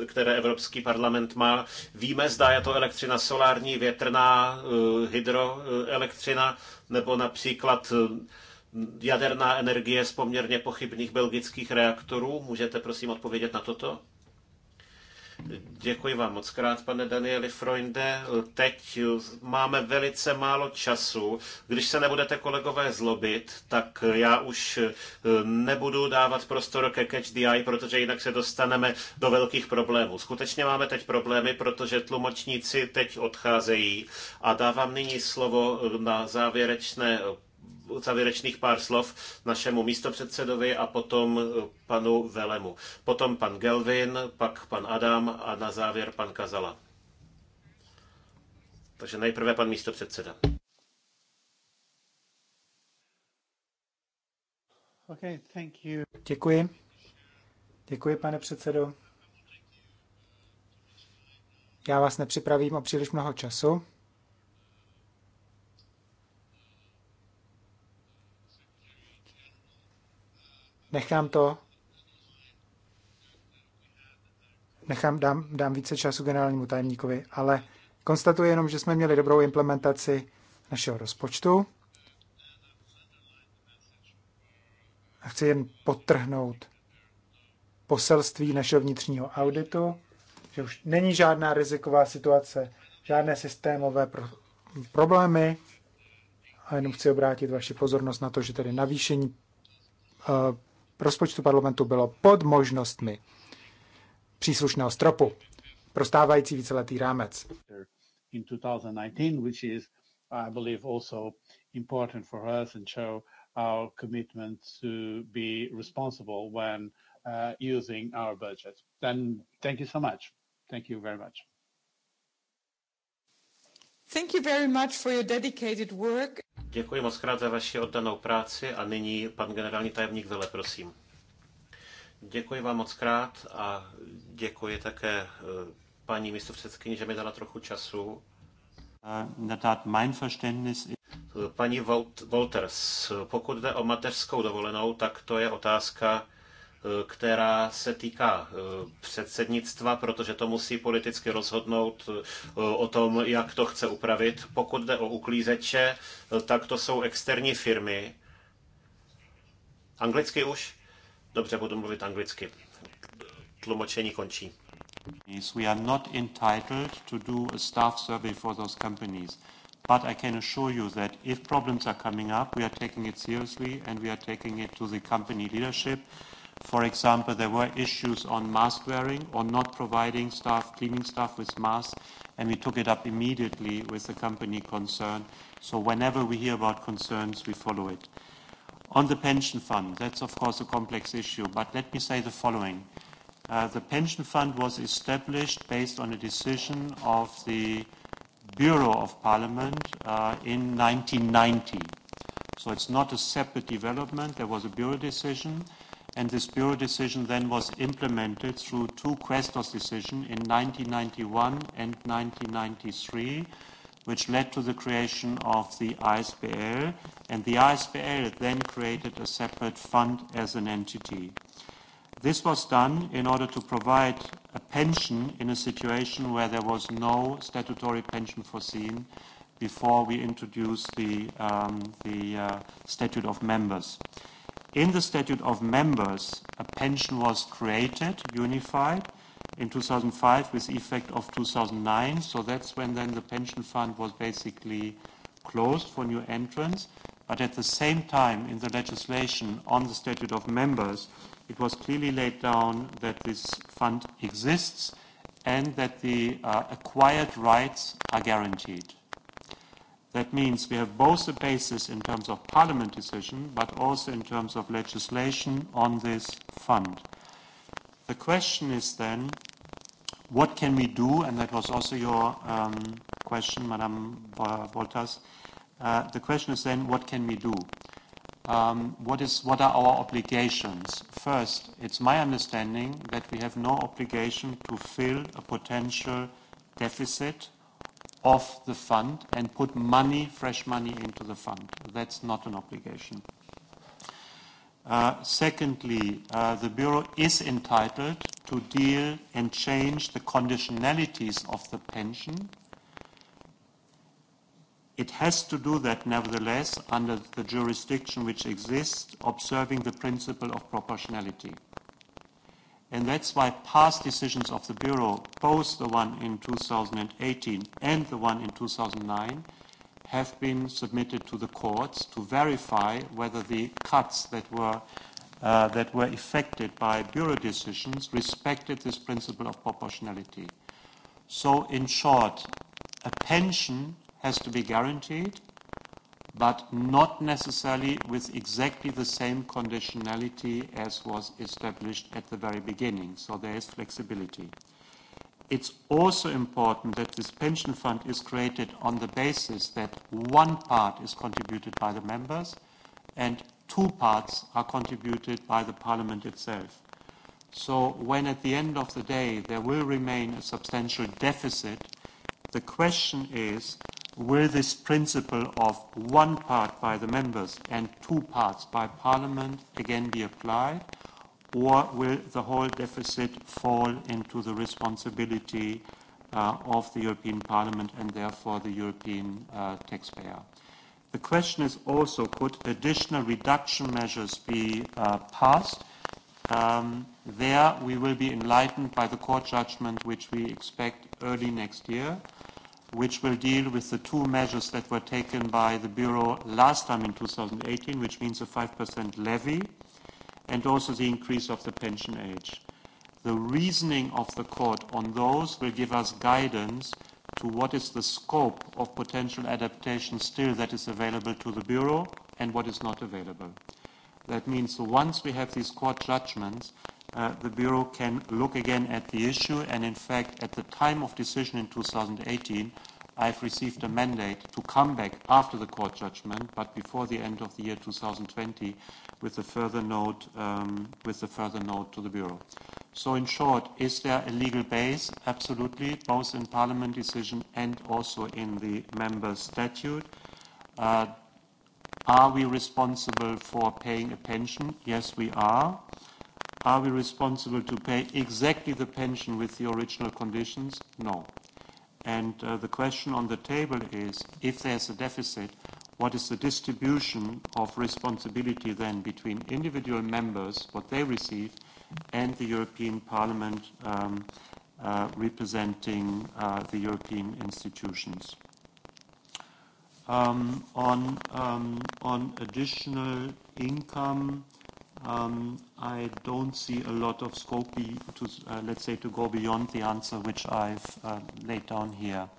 e, které Evropský parlament má. Víme, zda je to elektřina solární, větrná, e, hydroelektřina nebo například jaderná energie z poměrně pochybných belgických reaktorů. Můžete prosím odpovědět na toto? Děkuji vám moc krát, pane Danieli Freunde. Teď máme velice málo času. Když se nebudete kolegové zlobit, tak já už eh, nebudu dávat prostor ke Catch the Eye, protože jinak se dostaneme do velkých problémů. Skutečně máme teď problémy, protože tlumočníci teď odcházejí a dávám nyní slovo na závěrečné závěrečných pár slov našemu místopředsedovi a potom eh, panu Velemu. Potom pan Gelvin, pak pan Adam a na závěr pan Kazala. Takže nejprve pan místopředseda. Okay, thank you. Děkuji. Děkuji, pane předsedo. Já vás nepřipravím o příliš mnoho času. Nechám to. Nechám, dám, dám více času generálnímu tajemníkovi, ale konstatuji jenom, že jsme měli dobrou implementaci našeho rozpočtu. A chci jen potrhnout poselství našeho vnitřního auditu, že už není žádná riziková situace, žádné systémové pro- problémy. A jenom chci obrátit vaši pozornost na to, že tedy navýšení eh, rozpočtu parlamentu bylo pod možnostmi příslušného stropu pro stávající víceletý rámec. uh, using our budget. Then thank you so much. Thank you very much. Thank you very much for your dedicated work. Děkuji moc krát za vaši oddanou práci a nyní pan generální tajemník Vele, prosím. Děkuji vám moc krát a děkuji také eh, paní místopředsedkyni, že mi dala trochu času. mein Verständnis Paní Wolters, pokud jde o mateřskou dovolenou, tak to je otázka, Eh, která se týká eh, předsednictva, protože to musí politicky rozhodnout eh, o tom, jak to chce upravit. Pokud jde o uklízeče, tak to jsou externí firmy. Anglicky už? Dobře, budu mluvit anglicky. Tlumočení končí. We are not entitled to do a staff survey for those companies. But I can assure you that if problems are coming up, we are taking it seriously and we are taking it to the company leadership. For example, there were issues on mask wearing or not providing staff, cleaning staff with masks, and we took it up immediately with the company concerned. So whenever we hear about concerns, we follow it. On the pension fund, that's of course a complex issue, but let me say the following. Uh, the pension fund was established based on a decision of the Bureau of Parliament uh, in 1990. So it's not a separate development. There was a Bureau decision and this Bureau decision then was implemented through two Quaestor decision in 1991 and 1993, which led to the creation of the ISBL, and the ISBL then created a separate fund as an entity. This was done in order to provide a pension in a situation where there was no statutory pension foreseen before we introduced the, um, the uh, statute of members. In the statute of members, a pension was created, unified, in 2005 with effect of 2009. So that's when then the pension fund was basically closed for new entrants. But at the same time, in the legislation on the statute of members, it was clearly laid down that this fund exists and that the uh, acquired rights are guaranteed. That means we have both a basis in terms of parliament decision, but also in terms of legislation on this fund. The question is then, what can we do? And that was also your um, question, Madame Wolters. Uh, the question is then, what can we do? Um, what are our obligations? First, it's my understanding that we have no obligation to fill a potential deficit of the fund and put money, fresh money into the fund. That's not an obligation. Uh, secondly, uh, the Bureau is entitled to deal and change the conditionalities of the pension. It has to do that, nevertheless, under the jurisdiction which exists, observing the principle of proportionality and that's why past decisions of the Bureau, both the one in 2018 and the one in 2009, have been submitted to the courts to verify whether the cuts that were uh, that were affected by bureau decisions respected this principle of proportionality. So, in short, a pension has to be guaranteed but not necessarily with exactly the same conditionality as was established at the very beginning. So there is flexibility. It's also important that this pension fund is created on the basis that one part is contributed by the members and two parts are contributed by the parliament itself. So when at the end of the day there will remain a substantial deficit, the question is will this principle of one part by the members and two parts by parliament again be applied, or will the whole deficit fall into the responsibility uh, of the European Parliament and therefore the European uh, taxpayer? The question is also, could additional reduction measures be uh, passed? Um, there we will be enlightened by the court judgment which we expect early next year which will deal with the two measures that were taken by the Bureau last time in 2018, which means a 5% levy and also the increase of the pension age. The reasoning of the court on those will give us guidance to what is the scope of potential adaptation still that is available to the Bureau and what is not available. That means once we have these court judgments, Uh, the Bureau can look again at the issue. And in fact, at the time of decision in 2018, I've received a mandate to come back after the court judgment, but before the end of the year 2020, with a further note, um, with a further note to the Bureau. So in short, is there a legal base? Absolutely, both in Parliament decision and also in the member statute. Uh, are we responsible for paying a pension? Yes, we are. Are we responsible to pay exactly the pension with the original conditions? No. And uh, the question on the table is, if there's a deficit, what is the distribution of responsibility then between individual members, what they receive, and the European Parliament um, uh, representing uh, the European institutions? Um, on, um, on additional income, Um, I don't see a lot of scope to, uh, let's say, to go beyond the answer which I've uh, laid down here.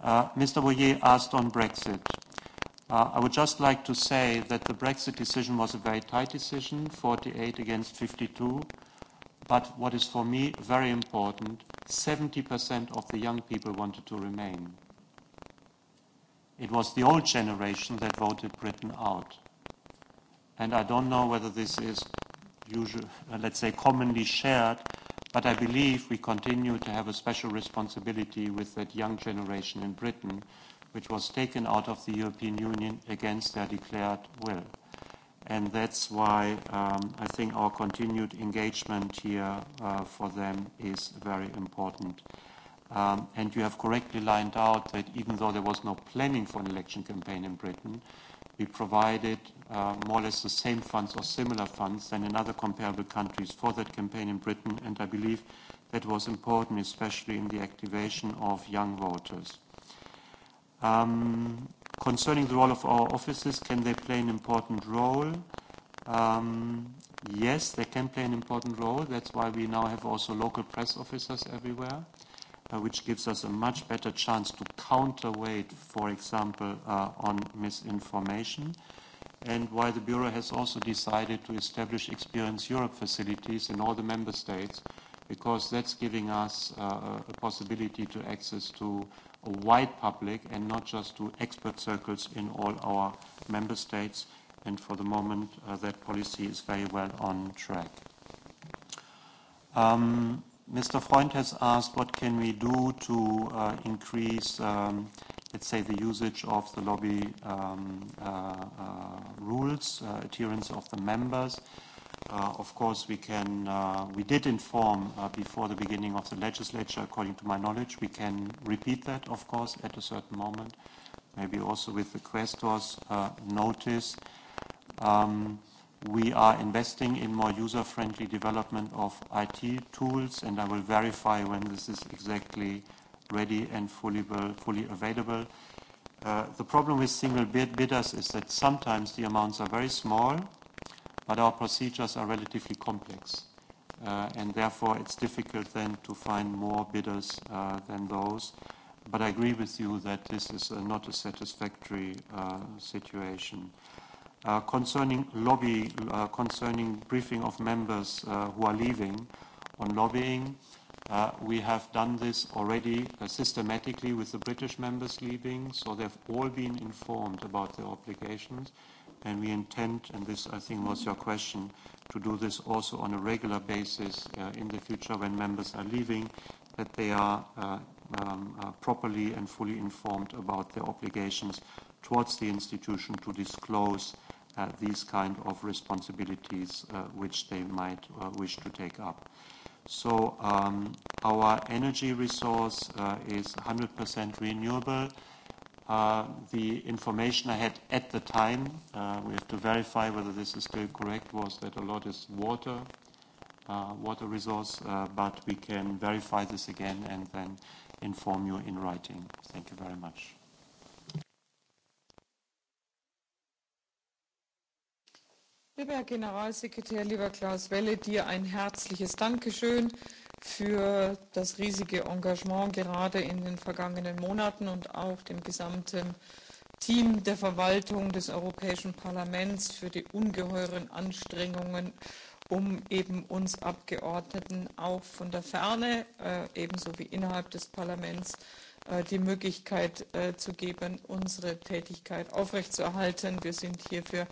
Uh, Mr. Boyer asked on Brexit. I would just like to say that the Brexit decision was a very tight decision, 48 against 52. But what is for me very important, 70% of the young people wanted to remain. It was the old generation that voted Britain out and I don't know whether this is usual, uh, let's say, commonly shared, but I believe we continue to have a special responsibility with that young generation in Britain, which was taken out of the European Union against their declared will. And that's why um, I think our continued engagement here uh, for them is very important. Um, and you have correctly lined out that even though there was no planning for an election campaign in Britain, we provided uh, more or less the same funds or similar funds than in other comparable countries for that campaign in Britain, and I believe that was important, especially in the activation of young voters. Um, concerning the role of our offices, can they play an important role? Um, yes, they can play an important role. That's why we now have also local press officers everywhere. Uh, which gives us a much better chance to counterweight, for example, uh, on misinformation. And While the Bureau has also decided to establish Experience Europe facilities in all the member states, because that's giving us uh, a possibility to access to a wide public and not just to expert circles in all our member states. And For the moment, uh, that policy is very well on track. Um, Mr. Freund has asked what can we do to uh, increase, um, let's say, the usage of the lobby um, uh, uh, rules, adherence of the members. Uh, of course, we can, uh, we did inform uh, before the beginning of the legislature, according to my knowledge. We can repeat that, of course, at a certain moment, maybe also with the questors' notice. Um, We are investing in more user-friendly development of IT tools, and I will verify when this is exactly ready and fully available. Uh, the problem with single bidders is that sometimes the amounts are very small, but our procedures are relatively complex. Uh, therefore, it's difficult then to find more bidders uh, than those. I agree with you that this is not a satisfactory situation. Uh, concerning lobby, uh, concerning briefing of members uh, who are leaving on lobbying, uh, we have done this already uh, systematically with the British members leaving, so they've all been informed about their obligations, and we intend, and this I think was your question, to do this also on a regular basis uh, in the future when members are leaving, that they are uh, um, uh, properly and fully informed about their obligations towards the institution to disclose uh, these kind of responsibilities uh, which they might uh, wish to take up. So um, Our energy resource uh, is 100% renewable. Uh, the information I had at the time, uh, we have to verify whether this is still correct, was that a lot is water, uh, water resource, but we can verify this again and then inform you in writing. Thank you very much. Lieber Herr Generalsekretär, lieber Klaus Welle, dir ein herzliches Dankeschön für das riesige Engagement gerade in den vergangenen Monaten und auch dem gesamten Team der Verwaltung des Europäischen Parlaments für die ungeheuren Anstrengungen, um eben uns Abgeordneten auch von der Ferne, äh, ebenso wie innerhalb des Parlaments, äh, die Möglichkeit äh, zu geben, unsere Tätigkeit aufrechtzuerhalten. Wir sind hierfür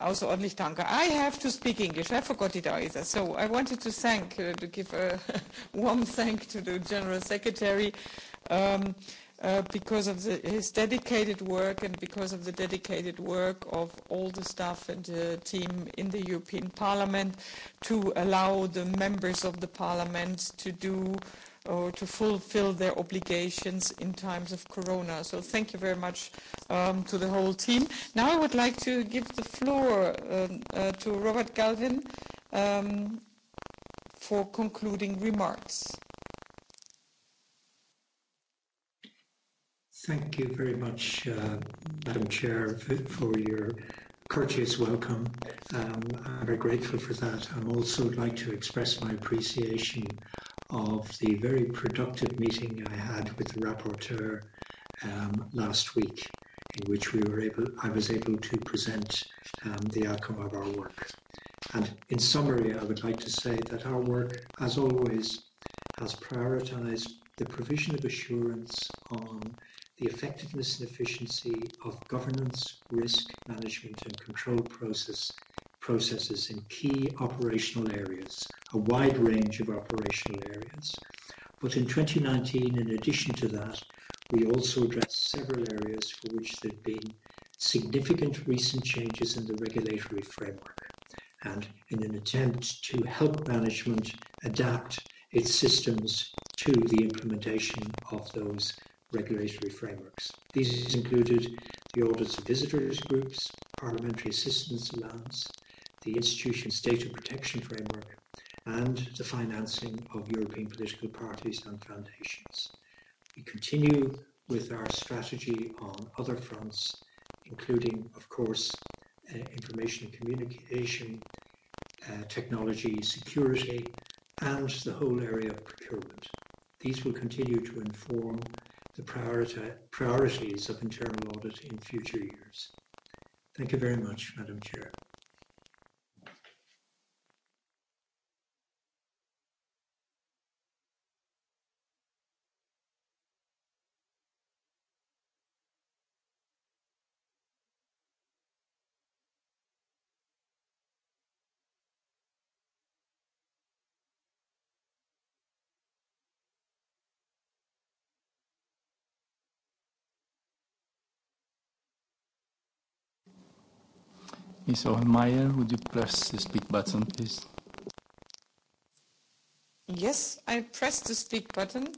außerordentlich danke. I have to speak English. I forgot it either. So I wanted to thank, uh, to give a warm thank to the General Secretary um, uh, because of the, his dedicated work and because of the dedicated work of all the staff and the team in the European Parliament to allow the members of the Parliament to do uh, or uh, to fulfill their obligations in times of corona. So thank you very much um, to the whole team. Now I would like to give the floor um, uh, to Robert Galvin um, for concluding remarks. Thank you very much, uh, Madam Chair, for your courteous welcome. I'm very grateful for that. I'm also like to express my appreciation of the very productive meeting I had with the rapporteur um, last week, in which we were able, I was able to present um, the outcome of our work. And in summary, I would like to say that our work, as always, has prioritised the provision of assurance on the effectiveness and efficiency of governance, risk management and control process processes in key operational areas, a wide range of operational areas. But in 2019, in addition to that, we also addressed several areas for which there'd been significant recent changes in the regulatory framework, and in an attempt to help management adapt its systems to the implementation of those regulatory frameworks. These included the audits of visitors' groups, parliamentary assistance allowance, the institution's data protection framework, and the financing of European political parties and foundations. We continue with our strategy on other fronts, including, of course, uh, information and communication, uh, technology, security, and the whole area of procurement. These will continue to inform the priorities of internal audit in future years. Thank you very much, Madam Chair. Ms. Ohlmeyer, would you press the speak button, please? Yes, I pressed the speak button,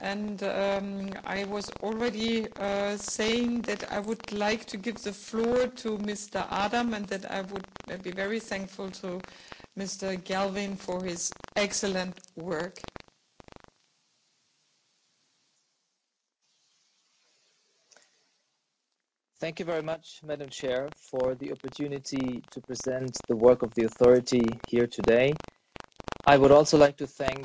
and um, I was already uh, saying that I would like to give the floor to Mr. Adam and that I would uh, be very thankful to Mr. Galvin for his excellent work. Thank you very much, Madam Chair, for the opportunity to present the work of the authority here today. I would also like to thank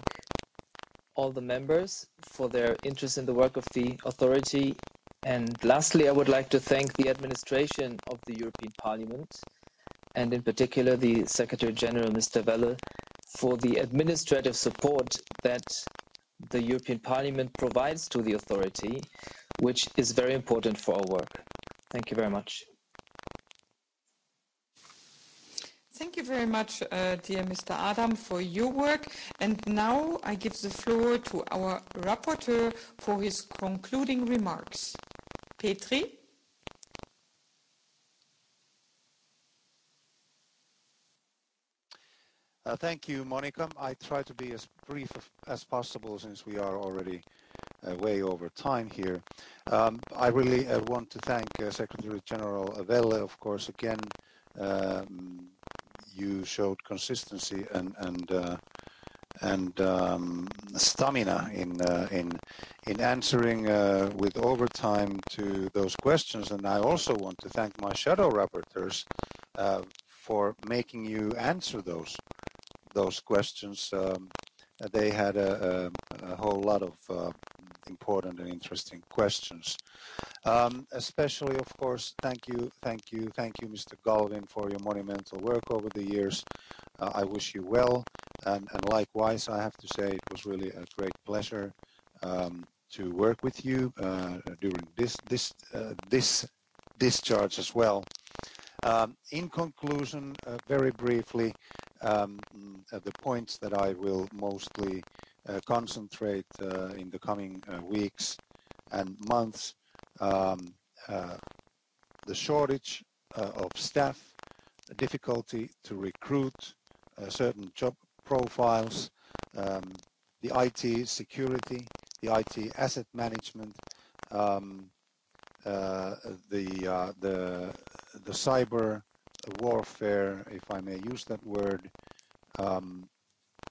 all the members for their interest in the work of the authority. And lastly, I would like to thank the administration of the European Parliament, and in particular the Secretary General, Mr. Welle, for the administrative support that the European Parliament provides to the authority, which is very important for our work. Thank you very much. Thank you very much, uh, dear Mr. Adam, for your work. now I give the floor to our rapporteur for his concluding remarks. Petri? Uh, thank you, Monica. I try to be as brief as possible since we are already Uh, way over time here. Um, I really uh, want to thank uh, Secretary General Velle, of course, again. Um, you showed consistency and um, stamina in answering with overtime to those questions. I also want to thank my shadow rapporteurs for making you answer those questions they had a, whole lot of um, important and interesting questions. Um, especially, of course, thank you, thank you, thank you, Mr. Galvin, for your monumental work over the years. Uh, I wish you well, and, likewise, I have to say it was really a great pleasure um, to work with you uh, during uh, this discharge as well. in conclusion, very briefly, Um, mm, uh, the points that I will mostly uh, concentrate uh, in the coming weeks and months. Um, the shortage of staff, the difficulty to recruit certain job profiles, um, the IT security, the IT asset management, the cyber warfare, if I may use that word, um,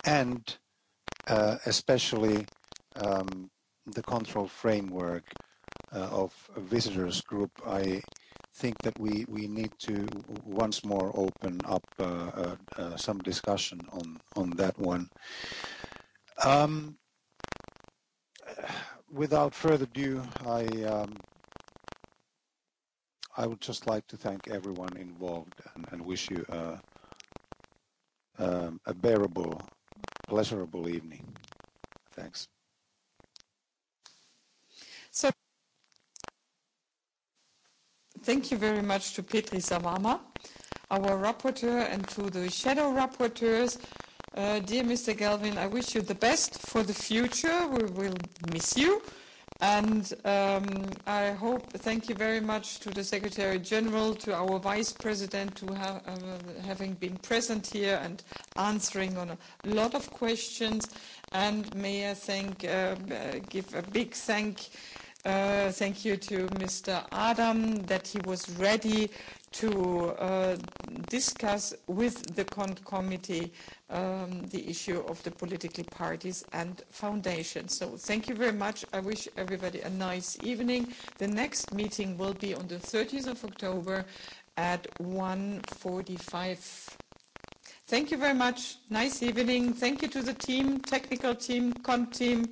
and uh, especially um, the control framework uh, of a visitors group, I think that we, we need to once more open up uh, uh, uh some discussion on, on that one. Um, without further ado, I um, i would just like to thank everyone involved and wish you um, a bearable, pleasurable evening. Thanks. Thank you very much to Petri Savama, our rapporteur, and to the shadow rapporteurs. Uh, dear Mr. Galvin, I wish you the best for the future. We will miss you. And um, I hope, thank you very much to the Secretary General, to our Vice President, who ha uh, having been present here and answering on a lot of questions. And may I thank, uh, give a big thank Uh, thank you to Mr. Adam that he was ready to uh, discuss with the committee um, the issue of the political parties and foundations. So thank you very much. I wish everybody a nice evening. The next meeting will be on the 30th of October at 1.45. Thank you very much. Nice evening. Thank you to the team, technical team, comm team.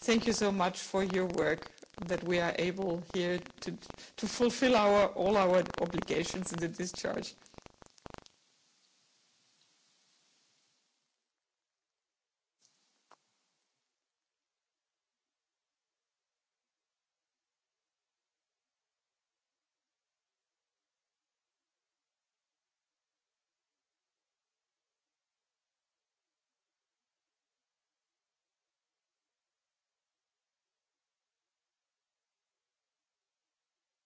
Thank you so much for your work that we are able here to, to fulfill our, all our obligations in the discharge.